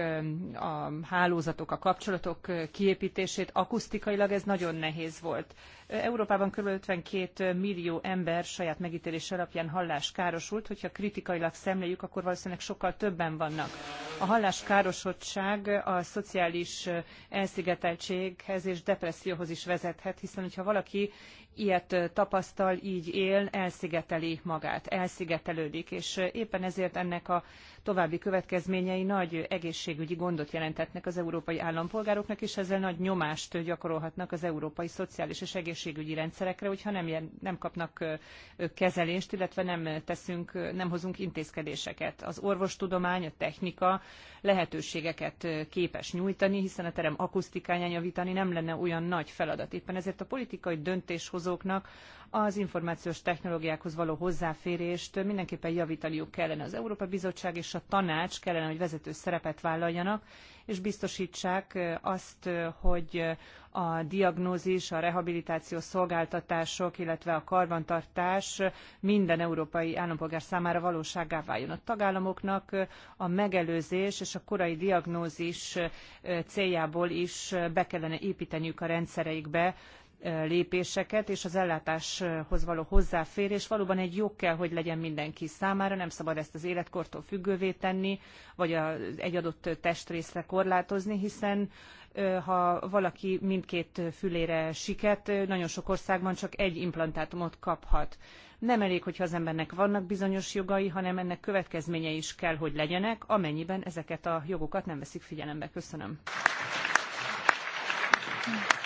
a hálózatok, a kapcsolatok kiépítését. Akusztikailag ez nagyon nehéz volt. Európában kb. 52 millió ember saját megítélés alapján károsult, hogyha kritikailag szemléljük, akkor valószínűleg sokkal többen vannak. A hallás halláskárosodtság a szociális elszigeteltséghez és depresszióhoz is vezethet, hiszen hogyha valaki ilyet tapasztal, így él, elszigeteli magát, elszigetelődik, és éppen ezért ennek a további következményei nagy egészségügyi gondot jelentetnek az európai állampolgároknak, és ezzel nagy nyomást gyakorolhatnak az európai szociális és egészségügyi rendszerekre, hogyha nem, nem kapnak kezelést, illetve nem teszünk, nem hozunk intézkedéseket. Az orvostudomány, a technika lehetőségeket képes nyújtani, hiszen a terem akusztikáján javítani nem lenne olyan nagy feladat. Éppen ezért a politikai döntéshozó vállalkozóknak az információs technológiákhoz való hozzáférést mindenképpen javítaniuk kellene. Az Európa Bizottság és a tanács kellene, hogy vezető szerepet vállaljanak, és biztosítsák azt, hogy a diagnózis, a rehabilitáció szolgáltatások, illetve a karbantartás minden európai állampolgár számára valóságá váljon. A tagállamoknak a megelőzés és a korai diagnózis céljából is be kellene építeniük a rendszereikbe lépéseket, és az ellátáshoz való hozzáférés valóban egy jog kell, hogy legyen mindenki számára, nem szabad ezt az életkortól függővé tenni, vagy egy adott testrészre korlátozni, hiszen ha valaki mindkét fülére siket, nagyon sok országban csak egy implantátumot kaphat. Nem elég, hogyha az embernek vannak bizonyos jogai, hanem ennek következményei is kell, hogy legyenek, amennyiben ezeket a jogokat nem veszik figyelembe. Köszönöm. Thank you.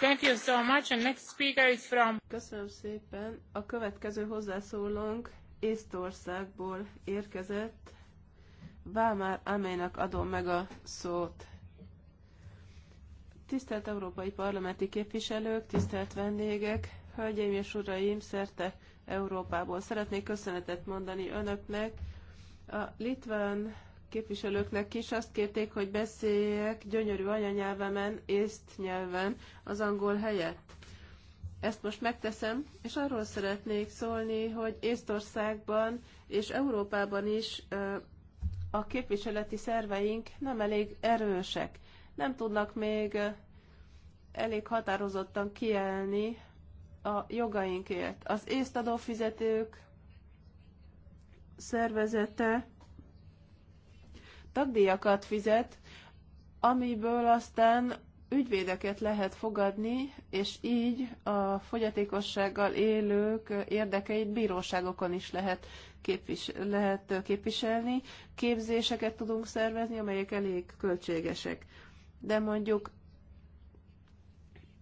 Thank you so much. And next speaker is from... Köszönöm szépen. A következő hozzászólónk Észtországból érkezett. Vámár amelynek adom meg a szót. Tisztelt Európai Parlamenti képviselők, tisztelt vendégek, hölgyeim és uraim, szerte Európából szeretnék köszönetet mondani önöknek. A litván képviselőknek is azt kérték, hogy beszéljek gyönyörű anyanyelvemen, észt nyelven, az angol helyett. Ezt most megteszem, és arról szeretnék szólni, hogy Észtországban és Európában is a képviseleti szerveink nem elég erősek. Nem tudnak még elég határozottan kielni a jogainkért. Az észtadófizetők szervezete tagdíjakat fizet, amiből aztán ügyvédeket lehet fogadni, és így a fogyatékossággal élők érdekeit bíróságokon is lehet, lehet képviselni. Képzéseket tudunk szervezni, amelyek elég költségesek. De mondjuk,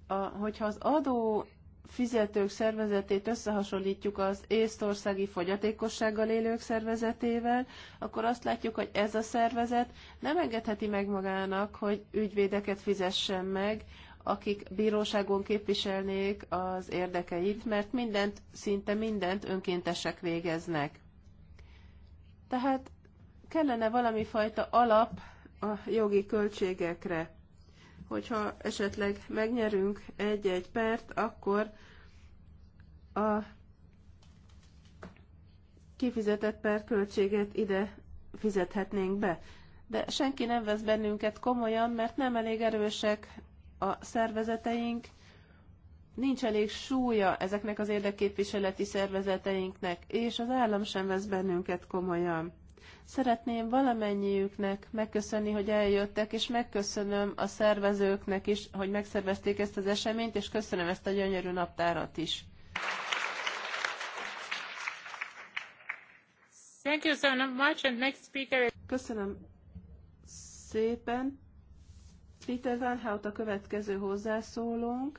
a, hogyha az adó fizetők szervezetét összehasonlítjuk az észtországi fogyatékossággal élők szervezetével, akkor azt látjuk, hogy ez a szervezet nem engedheti meg magának, hogy ügyvédeket fizessen meg, akik bíróságon képviselnék az érdekeit, mert mindent, szinte mindent önkéntesek végeznek. Tehát kellene valami fajta alap a jogi költségekre hogyha esetleg megnyerünk egy-egy pert, akkor a kifizetett per költséget ide fizethetnénk be. De senki nem vesz bennünket komolyan, mert nem elég erősek a szervezeteink, nincs elég súlya ezeknek az érdekképviseleti szervezeteinknek, és az állam sem vesz bennünket komolyan. Szeretném valamennyiüknek megköszönni, hogy eljöttek, és megköszönöm a szervezőknek is, hogy megszervezték ezt az eseményt, és köszönöm ezt a gyönyörű naptárat is. Thank you so much, and next speaker... Köszönöm szépen. Peter Van Hout a következő hozzászólónk.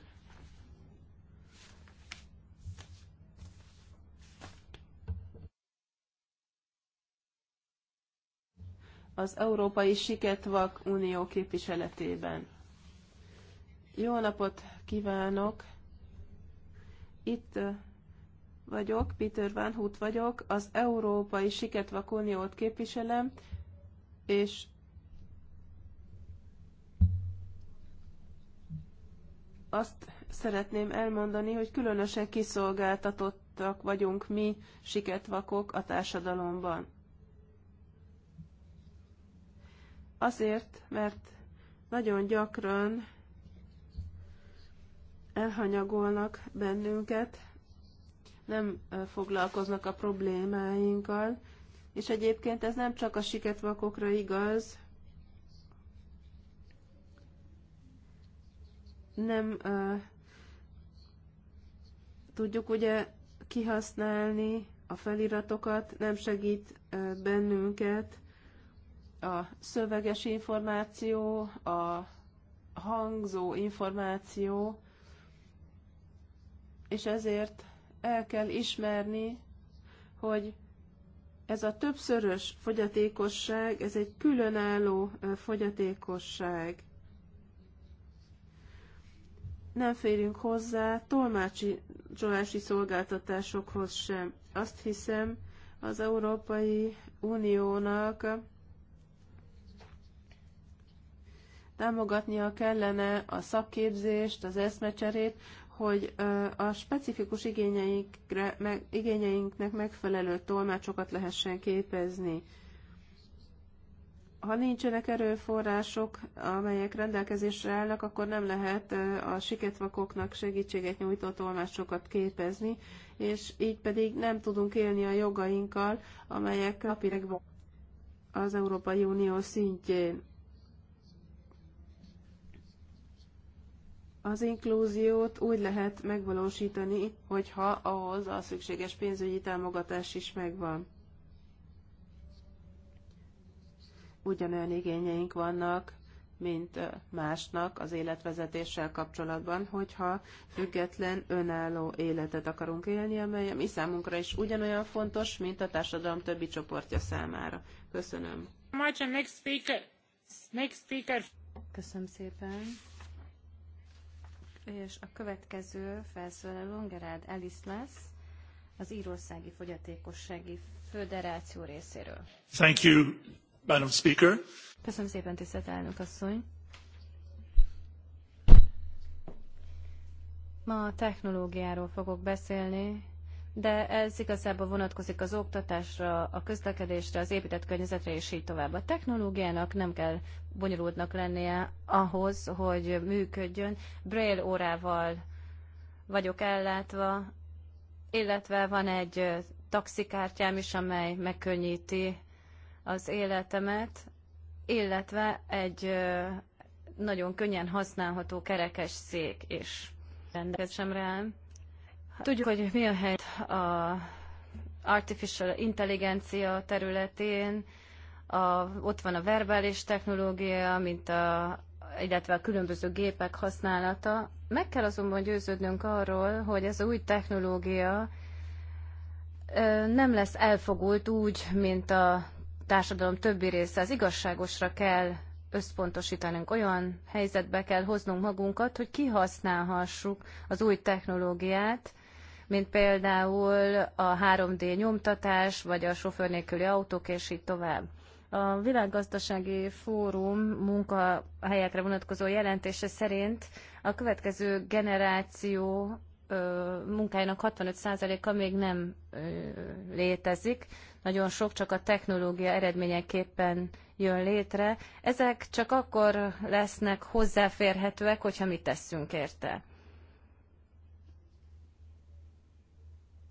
az Európai Siketvak Unió képviseletében. Jó napot kívánok! Itt vagyok, Peter Van Hout vagyok, az Európai Siketvak Uniót képviselem, és azt szeretném elmondani, hogy különösen kiszolgáltatottak vagyunk mi siketvakok a társadalomban. Azért, mert nagyon gyakran elhanyagolnak bennünket, nem foglalkoznak a problémáinkkal, és egyébként ez nem csak a siketvakokra igaz, nem uh, tudjuk ugye kihasználni a feliratokat, nem segít uh, bennünket a szöveges információ, a hangzó információ, és ezért el kell ismerni, hogy ez a többszörös fogyatékosság, ez egy különálló fogyatékosság. Nem férünk hozzá tolmácsi szolgáltatásokhoz sem. Azt hiszem, az Európai Uniónak támogatnia kellene a szakképzést, az eszmecserét, hogy a specifikus igényeinkre, meg, igényeinknek megfelelő tolmácsokat lehessen képezni. Ha nincsenek erőforrások, amelyek rendelkezésre állnak, akkor nem lehet a siketvakoknak segítséget nyújtó tolmácsokat képezni, és így pedig nem tudunk élni a jogainkkal, amelyek napileg van az Európai Unió szintjén. Az inklúziót úgy lehet megvalósítani, hogyha ahhoz a szükséges pénzügyi támogatás is megvan. Ugyanolyan igényeink vannak, mint másnak az életvezetéssel kapcsolatban, hogyha független, önálló életet akarunk élni, amely a mi számunkra is ugyanolyan fontos, mint a társadalom többi csoportja számára. Köszönöm. Köszönöm szépen és a következő felszólalón Gerard Ellis lesz, az Írországi Fogyatékossági Föderáció részéről. Thank you, Madam Speaker. Köszönöm szépen, tisztelt elnök asszony. Ma a technológiáról fogok beszélni, de ez igazából vonatkozik az oktatásra, a közlekedésre, az épített környezetre és így tovább. A technológiának nem kell bonyolultnak lennie ahhoz, hogy működjön. Braille órával vagyok ellátva, illetve van egy taxikártyám is, amely megkönnyíti az életemet, illetve egy nagyon könnyen használható kerekes szék is rendelkezésemre áll. Tudjuk, hogy mi a helyzet a artificial intelligencia területén, a, ott van a verbális technológia, mint a, illetve a különböző gépek használata. Meg kell azonban győződnünk arról, hogy ez a új technológia nem lesz elfogult úgy, mint a társadalom többi része. Az igazságosra kell összpontosítanunk, olyan helyzetbe kell hoznunk magunkat, hogy kihasználhassuk az új technológiát, mint például a 3D nyomtatás, vagy a sofőr nélküli autók, és így tovább. A Világgazdasági Fórum munkahelyekre vonatkozó jelentése szerint a következő generáció munkájának 65%-a még nem létezik. Nagyon sok csak a technológia eredményeképpen jön létre. Ezek csak akkor lesznek hozzáférhetőek, hogyha mi tesszünk érte.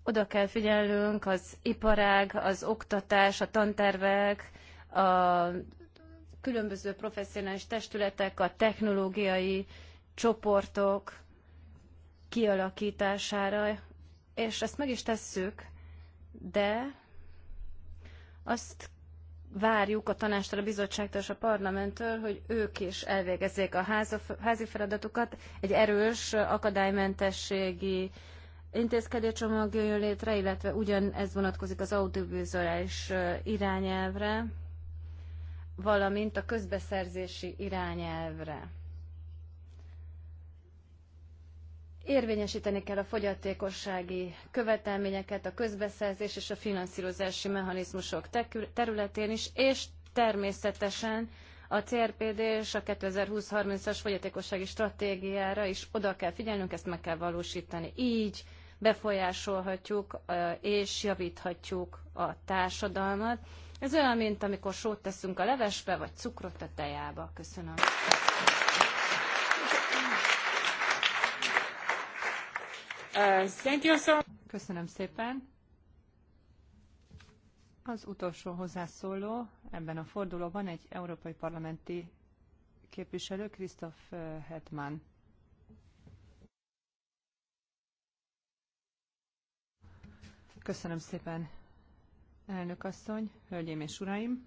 Oda kell figyelnünk az iparág, az oktatás, a tantervek, a különböző professzionális testületek, a technológiai csoportok kialakítására, és ezt meg is tesszük, de azt várjuk a tanástól, a bizottságtól és a parlamenttől, hogy ők is elvégezzék a házi feladatukat. Egy erős akadálymentességi csomag jöjjön létre, illetve ugyanez vonatkozik az audiovizuális irányelvre, valamint a közbeszerzési irányelvre. Érvényesíteni kell a fogyatékossági követelményeket a közbeszerzés és a finanszírozási mechanizmusok területén is, és természetesen a CRPD és a 2020-30-as fogyatékossági stratégiára is oda kell figyelnünk, ezt meg kell valósítani. Így befolyásolhatjuk és javíthatjuk a társadalmat. Ez olyan, mint amikor sót teszünk a levesbe, vagy cukrot a tejába. Köszönöm. Uh, Köszönöm szépen. Az utolsó hozzászóló ebben a fordulóban egy európai parlamenti képviselő, Krisztof Hetman. Köszönöm szépen, elnök asszony, hölgyeim és uraim.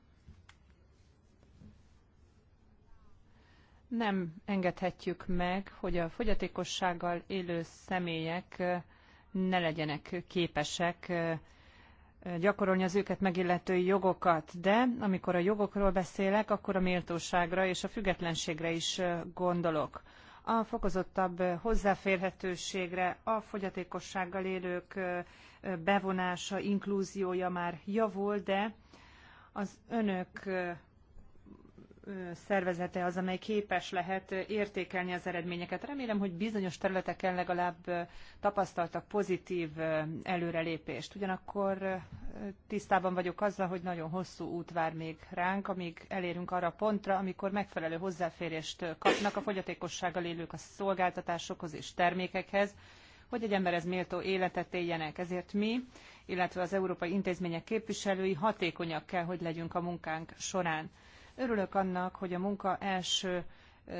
Nem engedhetjük meg, hogy a fogyatékossággal élő személyek ne legyenek képesek gyakorolni az őket megillető jogokat, de amikor a jogokról beszélek, akkor a méltóságra és a függetlenségre is gondolok. A fokozottabb hozzáférhetőségre, a fogyatékossággal élők bevonása, inklúziója már javul, de az önök szervezete az, amely képes lehet értékelni az eredményeket. Remélem, hogy bizonyos területeken legalább tapasztaltak pozitív előrelépést. Ugyanakkor tisztában vagyok azzal, hogy nagyon hosszú út vár még ránk, amíg elérünk arra a pontra, amikor megfelelő hozzáférést kapnak a fogyatékossággal élők a szolgáltatásokhoz és termékekhez, hogy egy emberhez méltó életet éljenek. Ezért mi, illetve az európai intézmények képviselői hatékonyak kell, hogy legyünk a munkánk során. Örülök annak, hogy a munka első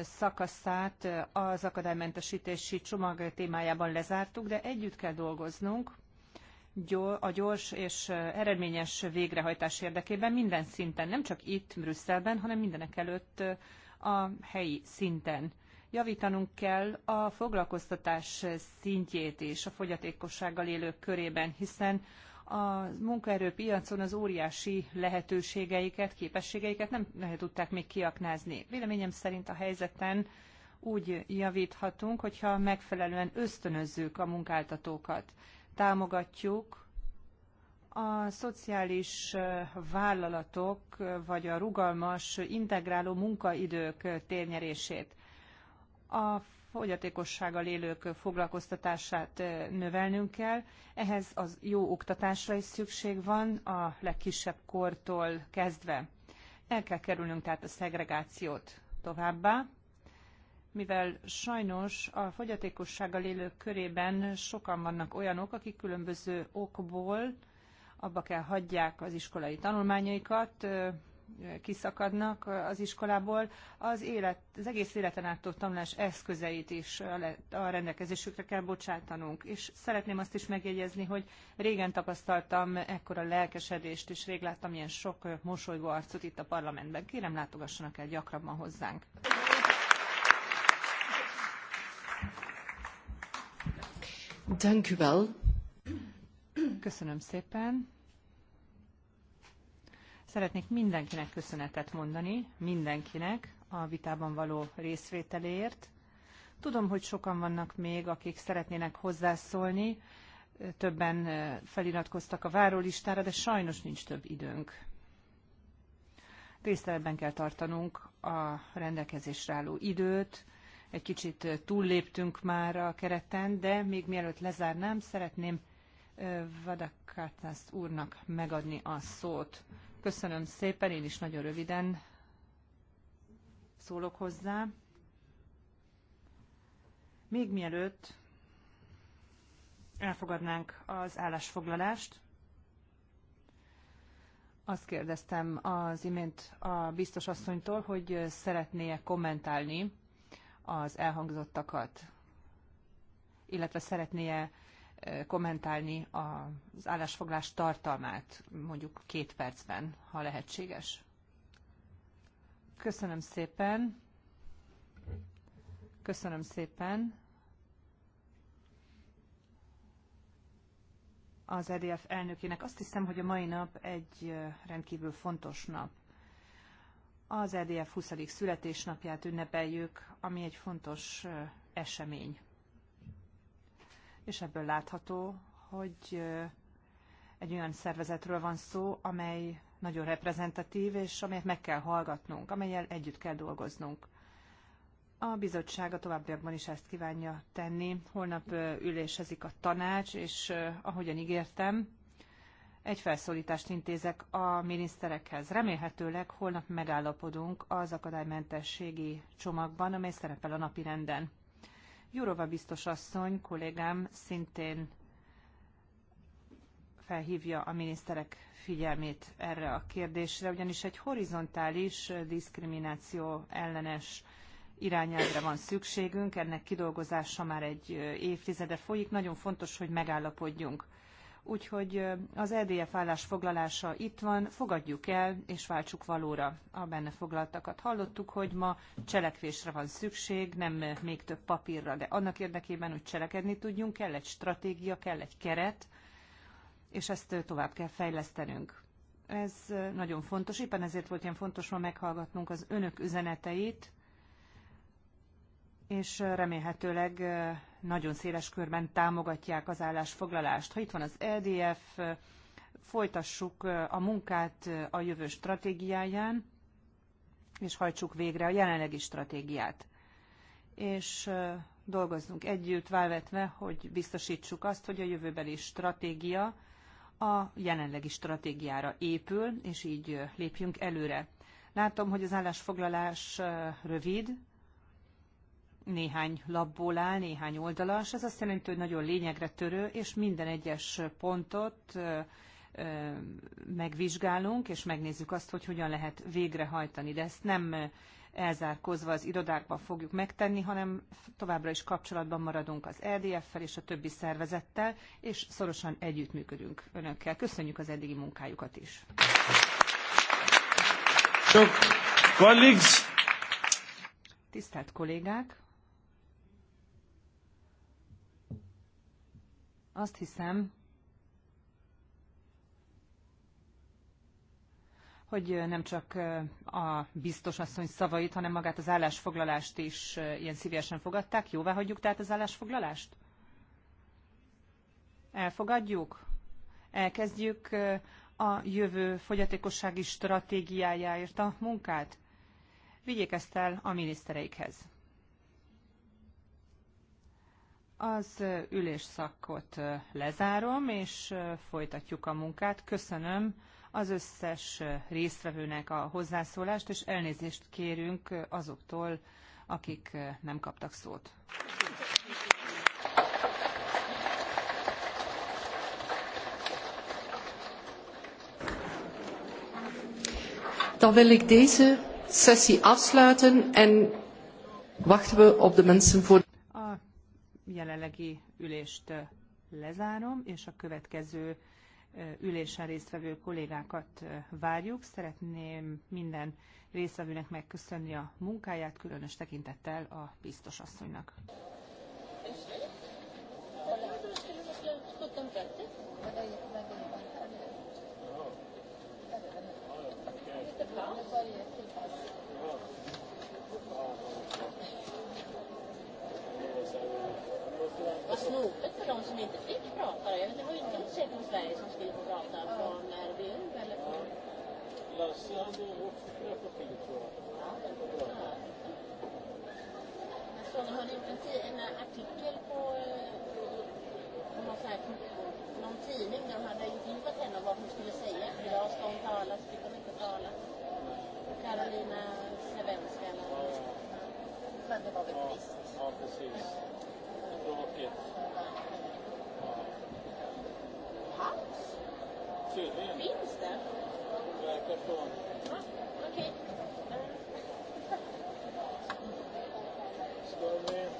szakaszát az akadálymentesítési csomag témájában lezártuk, de együtt kell dolgoznunk a gyors és eredményes végrehajtás érdekében minden szinten, nem csak itt, Brüsszelben, hanem mindenek előtt a helyi szinten javítanunk kell a foglalkoztatás szintjét és a fogyatékossággal élők körében, hiszen a munkaerőpiacon az óriási lehetőségeiket, képességeiket nem tudták még kiaknázni. Véleményem szerint a helyzeten úgy javíthatunk, hogyha megfelelően ösztönözzük a munkáltatókat. Támogatjuk a szociális vállalatok, vagy a rugalmas, integráló munkaidők térnyerését a fogyatékossággal élők foglalkoztatását növelnünk kell. Ehhez az jó oktatásra is szükség van, a legkisebb kortól kezdve. El kell kerülnünk tehát a szegregációt továbbá, mivel sajnos a fogyatékossággal élők körében sokan vannak olyanok, akik különböző okból abba kell hagyják az iskolai tanulmányaikat, kiszakadnak az iskolából, az, élet, az egész életen át tanulás eszközeit is a rendelkezésükre kell bocsátanunk. És szeretném azt is megjegyezni, hogy régen tapasztaltam ekkora lelkesedést, és rég láttam ilyen sok mosolygó arcot itt a parlamentben. Kérem, látogassanak el gyakrabban hozzánk. Köszönöm szépen. Szeretnék mindenkinek köszönetet mondani, mindenkinek a vitában való részvételéért. Tudom, hogy sokan vannak még, akik szeretnének hozzászólni, többen eh, feliratkoztak a várólistára, de sajnos nincs több időnk. Részletben kell tartanunk a rendelkezésre álló időt, egy kicsit eh, túlléptünk már a kereten, de még mielőtt lezárnám, szeretném eh, Vadakátászt úrnak megadni a szót. Köszönöm szépen, én is nagyon röviden szólok hozzá. Még mielőtt elfogadnánk az állásfoglalást, azt kérdeztem az imént a biztos asszonytól, hogy szeretné-e kommentálni az elhangzottakat, illetve szeretné-e kommentálni az állásfoglás tartalmát, mondjuk két percben, ha lehetséges. Köszönöm szépen. Köszönöm szépen. Az EDF elnökének azt hiszem, hogy a mai nap egy rendkívül fontos nap. Az EDF 20. születésnapját ünnepeljük, ami egy fontos esemény és ebből látható, hogy egy olyan szervezetről van szó, amely nagyon reprezentatív, és amelyet meg kell hallgatnunk, amelyel együtt kell dolgoznunk. A bizottság a továbbiakban is ezt kívánja tenni. Holnap ülésezik a tanács, és ahogyan ígértem, egy felszólítást intézek a miniszterekhez. Remélhetőleg holnap megállapodunk az akadálymentességi csomagban, amely szerepel a renden. Jurova biztos asszony, kollégám szintén felhívja a miniszterek figyelmét erre a kérdésre, ugyanis egy horizontális diszkrimináció ellenes irányelvre van szükségünk, ennek kidolgozása már egy évtizede folyik, nagyon fontos, hogy megállapodjunk. Úgyhogy az EDF állásfoglalása itt van, fogadjuk el és váltsuk valóra a benne foglaltakat. Hallottuk, hogy ma cselekvésre van szükség, nem még több papírra, de annak érdekében, hogy cselekedni tudjunk, kell egy stratégia, kell egy keret, és ezt tovább kell fejlesztenünk. Ez nagyon fontos, éppen ezért volt ilyen fontos ma meghallgatnunk az önök üzeneteit, és remélhetőleg nagyon széles körben támogatják az állásfoglalást. Ha itt van az EDF, folytassuk a munkát a jövő stratégiáján, és hajtsuk végre a jelenlegi stratégiát. És dolgozzunk együtt, válvetve, hogy biztosítsuk azt, hogy a jövőbeli stratégia a jelenlegi stratégiára épül, és így lépjünk előre. Látom, hogy az állásfoglalás rövid, néhány labból áll, néhány oldalas. Ez azt jelenti, hogy nagyon lényegre törő, és minden egyes pontot megvizsgálunk, és megnézzük azt, hogy hogyan lehet végrehajtani. De ezt nem elzárkozva az irodákban fogjuk megtenni, hanem továbbra is kapcsolatban maradunk az EDF-fel és a többi szervezettel, és szorosan együttműködünk önökkel. Köszönjük az eddigi munkájukat is. Tisztelt kollégák! Azt hiszem, hogy nem csak a biztos asszony szavait, hanem magát az állásfoglalást is ilyen szívesen fogadták. Jóvá hagyjuk tehát az állásfoglalást? Elfogadjuk? Elkezdjük a jövő fogyatékossági stratégiájáért a munkát? Vigyék ezt el a minisztereikhez. Az ülésszakot lezárom, és folytatjuk a munkát. Köszönöm az összes résztvevőnek a hozzászólást, és elnézést kérünk azoktól, akik nem kaptak szót. Dan wil ik deze sessie afsluiten en wachten we op de mensen voor bizottsági ülést lezárom, és a következő ülésen résztvevő kollégákat várjuk. Szeretném minden résztvevőnek megköszönni a munkáját, különös tekintettel a biztos asszonynak. Köszönöm. snopet för de som inte fick prata. Jag vet, det var ju inte från Sverige som skulle få prata ja. från eh, RBU eller från... Lasse hade också flera profiler tror jag. Ja, jag såg de hade en, artikel på, på eh, någon, sån här, någon tidning där de hade intervjuat henne om vad hon skulle säga. Idag ska hon tala, så fick hon inte tala. Karolina Svenska eller vad det var väl friskt. Ja, precis. Dolog két. Haps? Tydligen. Finns det? Verkar så. Ah, okej. Ska vi...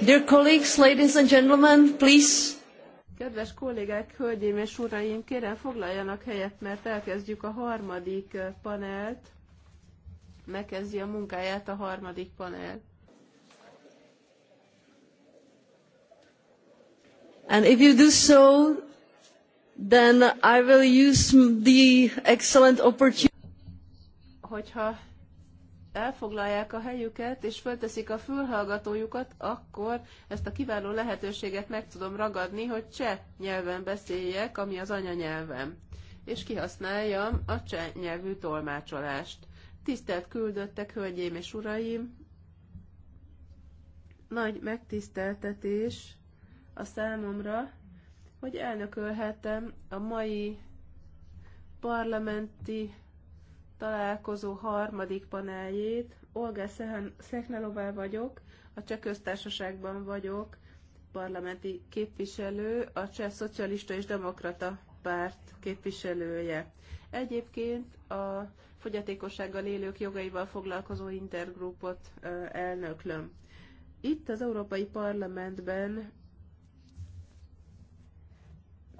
Dear colleagues, ladies and gentlemen, please. Kedves kollégák, hölgyeim és uraim, kérem foglaljanak helyet, mert elkezdjük a harmadik eh, panelt. Megkezdi a munkáját a harmadik panel. And if you do so, then I will use the excellent opportunity. Hogyha elfoglalják a helyüket és fölteszik a fülhallgatójukat, akkor ezt a kiváló lehetőséget meg tudom ragadni, hogy cseh nyelven beszéljek, ami az anyanyelvem, és kihasználjam a cseh nyelvű tolmácsolást. Tisztelt küldöttek, hölgyeim és uraim! Nagy megtiszteltetés a számomra, hogy elnökölhetem a mai parlamenti találkozó harmadik paneljét. Olga Szechnelová vagyok, a Cseh Köztársaságban vagyok, parlamenti képviselő, a Cseh Szocialista és Demokrata Párt képviselője. Egyébként a fogyatékossággal élők jogaival foglalkozó intergrupot elnöklöm. Itt az Európai Parlamentben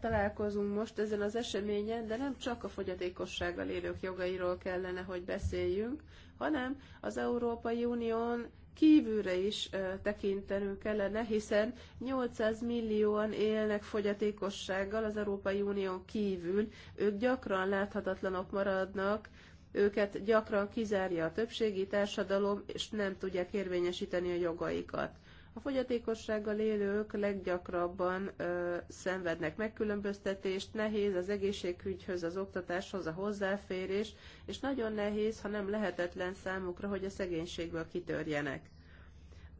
találkozunk most ezen az eseményen, de nem csak a fogyatékossággal élők jogairól kellene, hogy beszéljünk, hanem az Európai Unión kívülre is tekintenünk kellene, hiszen 800 millióan élnek fogyatékossággal az Európai Unión kívül, ők gyakran láthatatlanok maradnak, őket gyakran kizárja a többségi társadalom, és nem tudják érvényesíteni a jogaikat. A fogyatékossággal élők leggyakrabban ö, szenvednek megkülönböztetést, nehéz az egészségügyhöz, az oktatáshoz a hozzáférés, és nagyon nehéz, ha nem lehetetlen számukra, hogy a szegénységből kitörjenek.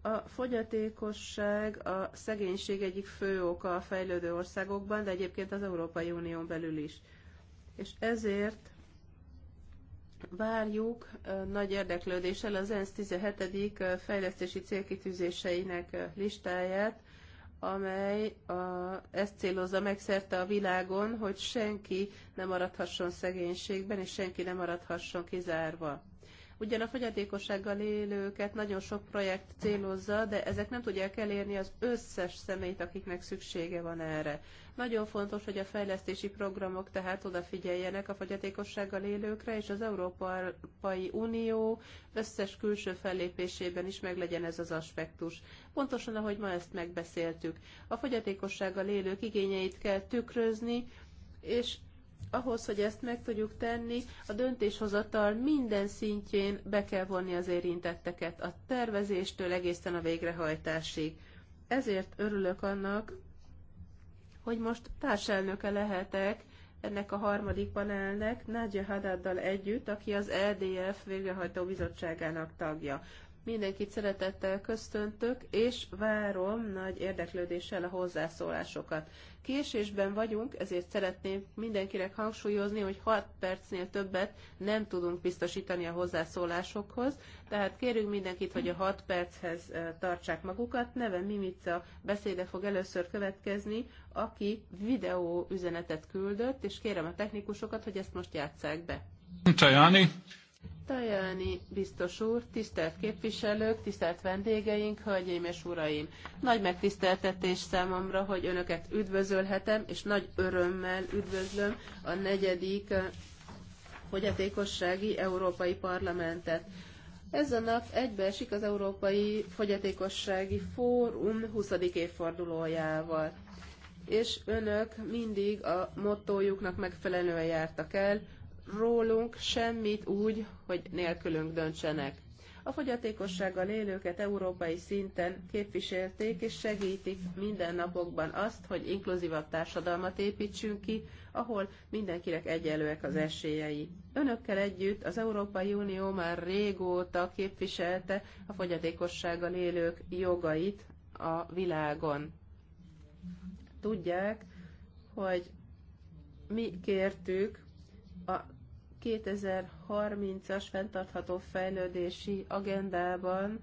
A fogyatékosság a szegénység egyik fő oka a fejlődő országokban, de egyébként az Európai Unión belül is. És ezért Várjuk nagy érdeklődéssel az ENSZ 17. fejlesztési célkitűzéseinek listáját, amely a, ezt célozza megszerte a világon, hogy senki nem maradhasson szegénységben, és senki nem maradhasson kizárva. Ugyan a fogyatékossággal élőket nagyon sok projekt célozza, de ezek nem tudják elérni az összes személyt, akiknek szüksége van erre. Nagyon fontos, hogy a fejlesztési programok tehát odafigyeljenek a fogyatékossággal élőkre, és az Európai Unió összes külső fellépésében is meglegyen ez az aspektus. Pontosan ahogy ma ezt megbeszéltük. A fogyatékossággal élők igényeit kell tükrözni, és ahhoz, hogy ezt meg tudjuk tenni, a döntéshozatal minden szintjén be kell vonni az érintetteket, a tervezéstől egészen a végrehajtásig. Ezért örülök annak, hogy most társelnöke lehetek ennek a harmadik panelnek, Nagyja Hadaddal együtt, aki az LDF e végrehajtó bizottságának tagja. Mindenkit szeretettel köszöntök, és várom nagy érdeklődéssel a hozzászólásokat. Késésben vagyunk, ezért szeretném mindenkinek hangsúlyozni, hogy 6 percnél többet nem tudunk biztosítani a hozzászólásokhoz, tehát kérünk mindenkit, hogy a 6 perchez tartsák magukat. Neve Mimica beszéde fog először következni, aki videó üzenetet küldött, és kérem a technikusokat, hogy ezt most játsszák be. Tajani, Tajani biztos úr, tisztelt képviselők, tisztelt vendégeink, hölgyeim és uraim! Nagy megtiszteltetés számomra, hogy önöket üdvözölhetem, és nagy örömmel üdvözlöm a negyedik eh, fogyatékossági Európai Parlamentet. Ez a nap egybeesik az Európai Fogyatékossági Fórum 20. évfordulójával. És önök mindig a mottójuknak megfelelően jártak el, rólunk semmit úgy, hogy nélkülünk döntsenek. A fogyatékossággal élőket európai szinten képviselték és segítik minden napokban azt, hogy inkluzívabb társadalmat építsünk ki, ahol mindenkinek egyenlőek az esélyei. Önökkel együtt az Európai Unió már régóta képviselte a fogyatékossággal élők jogait a világon. Tudják, hogy mi kértük a 2030-as fenntartható fejlődési agendában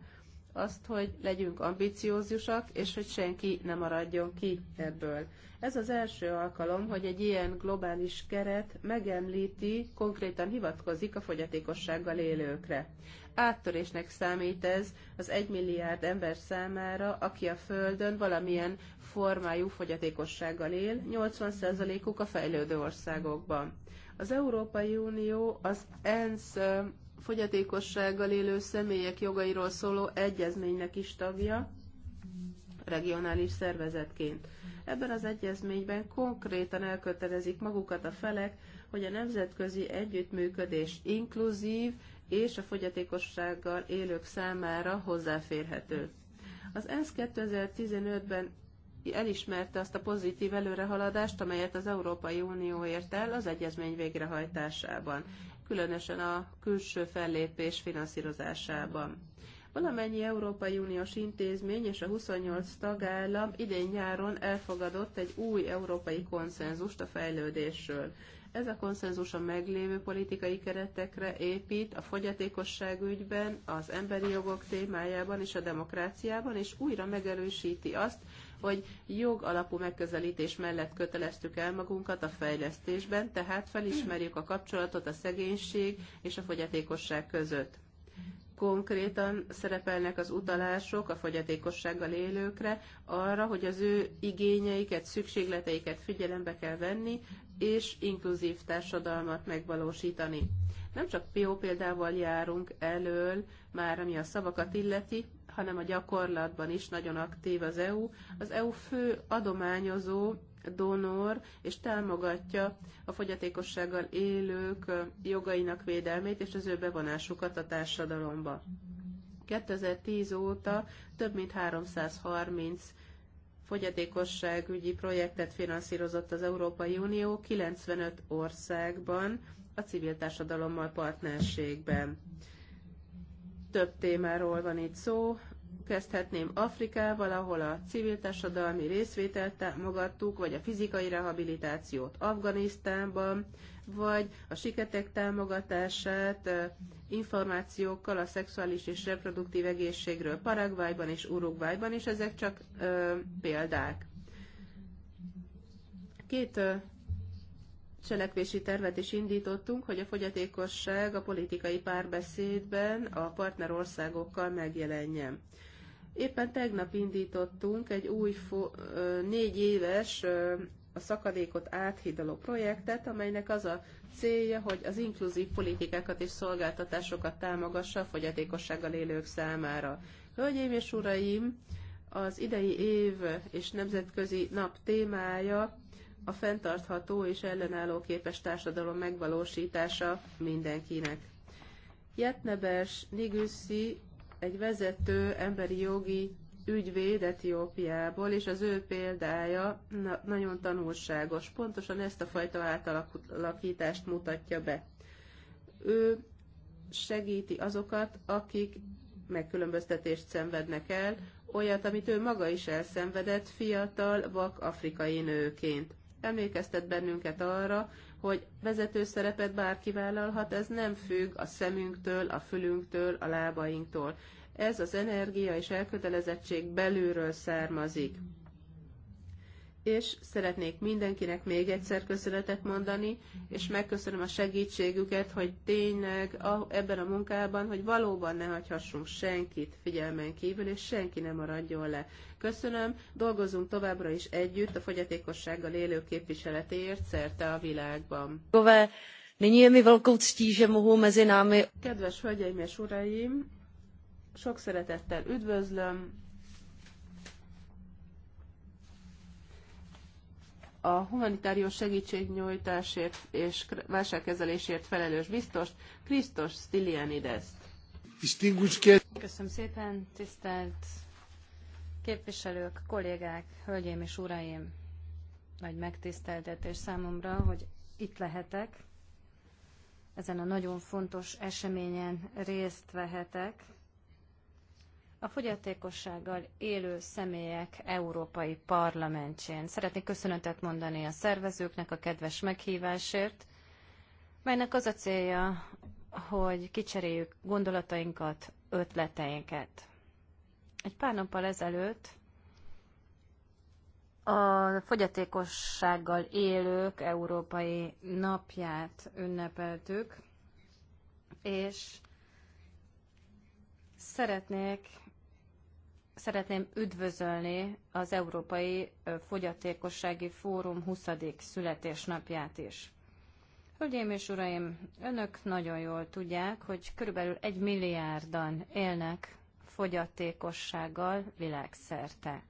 azt, hogy legyünk ambiciózusak, és hogy senki ne maradjon ki ebből. Ez az első alkalom, hogy egy ilyen globális keret megemlíti, konkrétan hivatkozik a fogyatékossággal élőkre. Áttörésnek számít ez az egy milliárd ember számára, aki a Földön valamilyen formájú fogyatékossággal él, 80%-uk a fejlődő országokban. Az Európai Unió az ENSZ fogyatékossággal élő személyek jogairól szóló egyezménynek is tagja, regionális szervezetként. Ebben az egyezményben konkrétan elkötelezik magukat a felek, hogy a nemzetközi együttműködés inkluzív és a fogyatékossággal élők számára hozzáférhető. Az ENSZ 2015-ben elismerte azt a pozitív előrehaladást, amelyet az Európai Unió ért el az egyezmény végrehajtásában, különösen a külső fellépés finanszírozásában. Valamennyi Európai Uniós intézmény és a 28 tagállam idén nyáron elfogadott egy új európai konszenzust a fejlődésről. Ez a konszenzus a meglévő politikai keretekre épít a fogyatékosság ügyben, az emberi jogok témájában és a demokráciában, és újra megerősíti azt, hogy jog alapú megközelítés mellett köteleztük el magunkat a fejlesztésben, tehát felismerjük a kapcsolatot a szegénység és a fogyatékosság között konkrétan szerepelnek az utalások a fogyatékossággal élőkre arra, hogy az ő igényeiket, szükségleteiket figyelembe kell venni, és inkluzív társadalmat megvalósítani. Nem csak PO példával járunk elől, már ami a szavakat illeti, hanem a gyakorlatban is nagyon aktív az EU. Az EU fő adományozó donor, és támogatja a fogyatékossággal élők jogainak védelmét és az ő bevonásukat a társadalomba. 2010 óta több mint 330 fogyatékosságügyi projektet finanszírozott az Európai Unió 95 országban a civil társadalommal partnerségben. Több témáról van itt szó, kezdhetném Afrikával, ahol a civil társadalmi részvételt támogattuk, vagy a fizikai rehabilitációt Afganisztánban, vagy a siketek támogatását információkkal a szexuális és reproduktív egészségről Paraguayban és Uruguayban, és ezek csak ö, példák. Két ö, cselekvési tervet is indítottunk, hogy a fogyatékosság a politikai párbeszédben a partnerországokkal megjelenjen. Éppen tegnap indítottunk egy új négy éves a szakadékot áthidaló projektet, amelynek az a célja, hogy az inkluzív politikákat és szolgáltatásokat támogassa a fogyatékossággal élők számára. Hölgyeim és uraim, az idei év és nemzetközi nap témája a fenntartható és ellenálló képes társadalom megvalósítása mindenkinek. Jetnebers Nigüsszi egy vezető emberi jogi ügyvéd Etiópiából, és az ő példája na- nagyon tanulságos. Pontosan ezt a fajta átalakítást mutatja be. Ő segíti azokat, akik megkülönböztetést szenvednek el, olyat, amit ő maga is elszenvedett fiatal, vak afrikai nőként emlékeztet bennünket arra, hogy vezető szerepet bárki vállalhat, ez nem függ a szemünktől, a fülünktől, a lábainktól. Ez az energia és elkötelezettség belülről származik és szeretnék mindenkinek még egyszer köszönetet mondani, és megköszönöm a segítségüket, hogy tényleg a, ebben a munkában, hogy valóban ne hagyhassunk senkit figyelmen kívül, és senki nem maradjon le. Köszönöm, dolgozunk továbbra is együtt a fogyatékossággal élő képviseletéért szerte a világban. Nyní je mi velkou ctí, že mohu mezi námi. Kedves hölgyeim és uraim, sok szeretettel üdvözlöm a humanitárius segítségnyújtásért és válságkezelésért felelős biztos, Krisztos Stylianidest. Köszönöm szépen, tisztelt képviselők, kollégák, hölgyeim és uraim! Nagy megtiszteltetés számomra, hogy itt lehetek, ezen a nagyon fontos eseményen részt vehetek, a fogyatékossággal élő személyek Európai Parlamentjén. Szeretnék köszönetet mondani a szervezőknek a kedves meghívásért, melynek az a célja, hogy kicseréljük gondolatainkat, ötleteinket. Egy pár nappal ezelőtt a fogyatékossággal élők Európai Napját ünnepeltük, és szeretnék szeretném üdvözölni az Európai Fogyatékossági Fórum 20. születésnapját is. Hölgyeim és uraim, önök nagyon jól tudják, hogy körülbelül egy milliárdan élnek fogyatékossággal világszerte.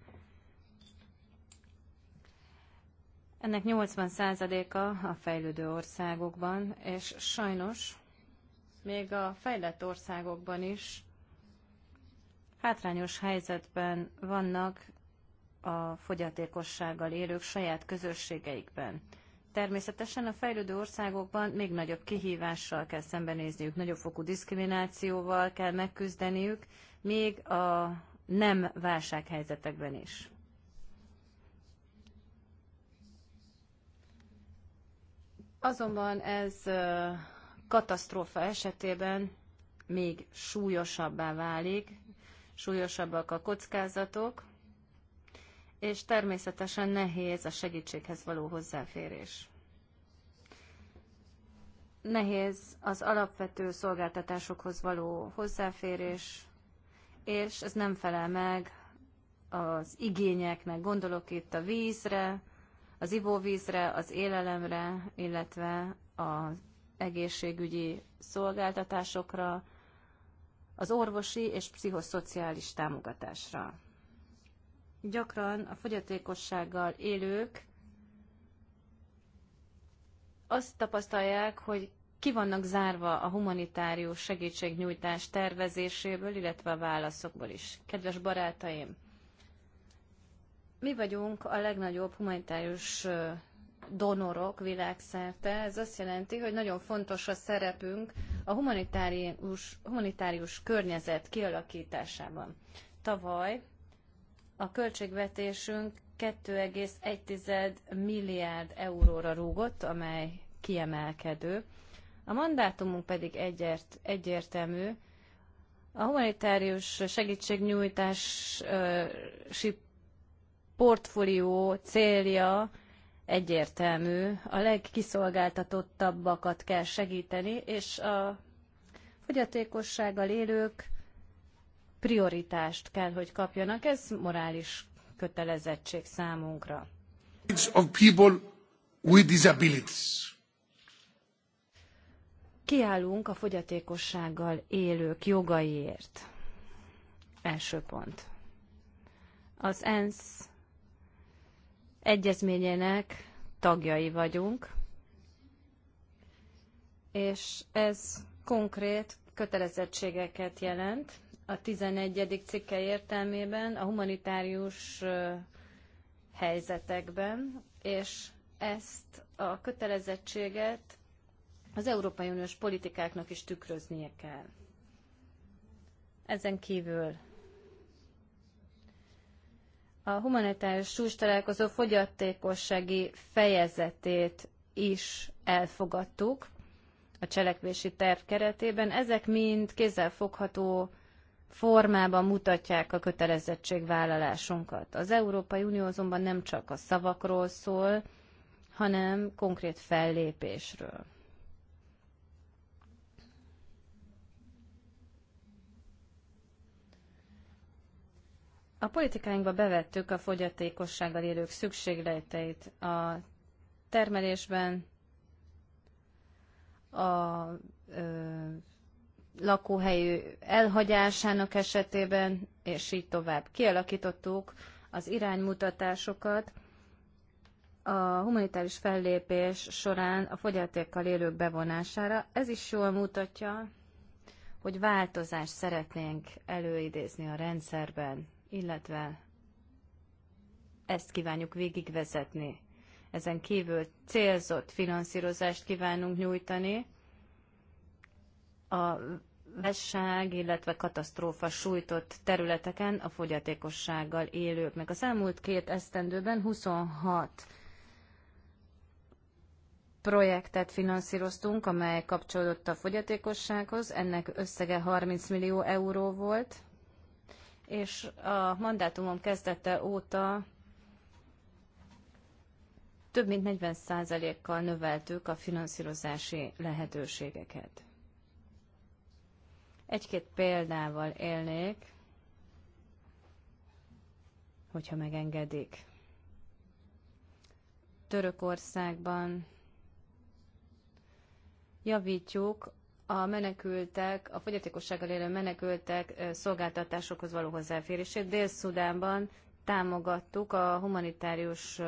Ennek 80%-a a fejlődő országokban, és sajnos még a fejlett országokban is Hátrányos helyzetben vannak a fogyatékossággal élők saját közösségeikben. Természetesen a fejlődő országokban még nagyobb kihívással kell szembenézniük, nagyobb fokú diszkriminációval kell megküzdeniük, még a nem válsághelyzetekben is. Azonban ez katasztrófa esetében még súlyosabbá válik, súlyosabbak a kockázatok, és természetesen nehéz a segítséghez való hozzáférés. Nehéz az alapvető szolgáltatásokhoz való hozzáférés, és ez nem felel meg az igényeknek. Gondolok itt a vízre, az ivóvízre, az élelemre, illetve az egészségügyi szolgáltatásokra, az orvosi és pszichoszociális támogatásra. Gyakran a fogyatékossággal élők azt tapasztalják, hogy ki vannak zárva a humanitárius segítségnyújtás tervezéséből, illetve a válaszokból is. Kedves barátaim, mi vagyunk a legnagyobb humanitárius donorok világszerte. Ez azt jelenti, hogy nagyon fontos a szerepünk a humanitárius, humanitárius környezet kialakításában. Tavaly a költségvetésünk 2,1 milliárd euróra rúgott, amely kiemelkedő. A mandátumunk pedig egyért, egyértelmű. A humanitárius segítségnyújtási portfólió célja egyértelmű. A legkiszolgáltatottabbakat kell segíteni, és a fogyatékossággal élők prioritást kell, hogy kapjanak. Ez morális kötelezettség számunkra. Of people with disabilities. Kiállunk a fogyatékossággal élők jogaiért. Első pont. Az ENSZ egyezményének tagjai vagyunk, és ez konkrét kötelezettségeket jelent a 11. cikke értelmében a humanitárius helyzetekben, és ezt a kötelezettséget az Európai Uniós politikáknak is tükröznie kell. Ezen kívül a humanitárius súlyos találkozó fogyatékossági fejezetét is elfogadtuk a cselekvési terv keretében. Ezek mind kézzelfogható formában mutatják a kötelezettségvállalásunkat. Az Európai Unió azonban nem csak a szavakról szól, hanem konkrét fellépésről. A politikáinkba bevettük a fogyatékossággal élők szükségleteit a termelésben, a ö, lakóhelyű elhagyásának esetében, és így tovább. Kialakítottuk az iránymutatásokat, a humanitáris fellépés során a fogyatékkal élők bevonására. Ez is jól mutatja, hogy változást szeretnénk előidézni a rendszerben illetve ezt kívánjuk végigvezetni. Ezen kívül célzott finanszírozást kívánunk nyújtani a vesság, illetve katasztrófa sújtott területeken a fogyatékossággal élőknek. Az elmúlt két esztendőben 26 projektet finanszíroztunk, amely kapcsolódott a fogyatékossághoz. Ennek összege 30 millió euró volt, és a mandátumom kezdete óta több mint 40%-kal növeltük a finanszírozási lehetőségeket. Egy-két példával élnék, hogyha megengedik. Törökországban javítjuk a menekültek, a fogyatékossággal élő menekültek szolgáltatásokhoz való hozzáférését. Dél-Szudánban támogattuk a humanitárius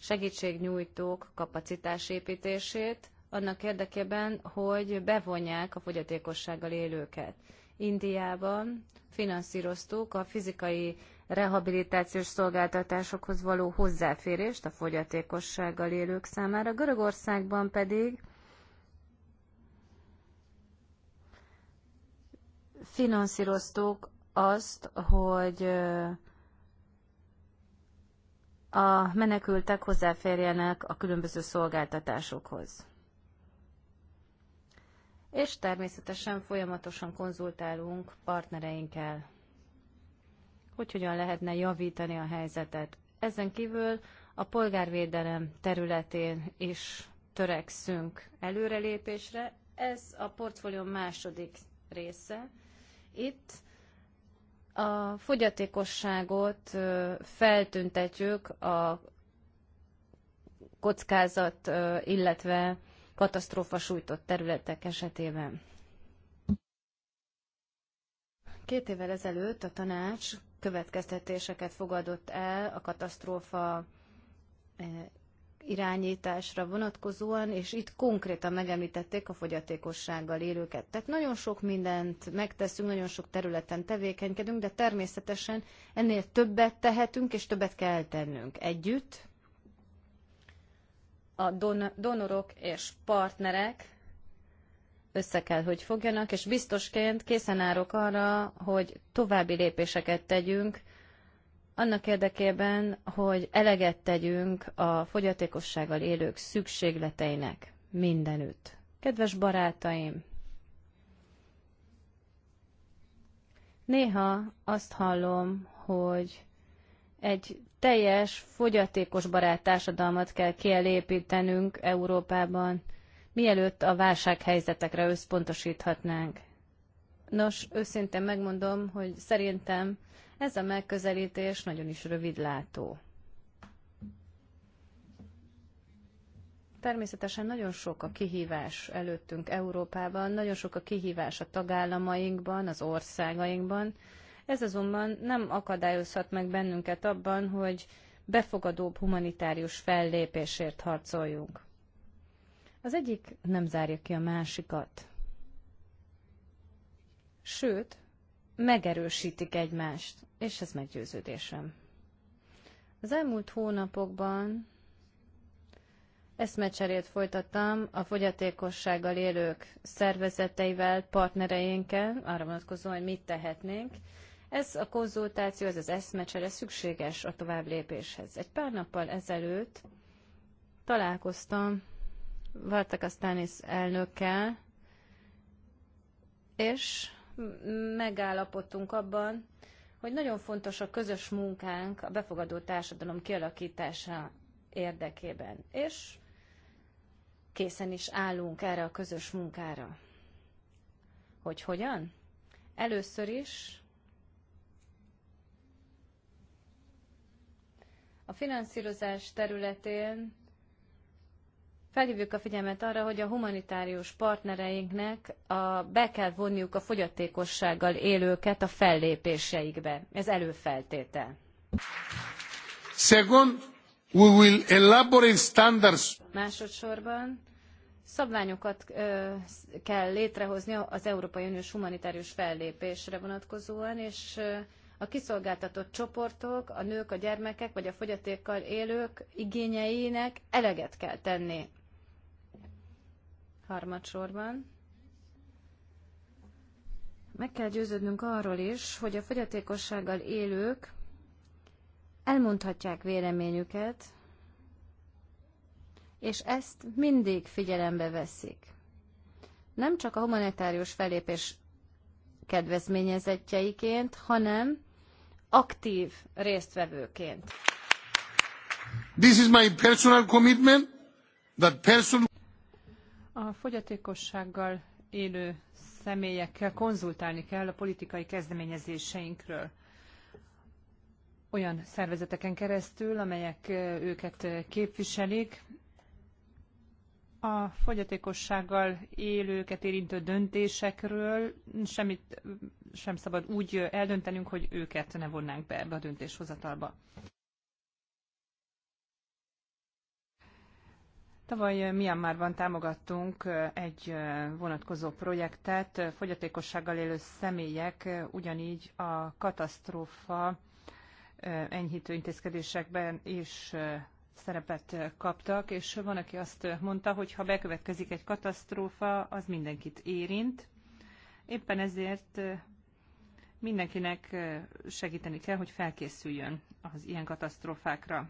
segítségnyújtók kapacitásépítését, annak érdekében, hogy bevonják a fogyatékossággal élőket. Indiában finanszíroztuk a fizikai rehabilitációs szolgáltatásokhoz való hozzáférést a fogyatékossággal élők számára, Görögországban pedig finanszíroztuk azt, hogy a menekültek hozzáférjenek a különböző szolgáltatásokhoz. És természetesen folyamatosan konzultálunk partnereinkkel, hogy hogyan lehetne javítani a helyzetet. Ezen kívül a polgárvédelem területén is törekszünk előrelépésre. Ez a portfólió második része. Itt a fogyatékosságot feltüntetjük a kockázat, illetve katasztrófa sújtott területek esetében. Két évvel ezelőtt a tanács következtetéseket fogadott el a katasztrófa irányításra vonatkozóan, és itt konkrétan megemlítették a fogyatékossággal élőket. Tehát nagyon sok mindent megteszünk, nagyon sok területen tevékenykedünk, de természetesen ennél többet tehetünk, és többet kell tennünk együtt. A don- donorok és partnerek össze kell, hogy fogjanak, és biztosként készen árok arra, hogy további lépéseket tegyünk, annak érdekében, hogy eleget tegyünk a fogyatékossággal élők szükségleteinek mindenütt. Kedves barátaim, néha azt hallom, hogy egy teljes fogyatékos barát társadalmat kell kielépítenünk Európában, mielőtt a válsághelyzetekre összpontosíthatnánk. Nos, őszintén megmondom, hogy szerintem ez a megközelítés nagyon is rövidlátó. Természetesen nagyon sok a kihívás előttünk Európában, nagyon sok a kihívás a tagállamainkban, az országainkban. Ez azonban nem akadályozhat meg bennünket abban, hogy befogadóbb humanitárius fellépésért harcoljunk. Az egyik nem zárja ki a másikat. Sőt, megerősítik egymást és ez meggyőződésem. Az elmúlt hónapokban eszmecserét folytattam a fogyatékossággal élők szervezeteivel, partnereinkkel, arra vonatkozóan, hogy mit tehetnénk. Ez a konzultáció, ez az eszmecsere szükséges a tovább lépéshez. Egy pár nappal ezelőtt találkoztam Vartakasztánisz elnökkel, és megállapodtunk abban, hogy nagyon fontos a közös munkánk a befogadó társadalom kialakítása érdekében, és készen is állunk erre a közös munkára. Hogy hogyan? Először is a finanszírozás területén Felhívjuk a figyelmet arra, hogy a humanitárius partnereinknek a, be kell vonniuk a fogyatékossággal élőket a fellépéseikbe. Ez előfeltétel. Second, we will elaborate standards. Másodszorban szabványokat ö, kell létrehozni az Európai Uniós humanitárius fellépésre vonatkozóan, és ö, a kiszolgáltatott csoportok, a nők, a gyermekek vagy a fogyatékkal élők igényeinek eleget kell tenni Harmadsorban meg kell győződnünk arról is, hogy a fogyatékossággal élők elmondhatják véleményüket, és ezt mindig figyelembe veszik. Nem csak a humanitárius felépés kedvezményezettjeiként, hanem aktív résztvevőként. This is my personal commitment that person a fogyatékossággal élő személyekkel konzultálni kell a politikai kezdeményezéseinkről olyan szervezeteken keresztül, amelyek őket képviselik. A fogyatékossággal élőket érintő döntésekről semmit sem szabad úgy eldöntenünk, hogy őket ne vonnánk be ebbe a döntéshozatalba. Tavaly Myanmarban támogattunk egy vonatkozó projektet, fogyatékossággal élő személyek ugyanígy a katasztrófa enyhítő intézkedésekben is szerepet kaptak, és van, aki azt mondta, hogy ha bekövetkezik egy katasztrófa, az mindenkit érint. Éppen ezért mindenkinek segíteni kell, hogy felkészüljön az ilyen katasztrófákra.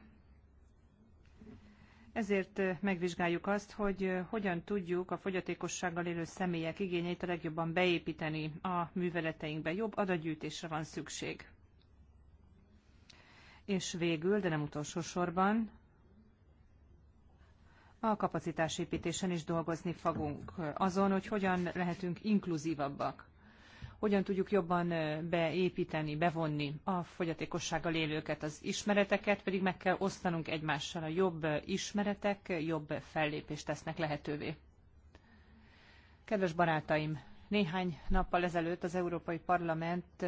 Ezért megvizsgáljuk azt, hogy hogyan tudjuk a fogyatékossággal élő személyek igényeit a legjobban beépíteni a műveleteinkbe. Jobb adagyűjtésre van szükség. És végül, de nem utolsó sorban, a kapacitásépítésen is dolgozni fogunk azon, hogy hogyan lehetünk inkluzívabbak hogyan tudjuk jobban beépíteni, bevonni a fogyatékossággal élőket. Az ismereteket pedig meg kell osztanunk egymással. A jobb ismeretek jobb fellépést tesznek lehetővé. Kedves barátaim, néhány nappal ezelőtt az Európai Parlament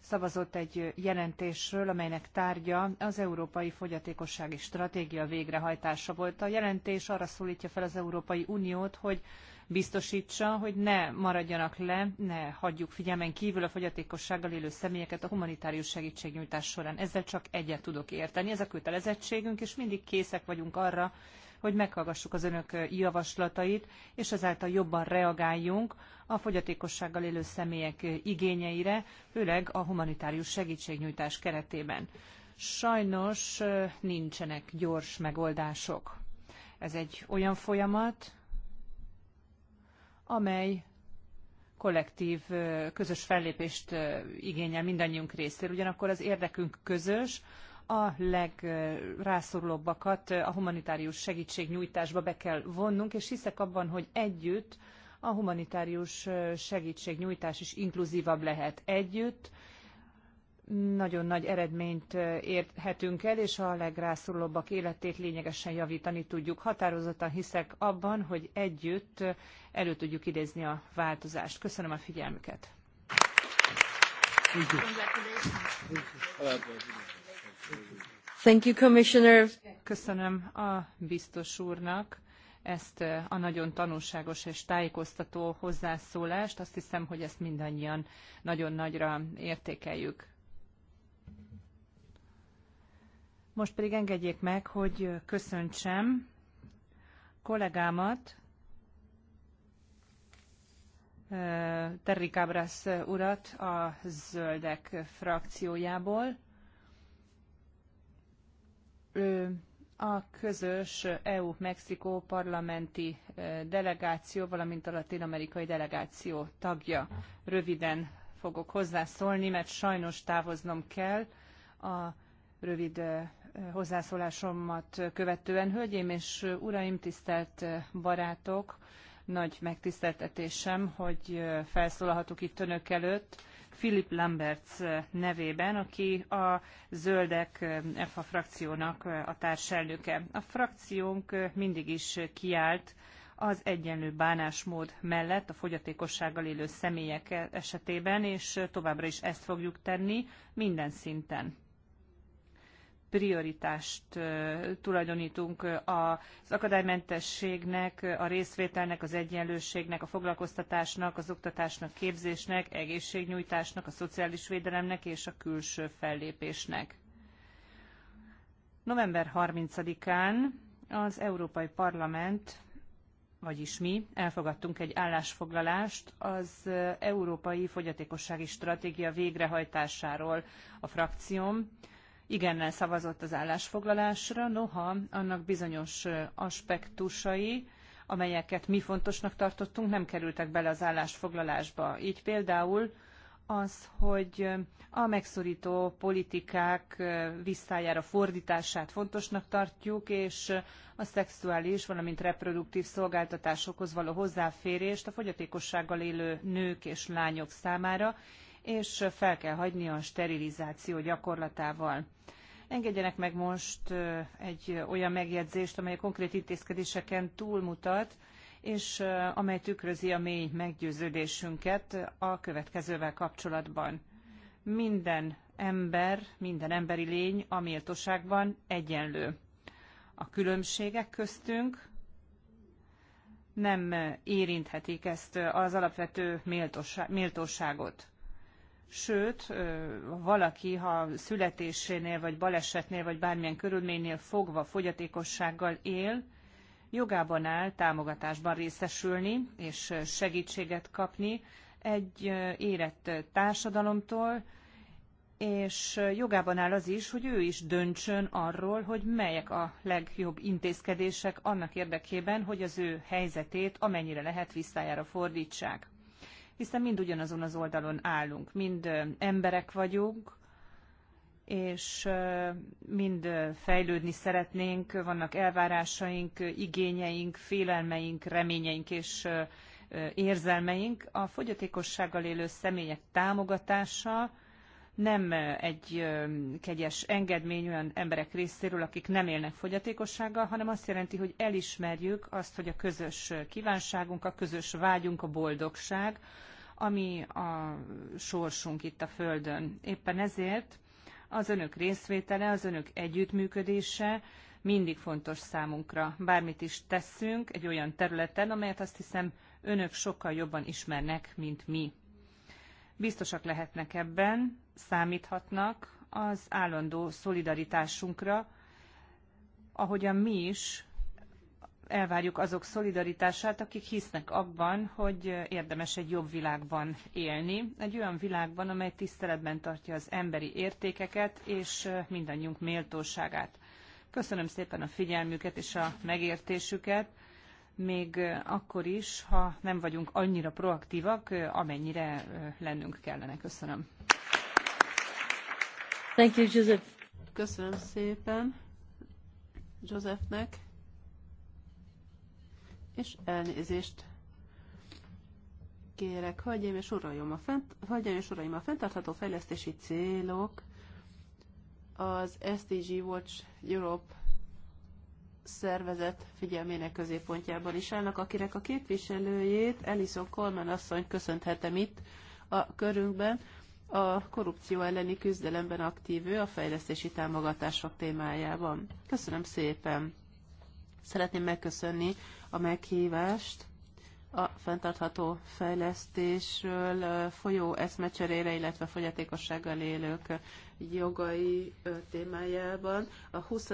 szavazott egy jelentésről, amelynek tárgya az Európai Fogyatékossági Stratégia végrehajtása volt. A jelentés arra szólítja fel az Európai Uniót, hogy biztosítsa, hogy ne maradjanak le, ne hagyjuk figyelmen kívül a fogyatékossággal élő személyeket a humanitárius segítségnyújtás során. Ezzel csak egyet tudok érteni. Ez a kötelezettségünk, és mindig készek vagyunk arra, hogy meghallgassuk az önök javaslatait, és ezáltal jobban reagáljunk a fogyatékossággal élő személyek igényeire, főleg a humanitárius segítségnyújtás keretében. Sajnos nincsenek gyors megoldások. Ez egy olyan folyamat, amely kollektív, közös fellépést igényel mindannyiunk részéről. Ugyanakkor az érdekünk közös, a legrászorulóbbakat a humanitárius segítségnyújtásba be kell vonnunk, és hiszek abban, hogy együtt a humanitárius segítségnyújtás is inkluzívabb lehet. Együtt nagyon nagy eredményt érhetünk el, és a legrászorulóbbak életét lényegesen javítani tudjuk. Határozottan hiszek abban, hogy együtt elő tudjuk idézni a változást. Köszönöm a figyelmüket. Thank you, Commissioner. Köszönöm a biztos úrnak ezt a nagyon tanulságos és tájékoztató hozzászólást. Azt hiszem, hogy ezt mindannyian nagyon nagyra értékeljük. Most pedig engedjék meg, hogy köszöntsem kollégámat, Terry Cabras urat a Zöldek frakciójából. Ő a közös EU-Mexikó parlamenti delegáció, valamint a latin-amerikai delegáció tagja. Röviden fogok hozzászólni, mert sajnos távoznom kell a rövid hozzászólásomat követően. Hölgyeim és uraim, tisztelt barátok, nagy megtiszteltetésem, hogy felszólalhatok itt önök előtt Philip Lamberts nevében, aki a Zöldek EFA frakciónak a társelnöke. A frakciónk mindig is kiállt az egyenlő bánásmód mellett a fogyatékossággal élő személyek esetében, és továbbra is ezt fogjuk tenni minden szinten prioritást tulajdonítunk az akadálymentességnek, a részvételnek, az egyenlőségnek, a foglalkoztatásnak, az oktatásnak, képzésnek, egészségnyújtásnak, a szociális védelemnek és a külső fellépésnek. November 30-án az Európai Parlament, vagyis mi, elfogadtunk egy állásfoglalást az Európai Fogyatékossági Stratégia végrehajtásáról a frakcióm igennel szavazott az állásfoglalásra, noha annak bizonyos aspektusai, amelyeket mi fontosnak tartottunk, nem kerültek bele az állásfoglalásba. Így például az, hogy a megszorító politikák visszájára fordítását fontosnak tartjuk, és a szexuális, valamint reproduktív szolgáltatásokhoz való hozzáférést a fogyatékossággal élő nők és lányok számára, és fel kell hagyni a sterilizáció gyakorlatával. Engedjenek meg most egy olyan megjegyzést, amely a konkrét intézkedéseken túlmutat, és amely tükrözi a mély meggyőződésünket a következővel kapcsolatban. Minden ember, minden emberi lény a méltóságban egyenlő. A különbségek köztünk nem érinthetik ezt az alapvető méltóságot. Sőt, valaki, ha születésénél, vagy balesetnél, vagy bármilyen körülménynél fogva fogyatékossággal él, jogában áll támogatásban részesülni és segítséget kapni egy érett társadalomtól, és jogában áll az is, hogy ő is döntsön arról, hogy melyek a legjobb intézkedések annak érdekében, hogy az ő helyzetét amennyire lehet visszájára fordítsák hiszen mind ugyanazon az oldalon állunk, mind emberek vagyunk, és mind fejlődni szeretnénk, vannak elvárásaink, igényeink, félelmeink, reményeink és érzelmeink. A fogyatékossággal élő személyek támogatása nem egy kegyes engedmény olyan emberek részéről, akik nem élnek fogyatékossággal, hanem azt jelenti, hogy elismerjük azt, hogy a közös kívánságunk, a közös vágyunk, a boldogság, ami a sorsunk itt a Földön. Éppen ezért az önök részvétele, az önök együttműködése mindig fontos számunkra. Bármit is tesszünk egy olyan területen, amelyet azt hiszem önök sokkal jobban ismernek, mint mi. Biztosak lehetnek ebben, számíthatnak az állandó szolidaritásunkra, ahogyan mi is elvárjuk azok szolidaritását, akik hisznek abban, hogy érdemes egy jobb világban élni, egy olyan világban, amely tiszteletben tartja az emberi értékeket és mindannyiunk méltóságát. Köszönöm szépen a figyelmüket és a megértésüket, még akkor is, ha nem vagyunk annyira proaktívak, amennyire lennünk kellene. Köszönöm. Thank you, Joseph. Köszönöm szépen Josephnek, és elnézést kérek, hölgyeim és uraim, a fent, hölgyeim és uraim, a fenntartható fejlesztési célok az SDG Watch Europe szervezet figyelmének középpontjában is állnak, akinek a képviselőjét Alison Coleman asszony köszönthetem itt a körünkben, a korrupció elleni küzdelemben aktív ő a fejlesztési támogatások témájában. Köszönöm szépen! Szeretném megköszönni a meghívást a fenntartható fejlesztésről folyó eszmecserére, illetve fogyatékossággal élők jogai témájában. A 20.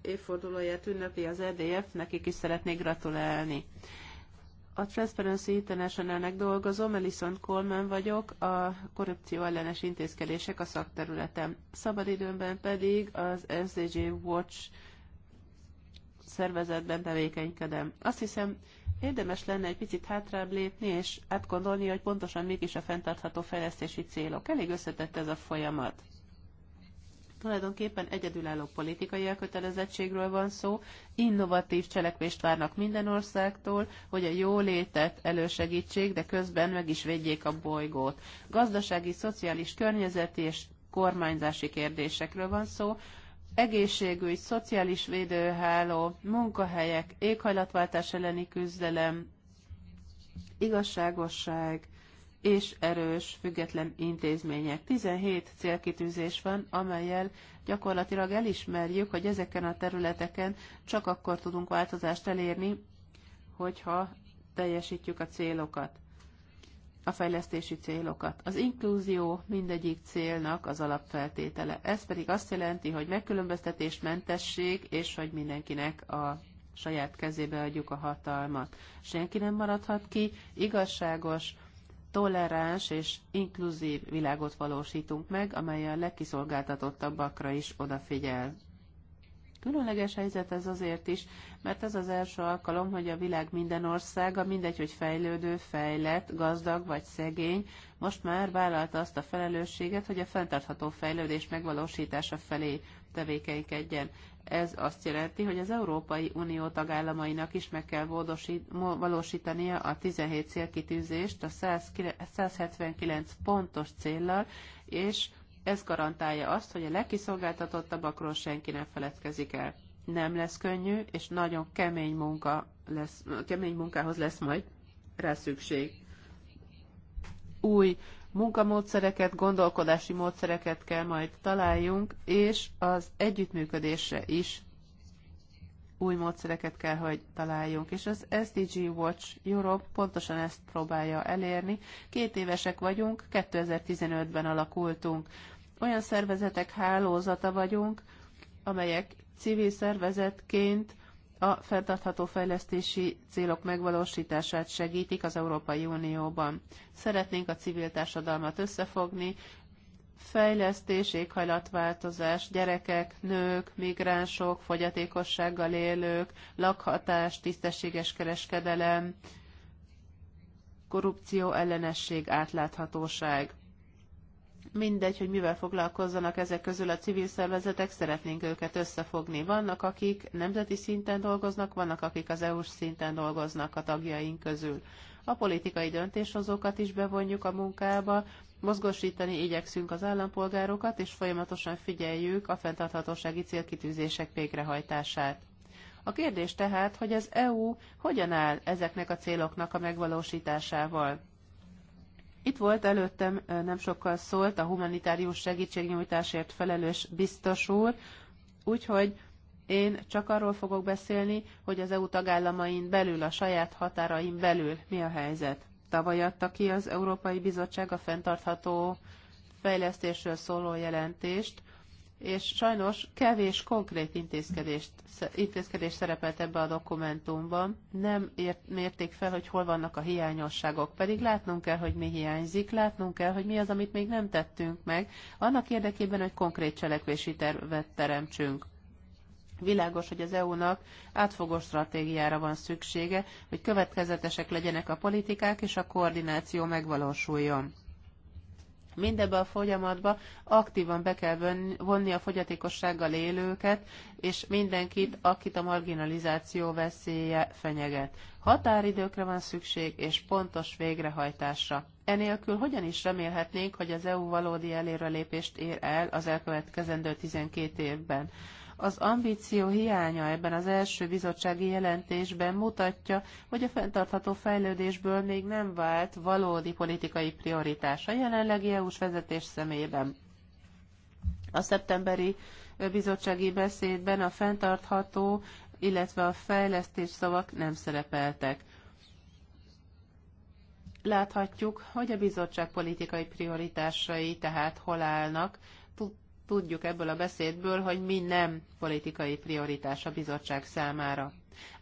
évfordulóját ünnepli az EDF, nekik is szeretnék gratulálni. A Transparency International-nek dolgozom, Alison Coleman vagyok, a korrupció ellenes intézkedések a szakterületem. Szabadidőmben pedig az SDG Watch szervezetben tevékenykedem. Azt hiszem, érdemes lenne egy picit hátrább lépni, és átgondolni, hogy pontosan mégis a fenntartható fejlesztési célok. Elég összetett ez a folyamat. Tulajdonképpen egyedülálló politikai elkötelezettségről van szó, innovatív cselekvést várnak minden országtól, hogy a jó létet elősegítsék, de közben meg is védjék a bolygót. Gazdasági, szociális, környezeti és kormányzási kérdésekről van szó, egészségügy, szociális védőháló, munkahelyek, éghajlatváltás elleni küzdelem, igazságosság, és erős, független intézmények. 17 célkitűzés van, amelyel gyakorlatilag elismerjük, hogy ezeken a területeken csak akkor tudunk változást elérni, hogyha teljesítjük a célokat, a fejlesztési célokat. Az inkluzió mindegyik célnak az alapfeltétele. Ez pedig azt jelenti, hogy megkülönböztetésmentesség, és hogy mindenkinek a saját kezébe adjuk a hatalmat. Senki nem maradhat ki, igazságos, toleráns és inkluzív világot valósítunk meg, amely a legkiszolgáltatottabbakra is odafigyel. Különleges helyzet ez azért is, mert ez az első alkalom, hogy a világ minden országa, mindegy, hogy fejlődő, fejlett, gazdag vagy szegény, most már vállalta azt a felelősséget, hogy a fenntartható fejlődés megvalósítása felé tevékenykedjen ez azt jelenti, hogy az Európai Unió tagállamainak is meg kell valósítania a 17 célkitűzést a 179 pontos céllal, és ez garantálja azt, hogy a legkiszolgáltatottabbakról senki nem feledkezik el. Nem lesz könnyű, és nagyon kemény, munka lesz, kemény munkához lesz majd rá szükség új munkamódszereket, gondolkodási módszereket kell majd találjunk, és az együttműködésre is új módszereket kell, hogy találjunk. És az SDG Watch Europe pontosan ezt próbálja elérni. Két évesek vagyunk, 2015-ben alakultunk. Olyan szervezetek hálózata vagyunk, amelyek civil szervezetként a fenntartható fejlesztési célok megvalósítását segítik az Európai Unióban. Szeretnénk a civil társadalmat összefogni, fejlesztés, éghajlatváltozás, gyerekek, nők, migránsok, fogyatékossággal élők, lakhatás, tisztességes kereskedelem, korrupció ellenesség, átláthatóság mindegy, hogy mivel foglalkozzanak ezek közül a civil szervezetek, szeretnénk őket összefogni. Vannak, akik nemzeti szinten dolgoznak, vannak, akik az EU-s szinten dolgoznak a tagjaink közül. A politikai döntéshozókat is bevonjuk a munkába, mozgósítani igyekszünk az állampolgárokat, és folyamatosan figyeljük a fenntarthatósági célkitűzések végrehajtását. A kérdés tehát, hogy az EU hogyan áll ezeknek a céloknak a megvalósításával itt volt előttem nem sokkal szólt a humanitárius segítségnyújtásért felelős biztos úr, úgyhogy én csak arról fogok beszélni, hogy az EU tagállamain belül, a saját határain belül mi a helyzet. Tavaly adta ki az Európai Bizottság a fenntartható fejlesztésről szóló jelentést, és sajnos kevés konkrét intézkedést, intézkedés szerepelt ebbe a dokumentumban. Nem ért, mérték fel, hogy hol vannak a hiányosságok, pedig látnunk kell, hogy mi hiányzik, látnunk kell, hogy mi az, amit még nem tettünk meg, annak érdekében, hogy konkrét cselekvési tervet teremtsünk. Világos, hogy az EU-nak átfogó stratégiára van szüksége, hogy következetesek legyenek a politikák, és a koordináció megvalósuljon. Mindebbe a folyamatba aktívan be kell vonni a fogyatékossággal élőket, és mindenkit, akit a marginalizáció veszélye fenyeget. Határidőkre van szükség, és pontos végrehajtásra. Enélkül hogyan is remélhetnénk, hogy az EU valódi előrelépést ér el az elkövetkezendő 12 évben? Az ambíció hiánya ebben az első bizottsági jelentésben mutatja, hogy a fenntartható fejlődésből még nem vált valódi politikai prioritás a jelenlegi EU-s vezetés szemében. A szeptemberi bizottsági beszédben a fenntartható, illetve a fejlesztés szavak nem szerepeltek láthatjuk, hogy a bizottság politikai prioritásai tehát hol állnak tudjuk ebből a beszédből, hogy mi nem politikai prioritás a bizottság számára.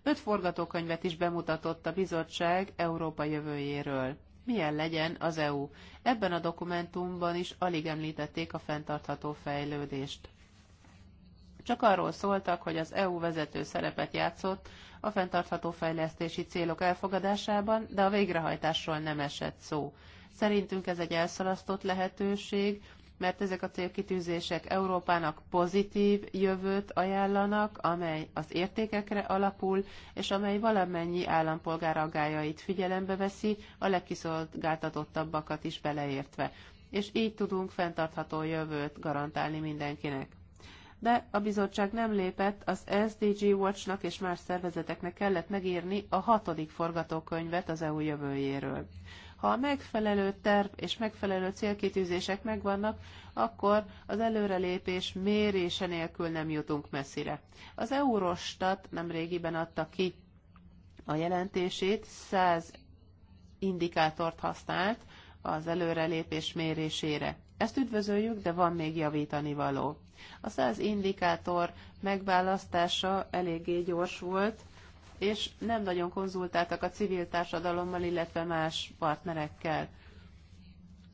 Öt forgatókönyvet is bemutatott a bizottság Európa jövőjéről. Milyen legyen az EU? Ebben a dokumentumban is alig említették a fenntartható fejlődést. Csak arról szóltak, hogy az EU vezető szerepet játszott a fenntartható fejlesztési célok elfogadásában, de a végrehajtásról nem esett szó. Szerintünk ez egy elszalasztott lehetőség, mert ezek a célkitűzések Európának pozitív jövőt ajánlanak, amely az értékekre alapul, és amely valamennyi állampolgár aggájait figyelembe veszi, a legkiszolgáltatottabbakat is beleértve. És így tudunk fenntartható jövőt garantálni mindenkinek de a bizottság nem lépett, az SDG Watchnak és más szervezeteknek kellett megírni a hatodik forgatókönyvet az EU jövőjéről. Ha a megfelelő terv és megfelelő célkitűzések megvannak, akkor az előrelépés mérése nélkül nem jutunk messzire. Az Eurostat nemrégiben adta ki a jelentését, 100 indikátort használt az előrelépés mérésére. Ezt üdvözöljük, de van még javítani való. A 100 indikátor megválasztása eléggé gyors volt, és nem nagyon konzultáltak a civil társadalommal, illetve más partnerekkel.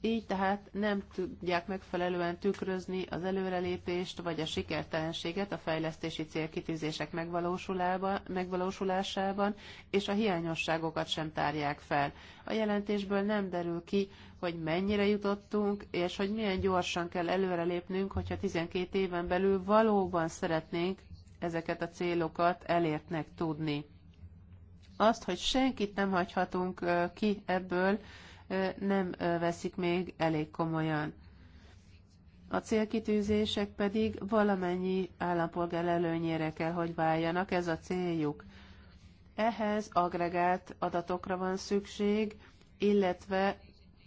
Így tehát nem tudják megfelelően tükrözni az előrelépést vagy a sikertelenséget a fejlesztési célkitűzések megvalósulásában, és a hiányosságokat sem tárják fel. A jelentésből nem derül ki, hogy mennyire jutottunk, és hogy milyen gyorsan kell előrelépnünk, hogyha 12 éven belül valóban szeretnénk ezeket a célokat elértnek tudni azt, hogy senkit nem hagyhatunk ki ebből, nem veszik még elég komolyan. A célkitűzések pedig valamennyi állampolgár előnyére kell, hogy váljanak, ez a céljuk. Ehhez agregált adatokra van szükség, illetve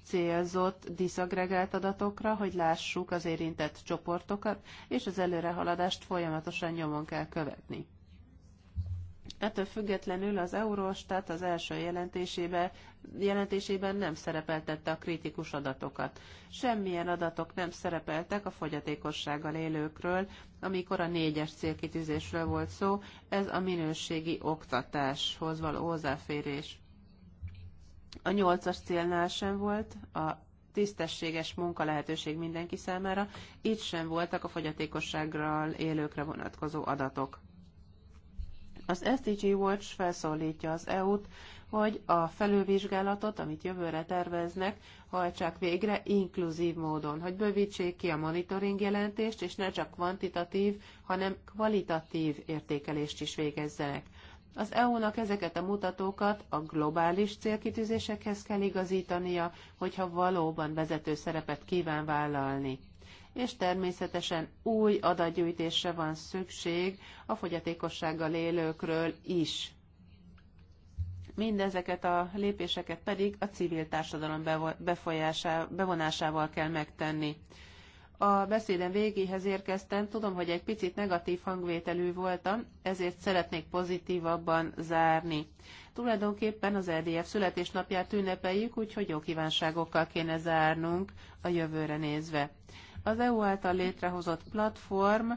célzott diszagregált adatokra, hogy lássuk az érintett csoportokat, és az előrehaladást folyamatosan nyomon kell követni. Ettől függetlenül az Eurostat az első jelentésébe, jelentésében nem szerepeltette a kritikus adatokat. Semmilyen adatok nem szerepeltek a fogyatékossággal élőkről, amikor a négyes célkitűzésről volt szó, ez a minőségi oktatáshoz való hozzáférés. A nyolcas célnál sem volt a tisztességes munka lehetőség mindenki számára, itt sem voltak a fogyatékossággal élőkre vonatkozó adatok. Az SDG Watch felszólítja az EU-t, hogy a felülvizsgálatot, amit jövőre terveznek, hajtsák végre inkluzív módon, hogy bővítsék ki a monitoring jelentést, és ne csak kvantitatív, hanem kvalitatív értékelést is végezzenek. Az EU-nak ezeket a mutatókat a globális célkitűzésekhez kell igazítania, hogyha valóban vezető szerepet kíván vállalni és természetesen új adatgyűjtésre van szükség a fogyatékossággal élőkről is. Mindezeket a lépéseket pedig a civil társadalom bevonásával kell megtenni. A beszédem végéhez érkeztem, tudom, hogy egy picit negatív hangvételű voltam, ezért szeretnék pozitívabban zárni. Tulajdonképpen az EDF születésnapját ünnepeljük, úgyhogy jó kívánságokkal kéne zárnunk a jövőre nézve. Az EU által létrehozott platform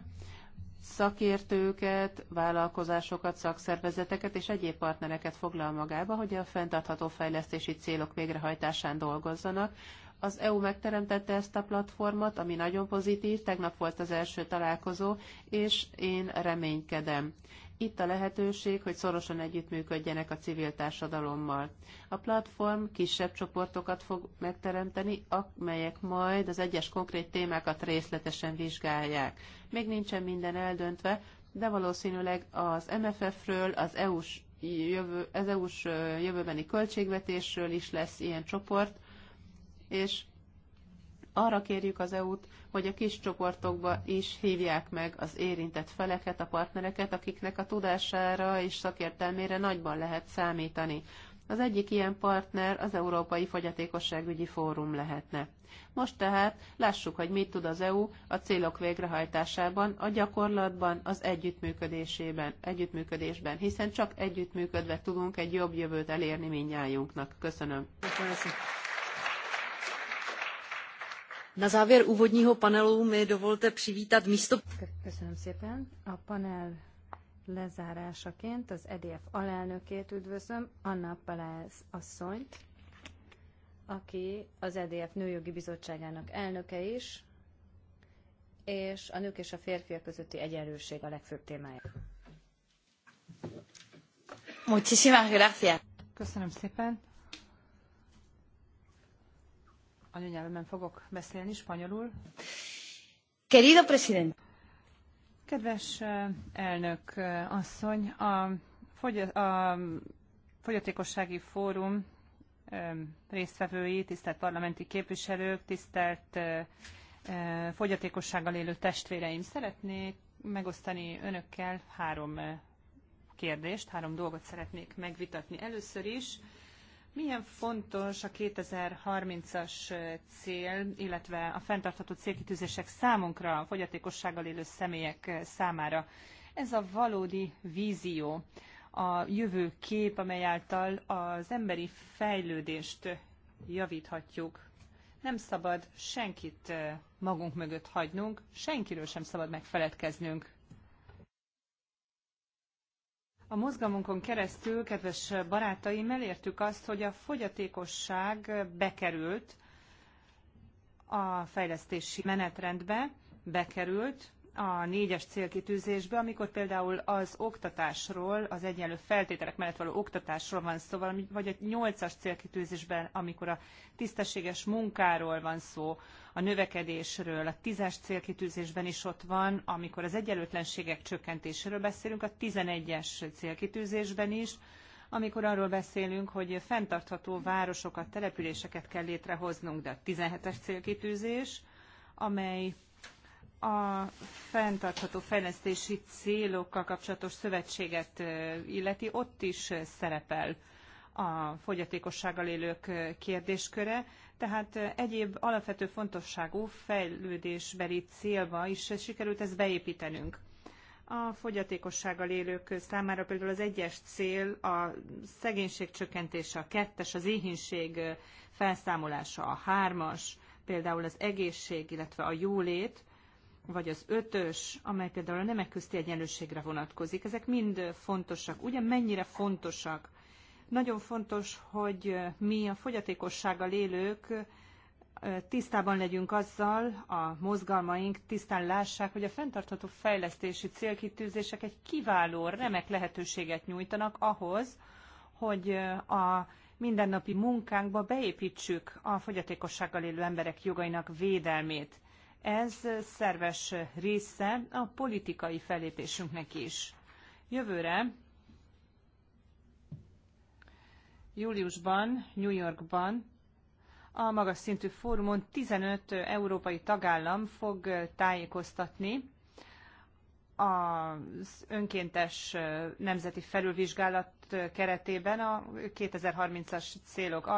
szakértőket, vállalkozásokat, szakszervezeteket és egyéb partnereket foglal magába, hogy a fenntartható fejlesztési célok végrehajtásán dolgozzanak. Az EU megteremtette ezt a platformot, ami nagyon pozitív, tegnap volt az első találkozó, és én reménykedem. Itt a lehetőség, hogy szorosan együttműködjenek a civil társadalommal. A platform kisebb csoportokat fog megteremteni, amelyek majd az egyes konkrét témákat részletesen vizsgálják. Még nincsen minden eldöntve, de valószínűleg az MFF-ről, az EU-s jövő, az EU-s jövőbeni költségvetésről is lesz ilyen csoport, és arra kérjük az EU-t, hogy a kis csoportokba is hívják meg az érintett feleket, a partnereket, akiknek a tudására és szakértelmére nagyban lehet számítani. Az egyik ilyen partner az Európai Fogyatékosságügyi Fórum lehetne. Most tehát lássuk, hogy mit tud az EU a célok végrehajtásában, a gyakorlatban, az együttműködésében, együttműködésben, hiszen csak együttműködve tudunk egy jobb jövőt elérni minnyájunknak. Köszönöm. Köszönöm. Na závěr úvodního panelu mi dovolte přivítat místo... Köszönöm szépen. A panel lezárásaként az EDF alelnökét üdvözlöm, Anna Palász asszonyt, aki az EDF Nőjogi Bizottságának elnöke is, és a nők és a férfiak közötti egyenlőség a legfőbb témája. Muchísimas gracias. Köszönöm szépen anyanyelvemen fogok beszélni, spanyolul. Querido president. Kedves elnök asszony, a, fogy a fogyatékossági fórum résztvevői, tisztelt parlamenti képviselők, tisztelt fogyatékossággal élő testvéreim. Szeretnék megosztani önökkel három kérdést, három dolgot szeretnék megvitatni. Először is milyen fontos a 2030-as cél, illetve a fenntartható célkitűzések számunkra, a fogyatékossággal élő személyek számára? Ez a valódi vízió, a jövő kép, amely által az emberi fejlődést javíthatjuk. Nem szabad senkit eh, magunk mögött hagynunk, senkiről sem szabad megfeledkeznünk. A mozgalmunkon keresztül, kedves barátaim, elértük azt, hogy a fogyatékosság bekerült a fejlesztési menetrendbe, bekerült a négyes célkitűzésbe, amikor például az oktatásról, az egyenlő feltételek mellett való oktatásról van szó, vagy a nyolcas célkitűzésben, amikor a tisztességes munkáról van szó, a növekedésről, a tízes célkitűzésben is ott van, amikor az egyenlőtlenségek csökkentéséről beszélünk, a tizenegyes célkitűzésben is, amikor arról beszélünk, hogy fenntartható városokat, településeket kell létrehoznunk, de a 17-es célkitűzés, amely a fenntartható fejlesztési célokkal kapcsolatos szövetséget illeti, ott is szerepel a fogyatékossággal élők kérdésköre, tehát egyéb alapvető fontosságú fejlődésbeli célba is sikerült ezt beépítenünk. A fogyatékossággal élők számára például az egyes cél a szegénység csökkentése, a kettes, az éhínség felszámolása, a hármas, például az egészség, illetve a jólét, vagy az ötös, amely például a nemek közti egyenlőségre vonatkozik. Ezek mind fontosak. Ugyan mennyire fontosak nagyon fontos, hogy mi a fogyatékossággal élők tisztában legyünk azzal, a mozgalmaink tisztán lássák, hogy a fenntartható fejlesztési célkitűzések egy kiváló, remek lehetőséget nyújtanak ahhoz, hogy a mindennapi munkánkba beépítsük a fogyatékossággal élő emberek jogainak védelmét. Ez szerves része a politikai fellépésünknek is. Jövőre júliusban New Yorkban a magas szintű fórumon 15 európai tagállam fog tájékoztatni az önkéntes nemzeti felülvizsgálat keretében a 2030-as célok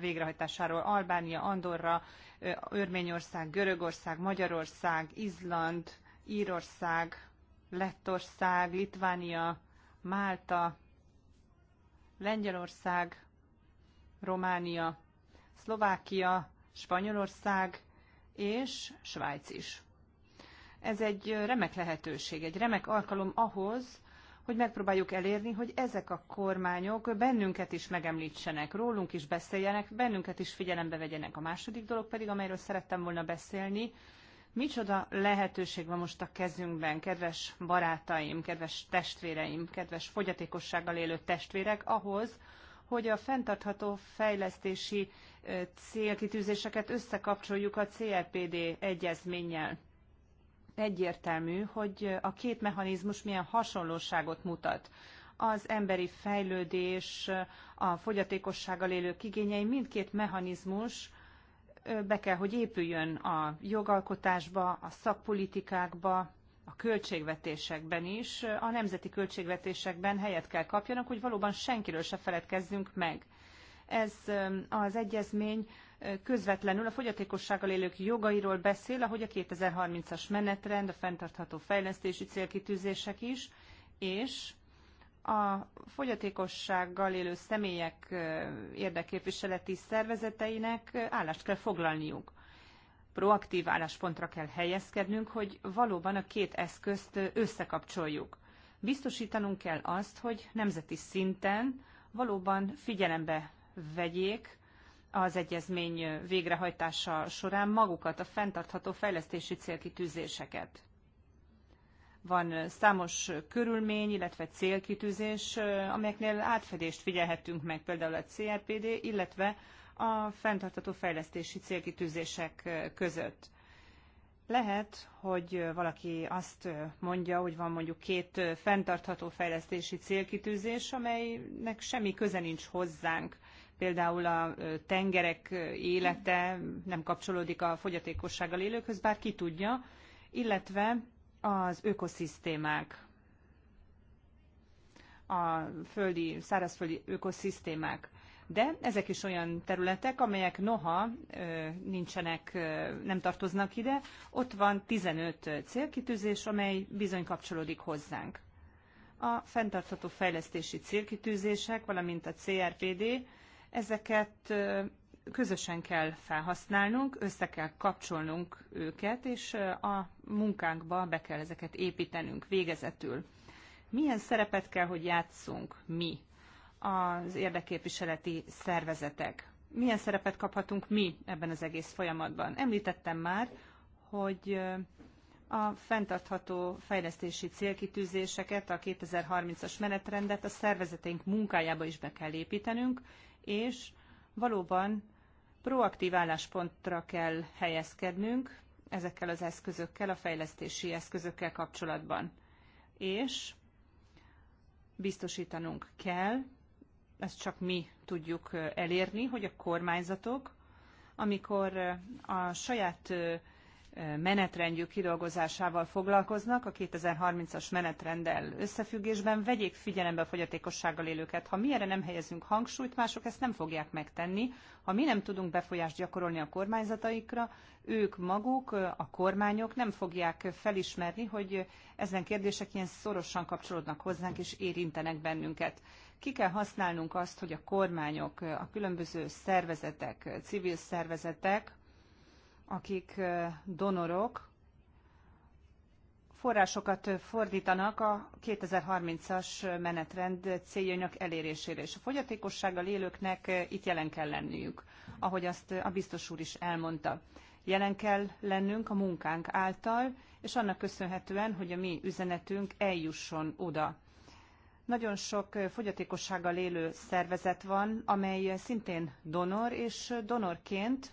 végrehajtásáról Albánia, Andorra, Örményország, Görögország, Magyarország, Izland, Írország, Lettország, Litvánia, Málta, Lengyelország, Románia, Szlovákia, Spanyolország és Svájc is. Ez egy remek lehetőség, egy remek alkalom ahhoz, hogy megpróbáljuk elérni, hogy ezek a kormányok bennünket is megemlítsenek, rólunk is beszéljenek, bennünket is figyelembe vegyenek. A második dolog pedig, amelyről szerettem volna beszélni, Micsoda lehetőség van most a kezünkben, kedves barátaim, kedves testvéreim, kedves fogyatékossággal élő testvérek, ahhoz, hogy a fenntartható fejlesztési célkitűzéseket összekapcsoljuk a CRPD egyezménnyel. Egyértelmű, hogy a két mechanizmus milyen hasonlóságot mutat. Az emberi fejlődés, a fogyatékossággal élők igényei mindkét mechanizmus be kell, hogy épüljön a jogalkotásba, a szakpolitikákba, a költségvetésekben is, a nemzeti költségvetésekben helyet kell kapjanak, hogy valóban senkiről se feledkezzünk meg. Ez az egyezmény közvetlenül a fogyatékossággal élők jogairól beszél, ahogy a 2030-as menetrend, a fenntartható fejlesztési célkitűzések is, és a fogyatékossággal élő személyek érdekképviseleti szervezeteinek állást kell foglalniuk. Proaktív álláspontra kell helyezkednünk, hogy valóban a két eszközt összekapcsoljuk. Biztosítanunk kell azt, hogy nemzeti szinten valóban figyelembe vegyék az egyezmény végrehajtása során magukat, a fenntartható fejlesztési célkitűzéseket. Van számos körülmény, illetve célkitűzés, amelyeknél átfedést figyelhetünk meg, például a CRPD, illetve a fenntartató fejlesztési célkitűzések között. Lehet, hogy valaki azt mondja, hogy van mondjuk két fenntartható fejlesztési célkitűzés, amelynek semmi köze nincs hozzánk. Például a tengerek élete nem kapcsolódik a fogyatékossággal élőkhöz, bár ki tudja, illetve az ökoszisztémák, a földi, szárazföldi ökoszisztémák. De ezek is olyan területek, amelyek noha nincsenek, nem tartoznak ide. Ott van 15 célkitűzés, amely bizony kapcsolódik hozzánk. A fenntartható fejlesztési célkitűzések, valamint a CRPD, ezeket közösen kell felhasználnunk, össze kell kapcsolnunk őket, és a munkánkba be kell ezeket építenünk végezetül. Milyen szerepet kell, hogy játszunk mi, az érdeképviseleti szervezetek? Milyen szerepet kaphatunk mi ebben az egész folyamatban? Említettem már, hogy a fenntartható fejlesztési célkitűzéseket, a 2030-as menetrendet a szervezeteink munkájába is be kell építenünk, és valóban proaktív álláspontra kell helyezkednünk ezekkel az eszközökkel, a fejlesztési eszközökkel kapcsolatban. És biztosítanunk kell, ezt csak mi tudjuk elérni, hogy a kormányzatok, amikor a saját menetrendjük kidolgozásával foglalkoznak, a 2030-as menetrenddel összefüggésben vegyék figyelembe a fogyatékossággal élőket. Ha mi erre nem helyezünk hangsúlyt, mások ezt nem fogják megtenni. Ha mi nem tudunk befolyást gyakorolni a kormányzataikra, ők maguk, a kormányok nem fogják felismerni, hogy ezen kérdések ilyen szorosan kapcsolódnak hozzánk és érintenek bennünket ki kell használnunk azt, hogy a kormányok, a különböző szervezetek, civil szervezetek akik donorok, forrásokat fordítanak a 2030-as menetrend céljainak elérésére, és a fogyatékossággal élőknek itt jelen kell lenniük, ahogy azt a biztos úr is elmondta. Jelen kell lennünk a munkánk által, és annak köszönhetően, hogy a mi üzenetünk eljusson oda. Nagyon sok fogyatékossággal élő szervezet van, amely szintén donor, és donorként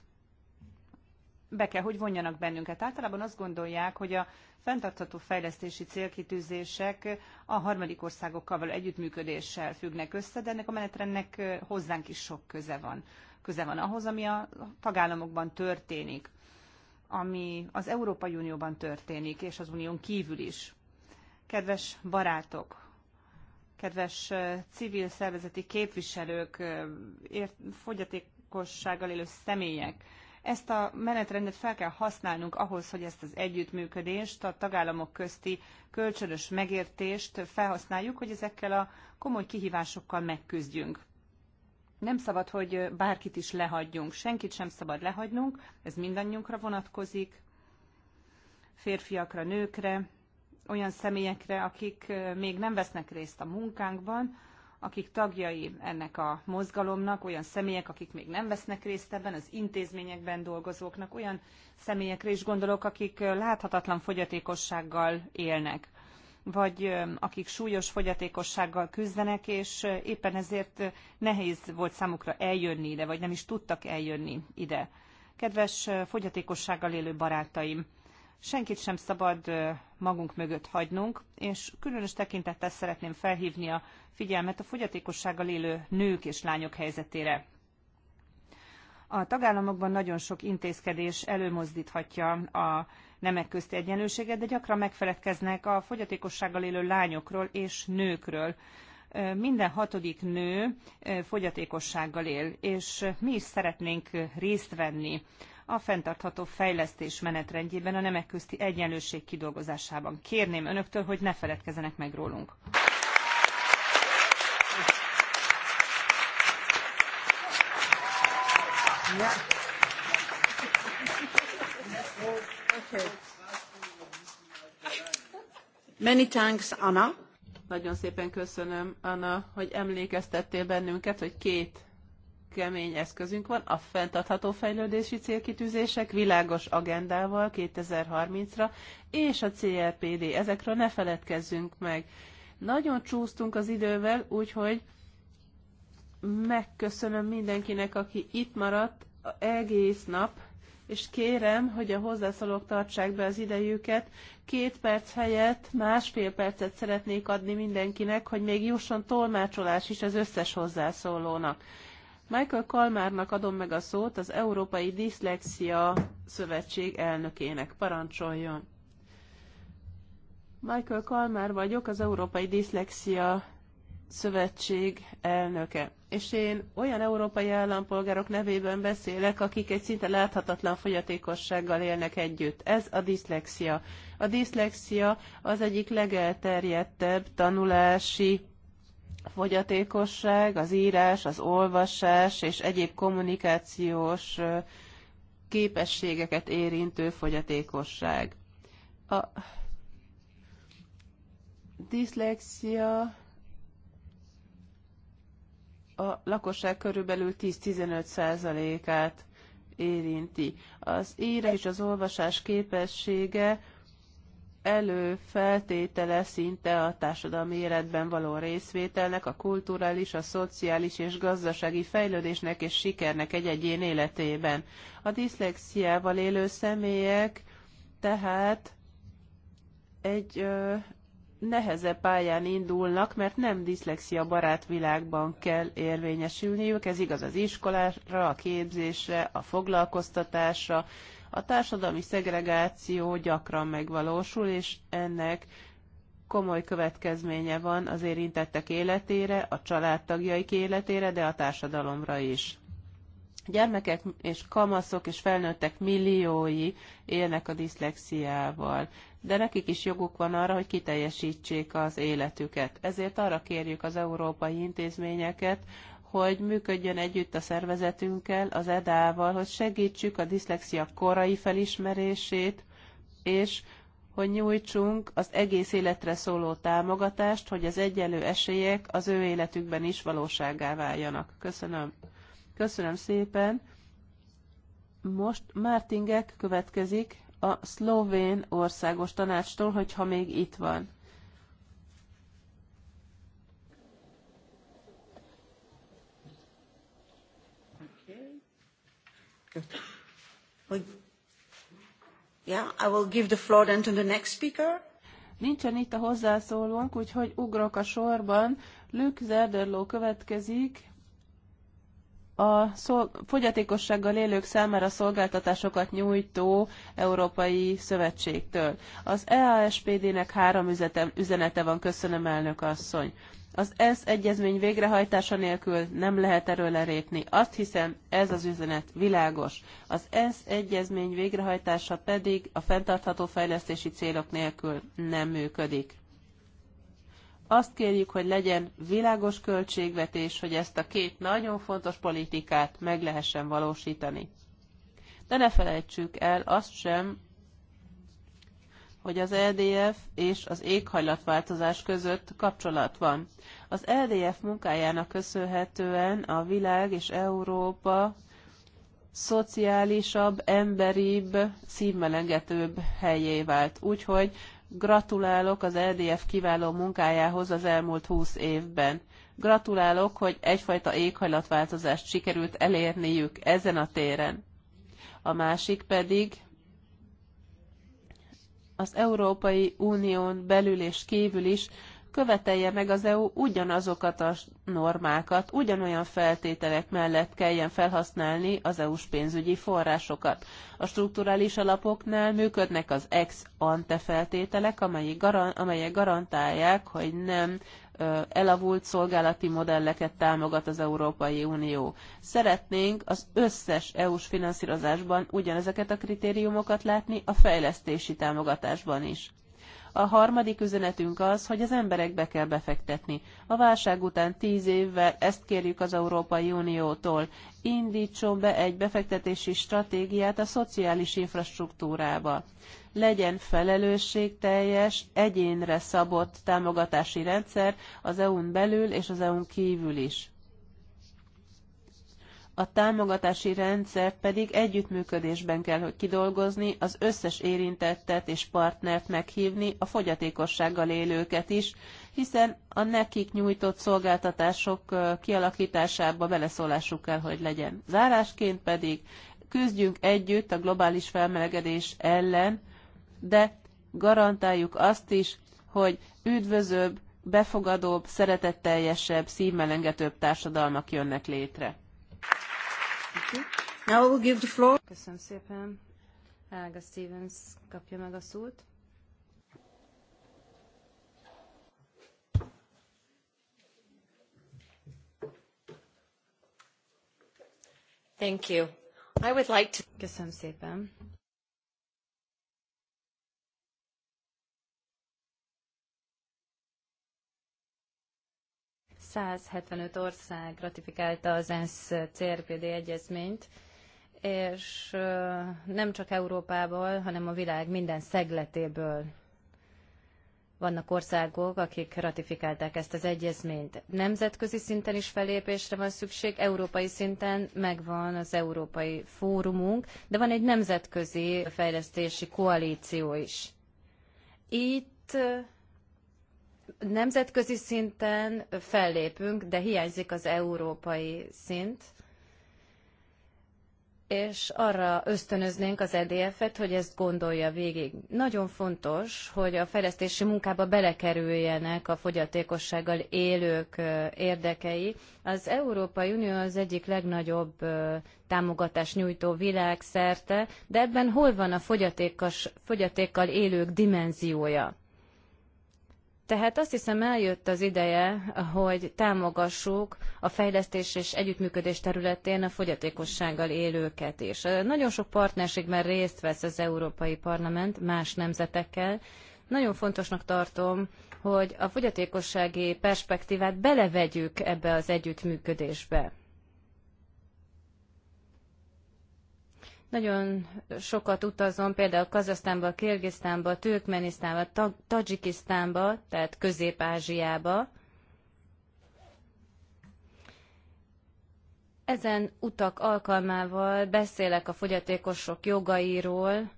be kell, hogy vonjanak bennünket. Általában azt gondolják, hogy a fenntartható fejlesztési célkitűzések a harmadik országokkal való együttműködéssel függnek össze, de ennek a menetrendnek hozzánk is sok köze van. Köze van ahhoz, ami a tagállamokban történik, ami az Európai Unióban történik, és az Unión kívül is. Kedves barátok, kedves civil szervezeti képviselők, ért, fogyatékossággal élő személyek, ezt a menetrendet fel kell használnunk ahhoz, hogy ezt az együttműködést, a tagállamok közti kölcsönös megértést felhasználjuk, hogy ezekkel a komoly kihívásokkal megküzdjünk. Nem szabad, hogy bárkit is lehagyjunk, senkit sem szabad lehagynunk, ez mindannyiunkra vonatkozik, férfiakra, nőkre, olyan személyekre, akik még nem vesznek részt a munkánkban, akik tagjai ennek a mozgalomnak, olyan személyek, akik még nem vesznek részt ebben, az intézményekben dolgozóknak, olyan személyekre is gondolok, akik láthatatlan fogyatékossággal élnek vagy akik súlyos fogyatékossággal küzdenek, és éppen ezért nehéz volt számukra eljönni ide, vagy nem is tudtak eljönni ide. Kedves fogyatékossággal élő barátaim, senkit sem szabad magunk mögött hagynunk, és különös tekintettel szeretném felhívni a figyelmet a fogyatékossággal élő nők és lányok helyzetére. A tagállamokban nagyon sok intézkedés előmozdíthatja a nemek közti egyenlőséget, de gyakran megfeledkeznek a fogyatékossággal élő lányokról és nőkről. Minden hatodik nő fogyatékossággal él, és mi is szeretnénk részt venni a fenntartható fejlesztés menetrendjében a nemek közti egyenlőség kidolgozásában. Kérném önöktől, hogy ne feledkezzenek meg rólunk. Yeah. Okay. Many thanks, Anna. Nagyon szépen köszönöm, Anna, hogy emlékeztettél bennünket, hogy két kemény eszközünk van, a fenntartható fejlődési célkitűzések világos agendával 2030-ra, és a CRPD. Ezekről ne feledkezzünk meg. Nagyon csúsztunk az idővel, úgyhogy megköszönöm mindenkinek, aki itt maradt egész nap, és kérem, hogy a hozzászólók tartsák be az idejüket. Két perc helyett másfél percet szeretnék adni mindenkinek, hogy még jusson tolmácsolás is az összes hozzászólónak. Michael Kalmárnak adom meg a szót, az Európai Diszlexia Szövetség elnökének. Parancsoljon! Michael Kalmár vagyok, az Európai Diszlexia Szövetség elnöke. És én olyan európai állampolgárok nevében beszélek, akik egy szinte láthatatlan fogyatékossággal élnek együtt. Ez a diszlexia. A diszlexia az egyik legelterjedtebb tanulási fogyatékosság, az írás, az olvasás és egyéb kommunikációs képességeket érintő fogyatékosság. A diszlexia a lakosság körülbelül 10-15 százalékát érinti. Az írás és az olvasás képessége előfeltétele szinte a társadalmi életben való részvételnek, a kulturális, a szociális és gazdasági fejlődésnek és sikernek egy egyén életében. A diszlexiával élő személyek tehát egy ö, nehezebb pályán indulnak, mert nem diszlexia barát világban kell érvényesülniük. Ez igaz az iskolára, a képzésre, a foglalkoztatásra, a társadalmi szegregáció gyakran megvalósul, és ennek komoly következménye van az érintettek életére, a családtagjaik életére, de a társadalomra is. Gyermekek és kamaszok és felnőttek milliói élnek a diszlexiával, de nekik is joguk van arra, hogy kiteljesítsék az életüket. Ezért arra kérjük az európai intézményeket, hogy működjön együtt a szervezetünkkel, az EDA-val, hogy segítsük a diszlexia korai felismerését, és hogy nyújtsunk az egész életre szóló támogatást, hogy az egyenlő esélyek az ő életükben is valóságá váljanak. Köszönöm. Köszönöm szépen. Most Mártingek következik a szlovén országos tanácstól, hogyha még itt van. Yeah, I will give the floor then to the next speaker. Nincsen itt a hozzászólónk, úgyhogy ugrok a sorban. Luke Zerderló következik. A szol- fogyatékossággal élők számára szolgáltatásokat nyújtó Európai Szövetségtől. Az EASPD-nek három üzenete van, köszönöm elnök asszony. Az ESZ egyezmény végrehajtása nélkül nem lehet erről lerépni. Azt hiszem, ez az üzenet világos. Az ESZ egyezmény végrehajtása pedig a fenntartható fejlesztési célok nélkül nem működik. Azt kérjük, hogy legyen világos költségvetés, hogy ezt a két nagyon fontos politikát meg lehessen valósítani. De ne felejtsük el azt sem, hogy az LDF e és az éghajlatváltozás között kapcsolat van. Az LDF e munkájának köszönhetően a világ és Európa szociálisabb, emberibb, szívmelengetőbb helyé vált. Úgyhogy gratulálok az LDF e kiváló munkájához az elmúlt húsz évben. Gratulálok, hogy egyfajta éghajlatváltozást sikerült elérniük ezen a téren. A másik pedig az Európai Unión belül és kívül is követelje meg az EU ugyanazokat a normákat, ugyanolyan feltételek mellett kelljen felhasználni az EU-s pénzügyi forrásokat. A strukturális alapoknál működnek az ex ante feltételek, amelyek garantálják, hogy nem elavult szolgálati modelleket támogat az Európai Unió. Szeretnénk az összes EU-s finanszírozásban ugyanezeket a kritériumokat látni a fejlesztési támogatásban is. A harmadik üzenetünk az, hogy az emberekbe kell befektetni. A válság után tíz évvel ezt kérjük az Európai Uniótól. Indítson be egy befektetési stratégiát a szociális infrastruktúrába legyen felelősségteljes, egyénre szabott támogatási rendszer az EU-n belül és az EU-n kívül is. A támogatási rendszer pedig együttműködésben kell, hogy kidolgozni, az összes érintettet és partnert meghívni, a fogyatékossággal élőket is, hiszen a nekik nyújtott szolgáltatások kialakításába beleszólásuk kell, hogy legyen. Zárásként pedig küzdjünk együtt a globális felmelegedés ellen, de garantáljuk azt is, hogy üdvözőbb, befogadóbb, szeretetteljesebb, szívmelengetőbb társadalmak jönnek létre. Now give the floor. Köszönöm szépen. Ága Stevens kapja meg a szót. Thank you. I would like to... Köszönöm szépen. 175 ország ratifikálta az ENSZ CRPD egyezményt, és nem csak Európából, hanem a világ minden szegletéből vannak országok, akik ratifikálták ezt az egyezményt. Nemzetközi szinten is felépésre van szükség, európai szinten megvan az európai fórumunk, de van egy nemzetközi fejlesztési koalíció is. Itt nemzetközi szinten fellépünk, de hiányzik az európai szint, és arra ösztönöznénk az EDF-et, hogy ezt gondolja végig. Nagyon fontos, hogy a fejlesztési munkába belekerüljenek a fogyatékossággal élők érdekei. Az Európai Unió az egyik legnagyobb támogatás nyújtó világszerte, de ebben hol van a fogyatékkal élők dimenziója? Tehát azt hiszem eljött az ideje, hogy támogassuk a fejlesztés és együttműködés területén a fogyatékossággal élőket is. Nagyon sok partnerségben részt vesz az Európai Parlament más nemzetekkel. Nagyon fontosnak tartom, hogy a fogyatékossági perspektívát belevegyük ebbe az együttműködésbe. Nagyon sokat utazom, például Kazasztánba, Kirgisztánba, Türkmenisztánba, Tajikisztánba, tehát Közép-Ázsiába. Ezen utak alkalmával beszélek a fogyatékosok jogairól.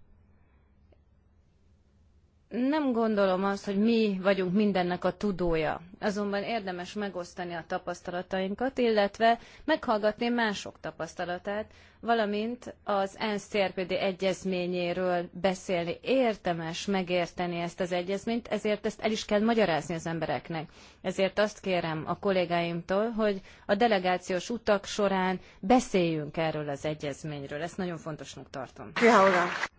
Nem gondolom azt, hogy mi vagyunk mindennek a tudója. Azonban érdemes megosztani a tapasztalatainkat, illetve meghallgatni mások tapasztalatát, valamint az ENSZ CRPD egyezményéről beszélni. Értemes megérteni ezt az egyezményt, ezért ezt el is kell magyarázni az embereknek. Ezért azt kérem a kollégáimtól, hogy a delegációs utak során beszéljünk erről az egyezményről. Ezt nagyon fontosnak tartom.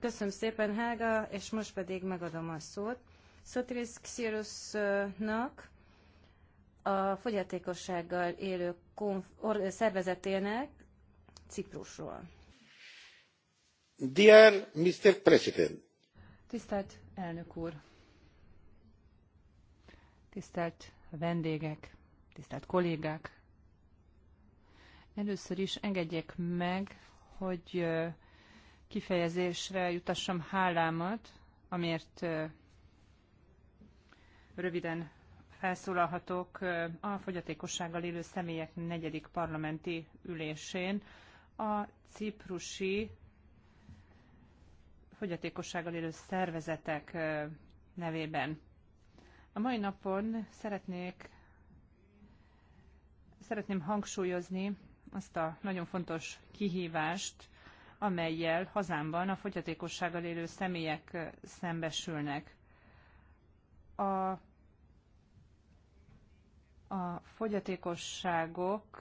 Köszönöm szépen, Helga, és most pedig megadom a szót. Sotiris Xirusnak, a fogyatékossággal élő szervezetének, Ciprusról. Dear Mr. President. Tisztelt elnök úr! Tisztelt vendégek, tisztelt kollégák! Először is engedjék meg, hogy kifejezésre jutassam hálámat, amért röviden felszólalhatok a fogyatékossággal élő személyek negyedik parlamenti ülésén, a ciprusi fogyatékossággal élő szervezetek nevében. A mai napon szeretnék, szeretném hangsúlyozni azt a nagyon fontos kihívást, amelyel hazámban a fogyatékossággal élő személyek szembesülnek. A, a fogyatékosságok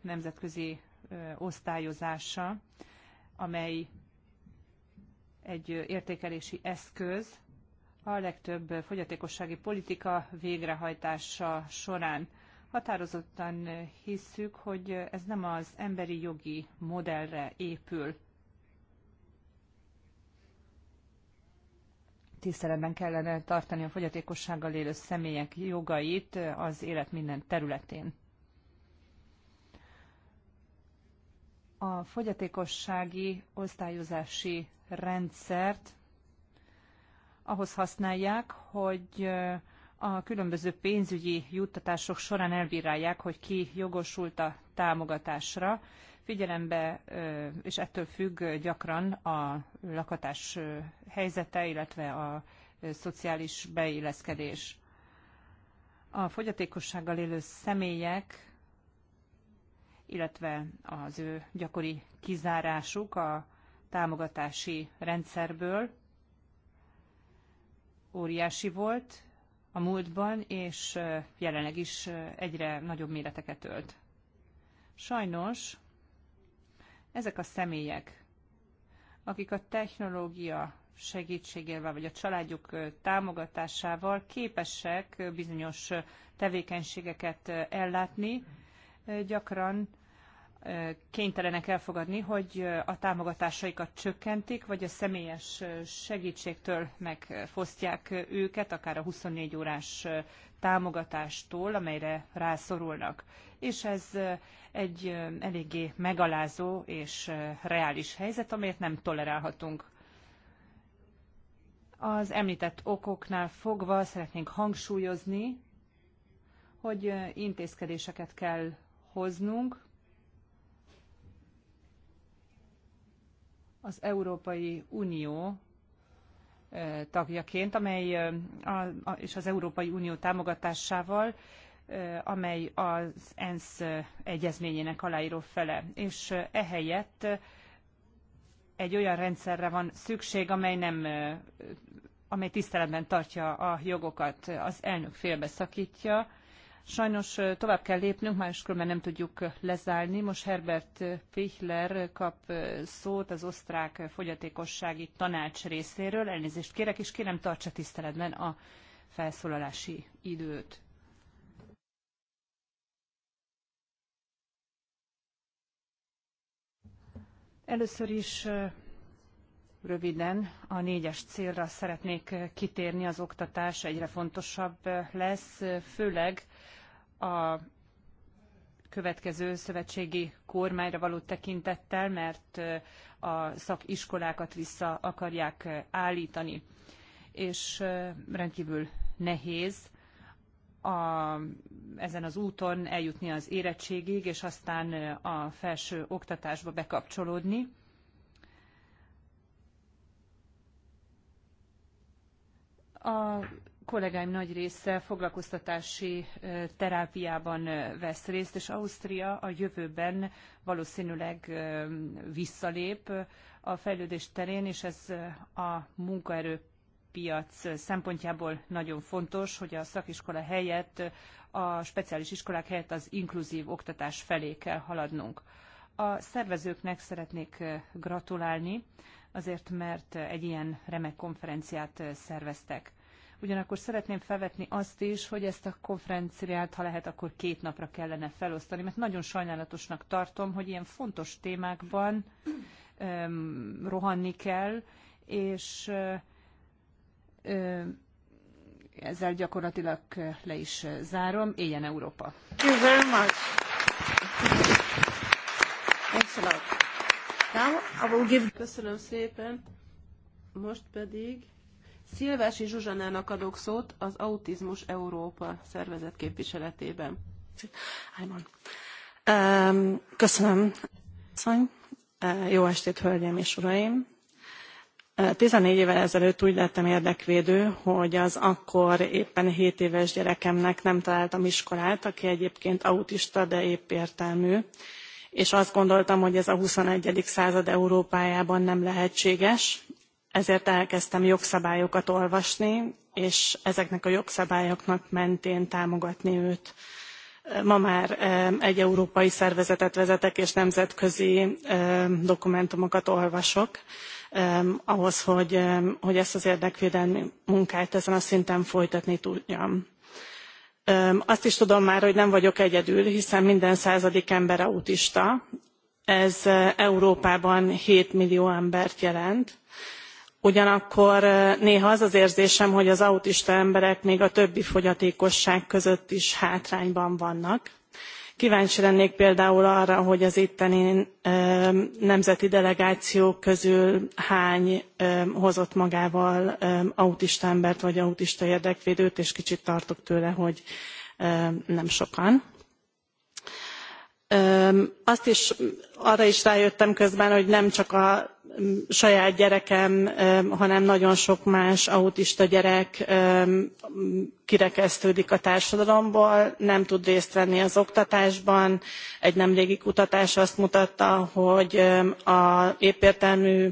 nemzetközi osztályozása, amely egy értékelési eszköz a legtöbb fogyatékossági politika végrehajtása során. Határozottan hisszük, hogy ez nem az emberi jogi modellre épül. Tiszteletben kellene tartani a fogyatékossággal élő személyek jogait az élet minden területén. a fogyatékossági osztályozási rendszert ahhoz használják, hogy a különböző pénzügyi juttatások során elbírálják, hogy ki jogosult a támogatásra. Figyelembe, és ettől függ gyakran a lakatás helyzete, illetve a szociális beilleszkedés. A fogyatékossággal élő személyek illetve az ő gyakori kizárásuk a támogatási rendszerből óriási volt a múltban, és jelenleg is egyre nagyobb méreteket ölt. Sajnos ezek a személyek, akik a technológia segítségével, vagy a családjuk támogatásával képesek bizonyos tevékenységeket ellátni, gyakran kénytelenek elfogadni, hogy a támogatásaikat csökkentik, vagy a személyes segítségtől megfosztják őket, akár a 24 órás támogatástól, amelyre rászorulnak. És ez egy eléggé megalázó és reális helyzet, amelyet nem tolerálhatunk. Az említett okoknál fogva szeretnénk hangsúlyozni, hogy intézkedéseket kell hoznunk az Európai Unió tagjaként, amely és az Európai Unió támogatásával, amely az ENSZ egyezményének aláíró fele. És ehelyett egy olyan rendszerre van szükség, amely nem amely tiszteletben tartja a jogokat. Az elnök félbeszakítja Sajnos tovább kell lépnünk, máskülönben nem tudjuk lezárni. Most Herbert Pichler kap szót az osztrák fogyatékossági tanács részéről. Elnézést kérek, és kérem tartsa tiszteletben a felszólalási időt. Először is röviden a négyes célra szeretnék kitérni, az oktatás egyre fontosabb lesz, főleg a következő szövetségi kormányra való tekintettel, mert a szakiskolákat vissza akarják állítani. És rendkívül nehéz a, ezen az úton eljutni az érettségig, és aztán a felső oktatásba bekapcsolódni. A kollégáim nagy része foglalkoztatási terápiában vesz részt, és Ausztria a jövőben valószínűleg visszalép a fejlődés terén, és ez a munkaerő piac szempontjából nagyon fontos, hogy a szakiskola helyett, a speciális iskolák helyett az inkluzív oktatás felé kell haladnunk. A szervezőknek szeretnék gratulálni, azért mert egy ilyen remek konferenciát szerveztek. Ugyanakkor szeretném felvetni azt is, hogy ezt a konferenciát, ha lehet, akkor két napra kellene felosztani, mert nagyon sajnálatosnak tartom, hogy ilyen fontos témákban um, rohanni kell, és um, ezzel gyakorlatilag le is zárom. Éljen Európa! Thank you very much. Thanks a lot. Now I will give... Köszönöm szépen. Most pedig Szilvási Zsuzsanának adok szót az Autizmus Európa szervezet képviseletében. Um, köszönöm. Uh, jó estét, hölgyeim és uraim! 14 uh, évvel ezelőtt úgy lettem érdekvédő, hogy az akkor éppen 7 éves gyerekemnek nem találtam iskolát, aki egyébként autista, de épp értelmű, és azt gondoltam, hogy ez a 21. század Európájában nem lehetséges, ezért elkezdtem jogszabályokat olvasni, és ezeknek a jogszabályoknak mentén támogatni őt. Ma már eh, egy európai szervezetet vezetek, és nemzetközi eh, dokumentumokat olvasok, eh, ahhoz, hogy, hogy ezt az érdekvédelmi munkát ezen a szinten folytatni tudjam. Azt is tudom már, hogy nem vagyok egyedül, hiszen minden századik ember autista. Ez Európában 7 millió embert jelent ugyanakkor néha az az érzésem hogy az autista emberek még a többi fogyatékosság között is hátrányban vannak. kváncsi lennék például arra hogy az itteni nemzeti delegációk közül hány hozott magával autista embert vagy autista érdekvédőt és kicsit tartok tőle hogy nem sokan. azt is arra is rájöttem közben hogy nem csak a saját gyerekem, hanem nagyon sok más autista gyerek kirekesztődik a társadalomból, nem tud részt venni az oktatásban. Egy nemrégi kutatás azt mutatta, hogy a épértelmű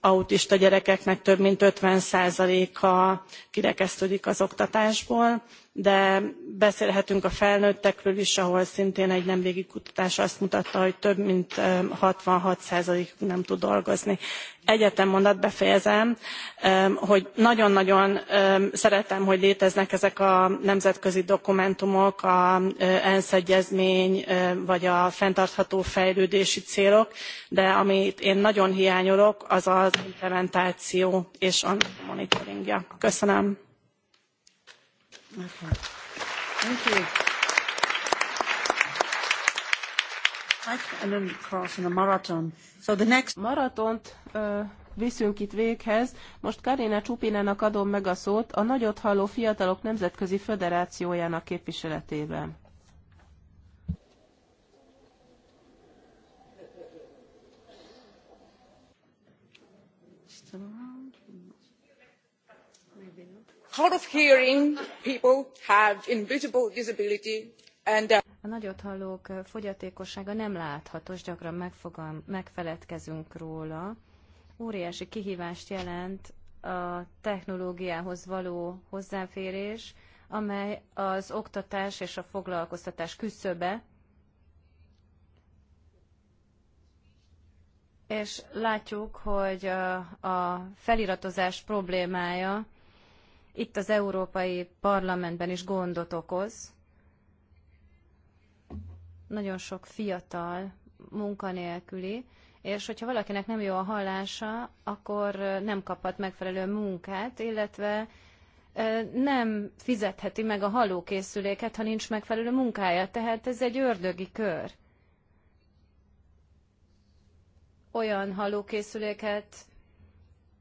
autista gyerekeknek több mint 50%-a kirekesztődik az oktatásból de beszélhetünk a felnőttekről is, ahol szintén egy nemrégi kutatás azt mutatta, hogy több mint 66%-uk nem tud dolgozni. Egyetlen mondat befejezem, hogy nagyon-nagyon szeretem, hogy léteznek ezek a nemzetközi dokumentumok, a ENSZ egyezmény, vagy a fenntartható fejlődési célok, de amit én nagyon hiányolok, az az implementáció és annak monitoringja. Köszönöm. Thank you. And then cross in a marathon. So the next... Maratont uh, viszünk itt véghez. Most Karina Csupinának adom meg a szót a Nagyot Halló Fiatalok Nemzetközi Föderációjának képviseletében. hard of hearing people have invisible disability and uh, a A nagyothallók uh, fogyatékossága nem látható, és gyakran megfogal, megfeledkezünk róla. Óriási kihívást jelent a technológiához való hozzáférés, amely az oktatás és a foglalkoztatás küszöbe, és látjuk, hogy uh, a feliratozás problémája itt az Európai Parlamentben is gondot okoz. Nagyon sok fiatal munkanélküli, és hogyha valakinek nem jó a hallása, akkor nem kaphat megfelelő munkát, illetve nem fizetheti meg a halókészüléket, ha nincs megfelelő munkája. Tehát ez egy ördögi kör. Olyan halókészüléket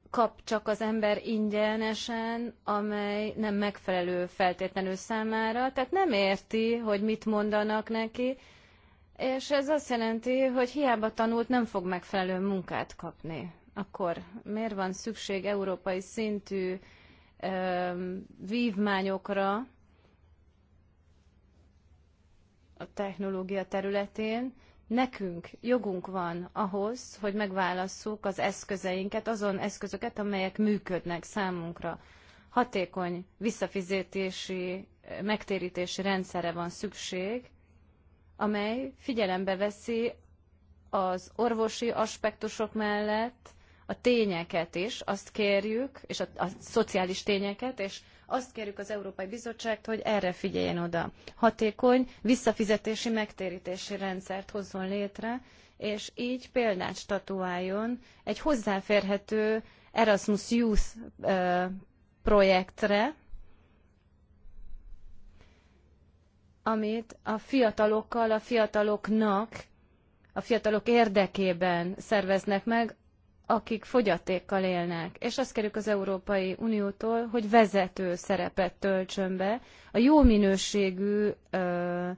kap csak az ember ingyenesen, amely nem megfelelő feltétlenül számára, tehát nem érti, hogy mit mondanak neki, és ez azt jelenti, hogy hiába tanult, nem fog megfelelő munkát kapni. Akkor miért van szükség európai szintű ö, vívmányokra a technológia területén, Nekünk jogunk van ahhoz, hogy megválasszuk az eszközeinket, azon eszközöket, amelyek működnek számunkra. Hatékony visszafizetési, eh, megtérítési rendszere van szükség, amely figyelembe veszi az orvosi aspektusok mellett a tényeket is, azt kérjük, és a, a szociális tényeket, és azt kérjük az Európai Bizottságtól, hogy erre figyeljen oda. Hatékony visszafizetési megtérítési rendszert hozzon létre, és így példát statuáljon egy hozzáférhető Erasmus Youth projektre, amit a fiatalokkal, a fiataloknak, a fiatalok érdekében szerveznek meg, akik fogyatékkal élnek, és azt kérjük az Európai Uniótól, hogy vezető szerepet töltsön be a jó minőségű ö,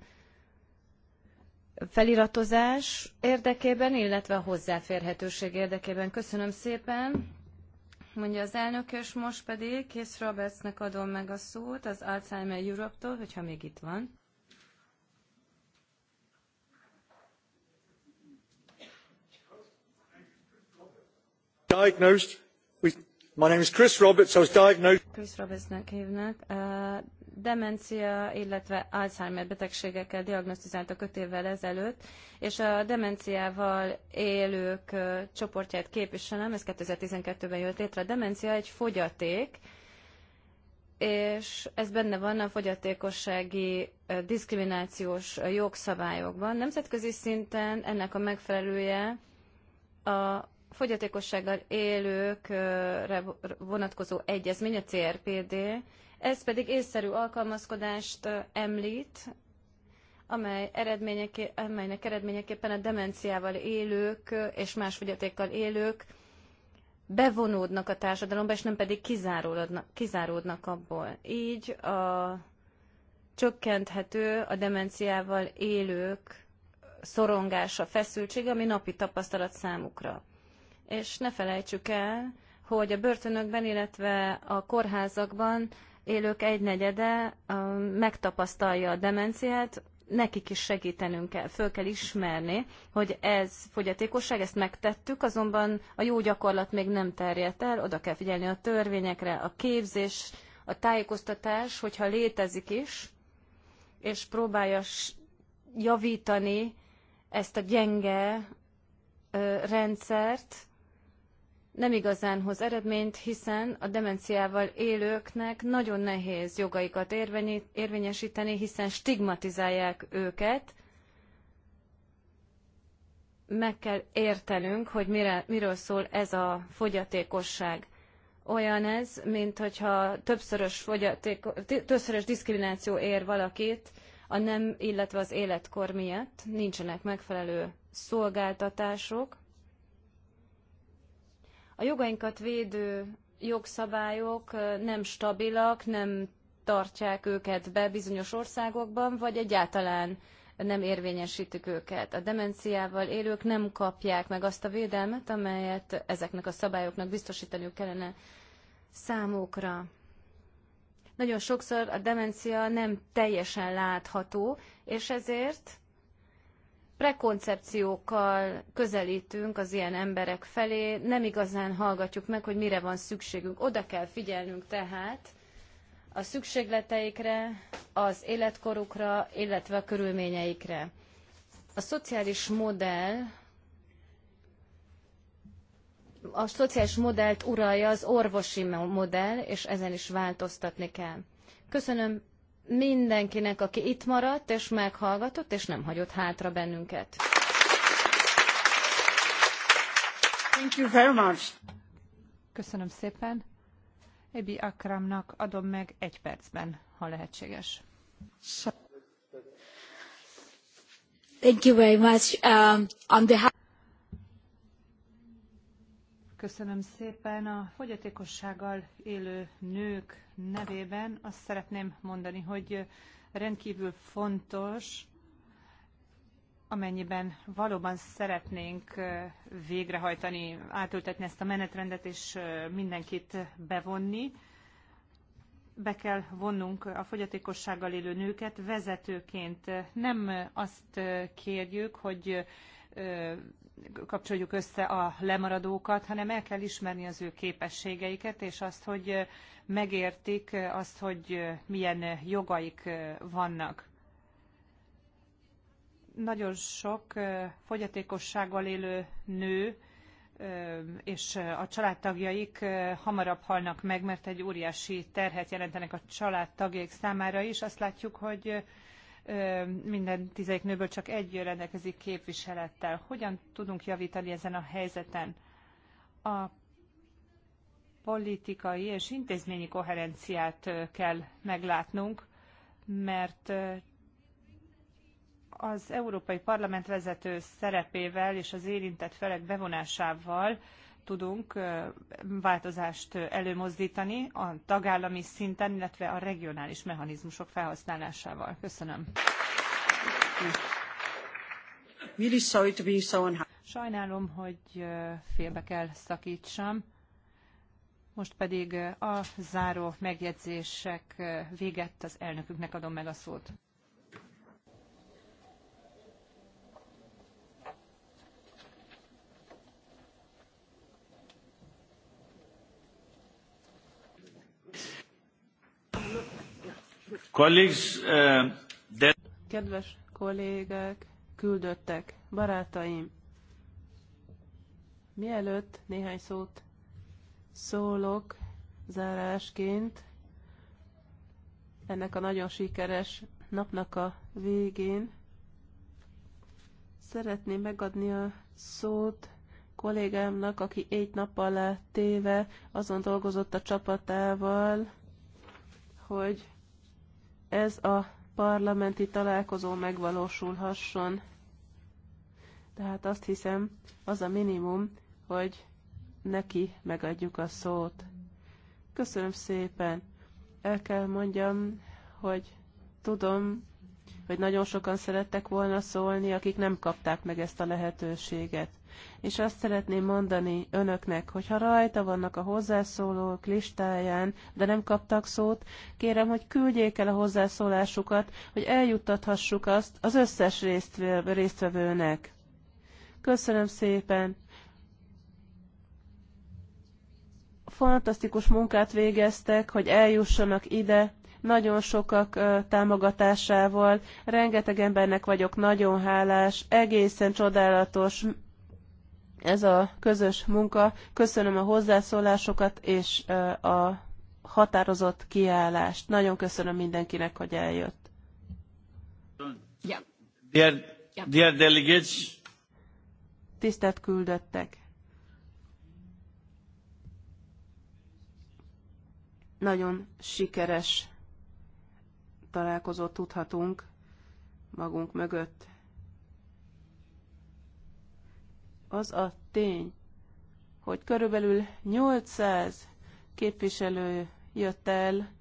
feliratozás érdekében, illetve a hozzáférhetőség érdekében. Köszönöm szépen, mondja az elnök, és most pedig Kész Robertsnek adom meg a szót az Alzheimer Europe-tól, hogyha még itt van. diagnosed with My name is Chris Roberts, I was diagnosed... Chris Robertsnek hívnak. Uh, demencia, illetve Alzheimer betegségekkel diagnosztizáltak 5 évvel ezelőtt, és a demenciával élők uh, csoportját képviselem, ez 2012-ben jött létre. A demencia egy fogyaték, és ez benne van a fogyatékossági uh, diszkriminációs uh, jogszabályokban. Nemzetközi szinten ennek a megfelelője a fogyatékossággal élőkre vonatkozó egyezmény, a CRPD, ez pedig észszerű alkalmazkodást említ, amely eredményeké, amelynek eredményeképpen a demenciával élők és más fogyatékkal élők bevonódnak a társadalomba, és nem pedig kizáródnak, kizáródnak abból. Így a, csökkenthető a demenciával élők szorongása, feszültség, ami napi tapasztalat számukra és ne felejtsük el, hogy a börtönökben, illetve a kórházakban élők egynegyede megtapasztalja a demenciát, nekik is segítenünk kell, föl kell ismerni, hogy ez fogyatékosság, ezt megtettük, azonban a jó gyakorlat még nem terjedt el, oda kell figyelni a törvényekre, a képzés, a tájékoztatás, hogyha létezik is, és próbálja javítani ezt a gyenge rendszert, nem igazán hoz eredményt, hiszen a demenciával élőknek nagyon nehéz jogaikat érvényesíteni, hiszen stigmatizálják őket. Meg kell értenünk, hogy mire, miről szól ez a fogyatékosság. Olyan ez, mint hogyha többszörös, fogyaték, többszörös diszkrimináció ér valakit a nem, illetve az életkor miatt nincsenek megfelelő szolgáltatások, a jogainkat védő jogszabályok nem stabilak, nem tartják őket be bizonyos országokban, vagy egyáltalán nem érvényesítik őket. A demenciával élők nem kapják meg azt a védelmet, amelyet ezeknek a szabályoknak biztosítaniuk kellene számukra. Nagyon sokszor a demencia nem teljesen látható, és ezért prekoncepciókkal közelítünk az ilyen emberek felé, nem igazán hallgatjuk meg, hogy mire van szükségünk. Oda kell figyelnünk tehát a szükségleteikre, az életkorukra, illetve a körülményeikre. A szociális modell a szociális modellt uralja az orvosi modell, és ezen is változtatni kell. Köszönöm mindenkinek, aki itt maradt és meghallgatott, és nem hagyott hátra bennünket. Thank you very much. Köszönöm szépen. Ebi Akramnak adom meg egy percben, ha lehetséges. Thank you very much. Um, on the... Köszönöm szépen. A fogyatékossággal élő nők nevében azt szeretném mondani, hogy rendkívül fontos, amennyiben valóban szeretnénk végrehajtani, átültetni ezt a menetrendet és mindenkit bevonni, be kell vonnunk a fogyatékossággal élő nőket vezetőként. Nem azt kérjük, hogy kapcsoljuk össze a lemaradókat, hanem el kell ismerni az ő képességeiket, és azt, hogy megértik azt, hogy milyen jogaik vannak. Nagyon sok fogyatékossággal élő nő és a családtagjaik hamarabb halnak meg, mert egy óriási terhet jelentenek a családtagjaik számára is. Azt látjuk, hogy minden tizedik nőből csak egy rendelkezik képviselettel. Hogyan tudunk javítani ezen a helyzeten? A politikai és intézményi koherenciát kell meglátnunk, mert az Európai Parlament vezető szerepével és az érintett felek bevonásával tudunk változást előmozdítani a tagállami szinten, illetve a regionális mechanizmusok felhasználásával. Köszönöm. Sajnálom, hogy félbe kell szakítsam. Most pedig a záró megjegyzések véget az elnökünknek adom meg a szót. Uh, Kedves kollégák, küldöttek, barátaim! Mielőtt néhány szót szólok zárásként ennek a nagyon sikeres napnak a végén, szeretném megadni a szót kollégámnak, aki egy nap alá téve azon dolgozott a csapatával, hogy ez a parlamenti találkozó megvalósulhasson. Tehát azt hiszem, az a minimum, hogy neki megadjuk a szót. Köszönöm szépen. El kell mondjam, hogy tudom, hogy nagyon sokan szerettek volna szólni, akik nem kapták meg ezt a lehetőséget és azt szeretném mondani önöknek, hogy ha rajta vannak a hozzászólók listáján, de nem kaptak szót, kérem, hogy küldjék el a hozzászólásukat, hogy eljuttathassuk azt az összes résztvevőnek. Köszönöm szépen! Fantasztikus munkát végeztek, hogy eljussanak ide, nagyon sokak támogatásával, rengeteg embernek vagyok nagyon hálás, egészen csodálatos ez a közös munka. Köszönöm a hozzászólásokat és a határozott kiállást. Nagyon köszönöm mindenkinek, hogy eljött. dear delegates. Tisztelt küldöttek. Nagyon sikeres találkozót tudhatunk magunk mögött. az a tény, hogy körülbelül 800 képviselő jött el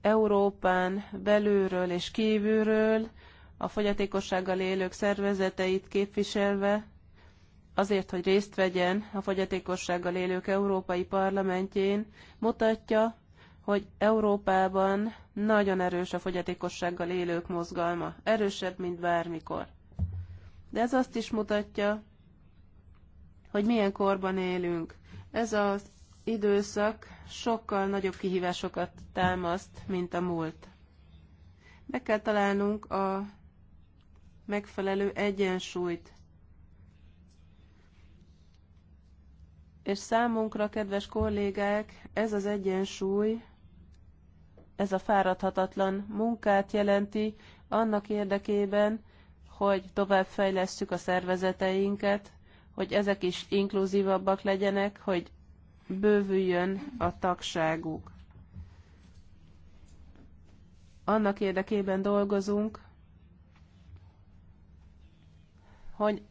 Európán belülről és kívülről, a fogyatékossággal élők szervezeteit képviselve, azért, hogy részt vegyen a fogyatékossággal élők Európai Parlamentjén, mutatja, hogy Európában nagyon erős a fogyatékossággal élők mozgalma, erősebb, mint bármikor. De ez azt is mutatja, hogy milyen korban élünk. Ez az időszak sokkal nagyobb kihívásokat támaszt, mint a múlt. Meg kell találnunk a megfelelő egyensúlyt. És számunkra, kedves kollégák, ez az egyensúly, ez a fáradhatatlan munkát jelenti annak érdekében, hogy továbbfejlesztjük a szervezeteinket, hogy ezek is inkluzívabbak legyenek, hogy bővüljön a tagságuk. Annak érdekében dolgozunk, hogy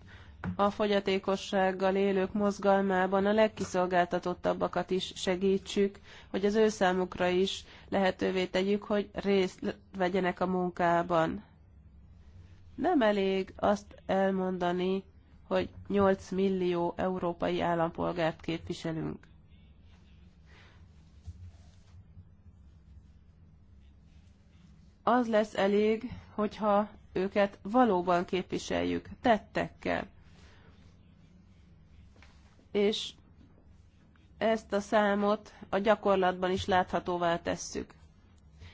a fogyatékossággal élők mozgalmában a legkiszolgáltatottabbakat is segítsük, hogy az ő számukra is lehetővé tegyük, hogy részt vegyenek a munkában. Nem elég azt elmondani, hogy 8 millió európai állampolgárt képviselünk. Az lesz elég, hogyha őket valóban képviseljük, tettekkel. És ezt a számot a gyakorlatban is láthatóvá tesszük.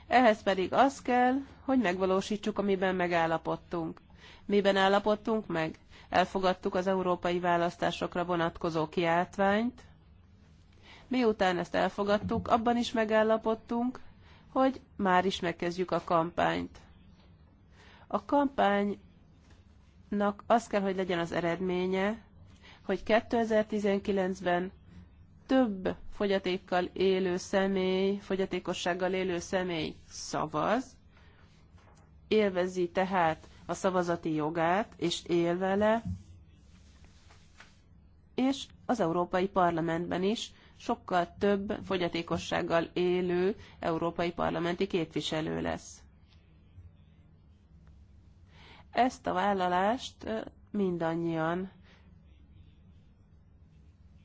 Ehhez pedig az kell, hogy megvalósítsuk, amiben megállapodtunk. Miben állapodtunk meg? Elfogadtuk az európai választásokra vonatkozó kiáltványt. Miután ezt elfogadtuk, abban is megállapodtunk, hogy már is megkezdjük a kampányt. A kampánynak az kell, hogy legyen az eredménye, hogy 2019-ben több fogyatékkal élő személy, fogyatékossággal élő személy szavaz, élvezi tehát a szavazati jogát, és él vele, és az Európai Parlamentben is sokkal több fogyatékossággal élő európai parlamenti képviselő lesz. Ezt a vállalást mindannyian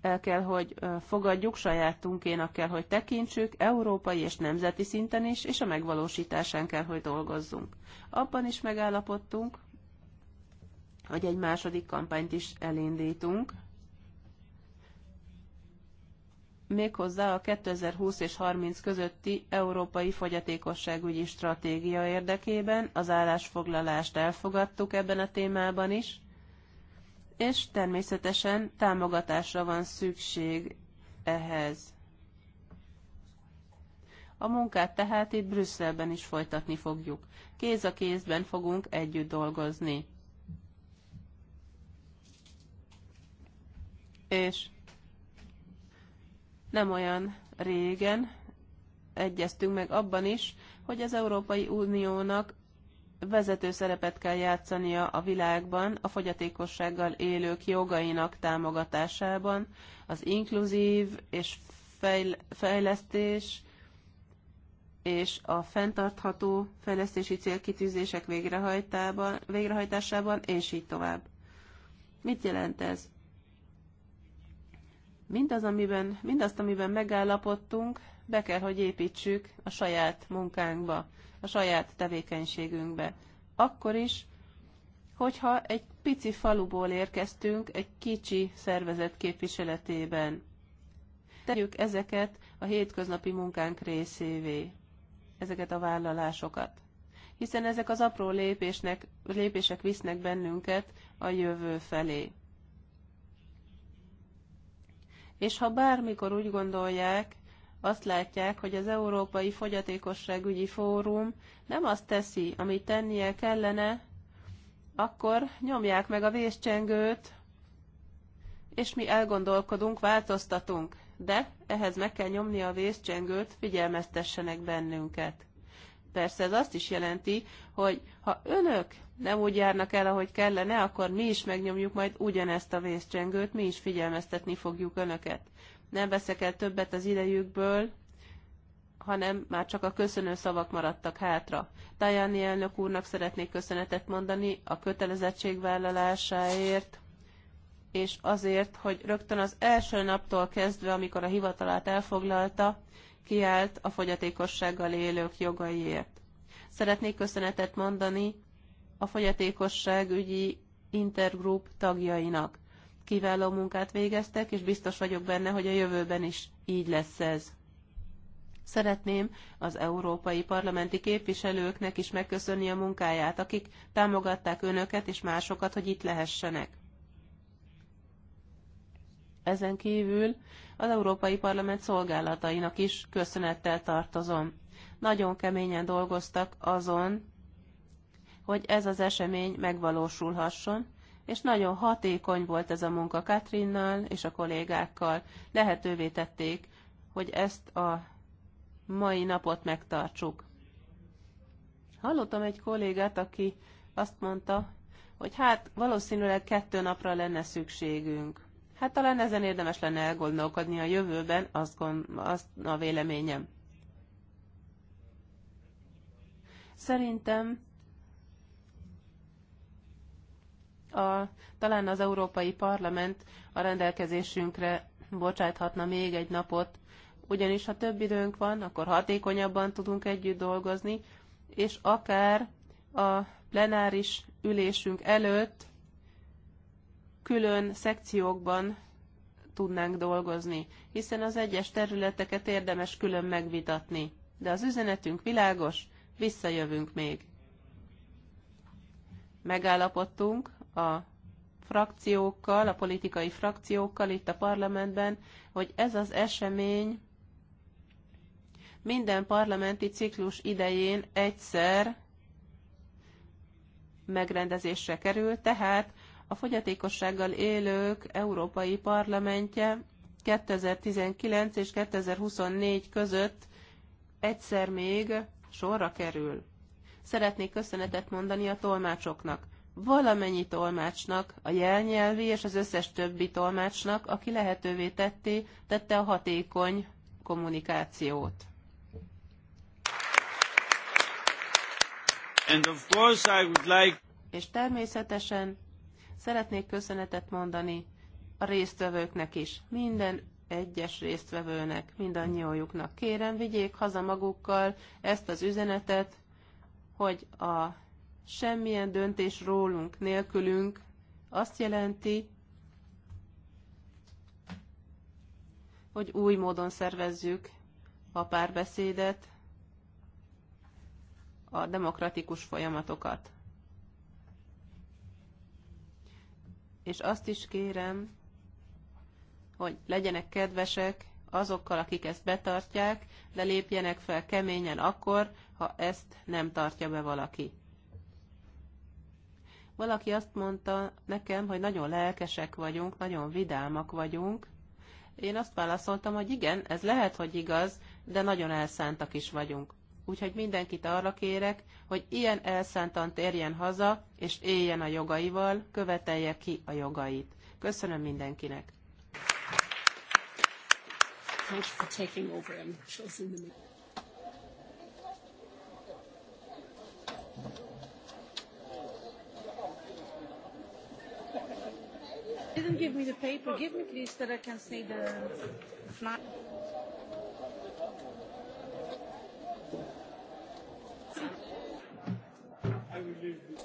el kell, hogy fogadjuk, sajátunkénak kell, hogy tekintsük, európai és nemzeti szinten is, és a megvalósításán kell, hogy dolgozzunk. Abban is megállapodtunk, hogy egy második kampányt is elindítunk, méghozzá a 2020 és 30 közötti európai fogyatékosságügyi stratégia érdekében az állásfoglalást elfogadtuk ebben a témában is, és természetesen támogatásra van szükség ehhez. A munkát tehát itt Brüsszelben is folytatni fogjuk. Kéz a kézben fogunk együtt dolgozni. És nem olyan régen egyeztünk meg abban is, hogy az Európai Uniónak vezető szerepet kell játszania a világban, a fogyatékossággal élők jogainak támogatásában, az inkluzív és fejlesztés és a fenntartható fejlesztési célkitűzések végrehajtásában, és így tovább. Mit jelent ez? Mindaz, amiben, mindazt, amiben megállapodtunk, be kell, hogy építsük a saját munkánkba a saját tevékenységünkbe. Akkor is, hogyha egy pici faluból érkeztünk, egy kicsi szervezet képviseletében. Tegyük ezeket a hétköznapi munkánk részévé, ezeket a vállalásokat. Hiszen ezek az apró lépésnek, lépések visznek bennünket a jövő felé. És ha bármikor úgy gondolják, azt látják, hogy az Európai Fogyatékosságügyi Fórum nem azt teszi, amit tennie kellene, akkor nyomják meg a véscsengőt, és mi elgondolkodunk, változtatunk. De ehhez meg kell nyomni a vészcsengőt, figyelmeztessenek bennünket. Persze ez azt is jelenti, hogy ha önök nem úgy járnak el, ahogy kellene, akkor mi is megnyomjuk majd ugyanezt a vészcsengőt, mi is figyelmeztetni fogjuk önöket nem veszek el többet az idejükből, hanem már csak a köszönő szavak maradtak hátra. Tajani elnök úrnak szeretnék köszönetet mondani a kötelezettségvállalásáért, és azért, hogy rögtön az első naptól kezdve, amikor a hivatalát elfoglalta, kiállt a fogyatékossággal élők jogaiért. Szeretnék köszönetet mondani a fogyatékosság ügyi intergroup tagjainak kiváló munkát végeztek, és biztos vagyok benne, hogy a jövőben is így lesz ez. Szeretném az európai parlamenti képviselőknek is megköszönni a munkáját, akik támogatták önöket és másokat, hogy itt lehessenek. Ezen kívül az Európai Parlament szolgálatainak is köszönettel tartozom. Nagyon keményen dolgoztak azon, hogy ez az esemény megvalósulhasson, és nagyon hatékony volt ez a munka Katrinnal és a kollégákkal. Lehetővé tették, hogy ezt a mai napot megtartsuk. Hallottam egy kollégát, aki azt mondta, hogy hát valószínűleg kettő napra lenne szükségünk. Hát talán ezen érdemes lenne elgondolkodni a jövőben, azt, gond, azt a véleményem. Szerintem a, talán az Európai Parlament a rendelkezésünkre bocsáthatna még egy napot, ugyanis ha több időnk van, akkor hatékonyabban tudunk együtt dolgozni, és akár a plenáris ülésünk előtt külön szekciókban tudnánk dolgozni, hiszen az egyes területeket érdemes külön megvitatni. De az üzenetünk világos, visszajövünk még. Megállapodtunk, a frakciókkal, a politikai frakciókkal itt a parlamentben, hogy ez az esemény minden parlamenti ciklus idején egyszer megrendezésre kerül, tehát a fogyatékossággal élők Európai Parlamentje 2019 és 2024 között egyszer még sorra kerül. Szeretnék köszönetet mondani a tolmácsoknak valamennyi tolmácsnak, a jelnyelvi és az összes többi tolmácsnak, aki lehetővé tetté, tette a hatékony kommunikációt. And of course I would like... És természetesen szeretnék köszönetet mondani a résztvevőknek is, minden egyes résztvevőnek, mindannyiójuknak. Kérem, vigyék haza magukkal ezt az üzenetet, hogy a semmilyen döntés rólunk, nélkülünk azt jelenti, hogy új módon szervezzük a párbeszédet, a demokratikus folyamatokat. És azt is kérem, hogy legyenek kedvesek azokkal, akik ezt betartják, de lépjenek fel keményen akkor, ha ezt nem tartja be valaki. Valaki azt mondta nekem, hogy nagyon lelkesek vagyunk, nagyon vidámak vagyunk. Én azt válaszoltam, hogy igen, ez lehet, hogy igaz, de nagyon elszántak is vagyunk. Úgyhogy mindenkit arra kérek, hogy ilyen elszántan térjen haza, és éljen a jogaival, követelje ki a jogait. Köszönöm mindenkinek! Thanks for taking over. and sure the didn't give me the paper. Give me, please, that I can see the flag. I will leave.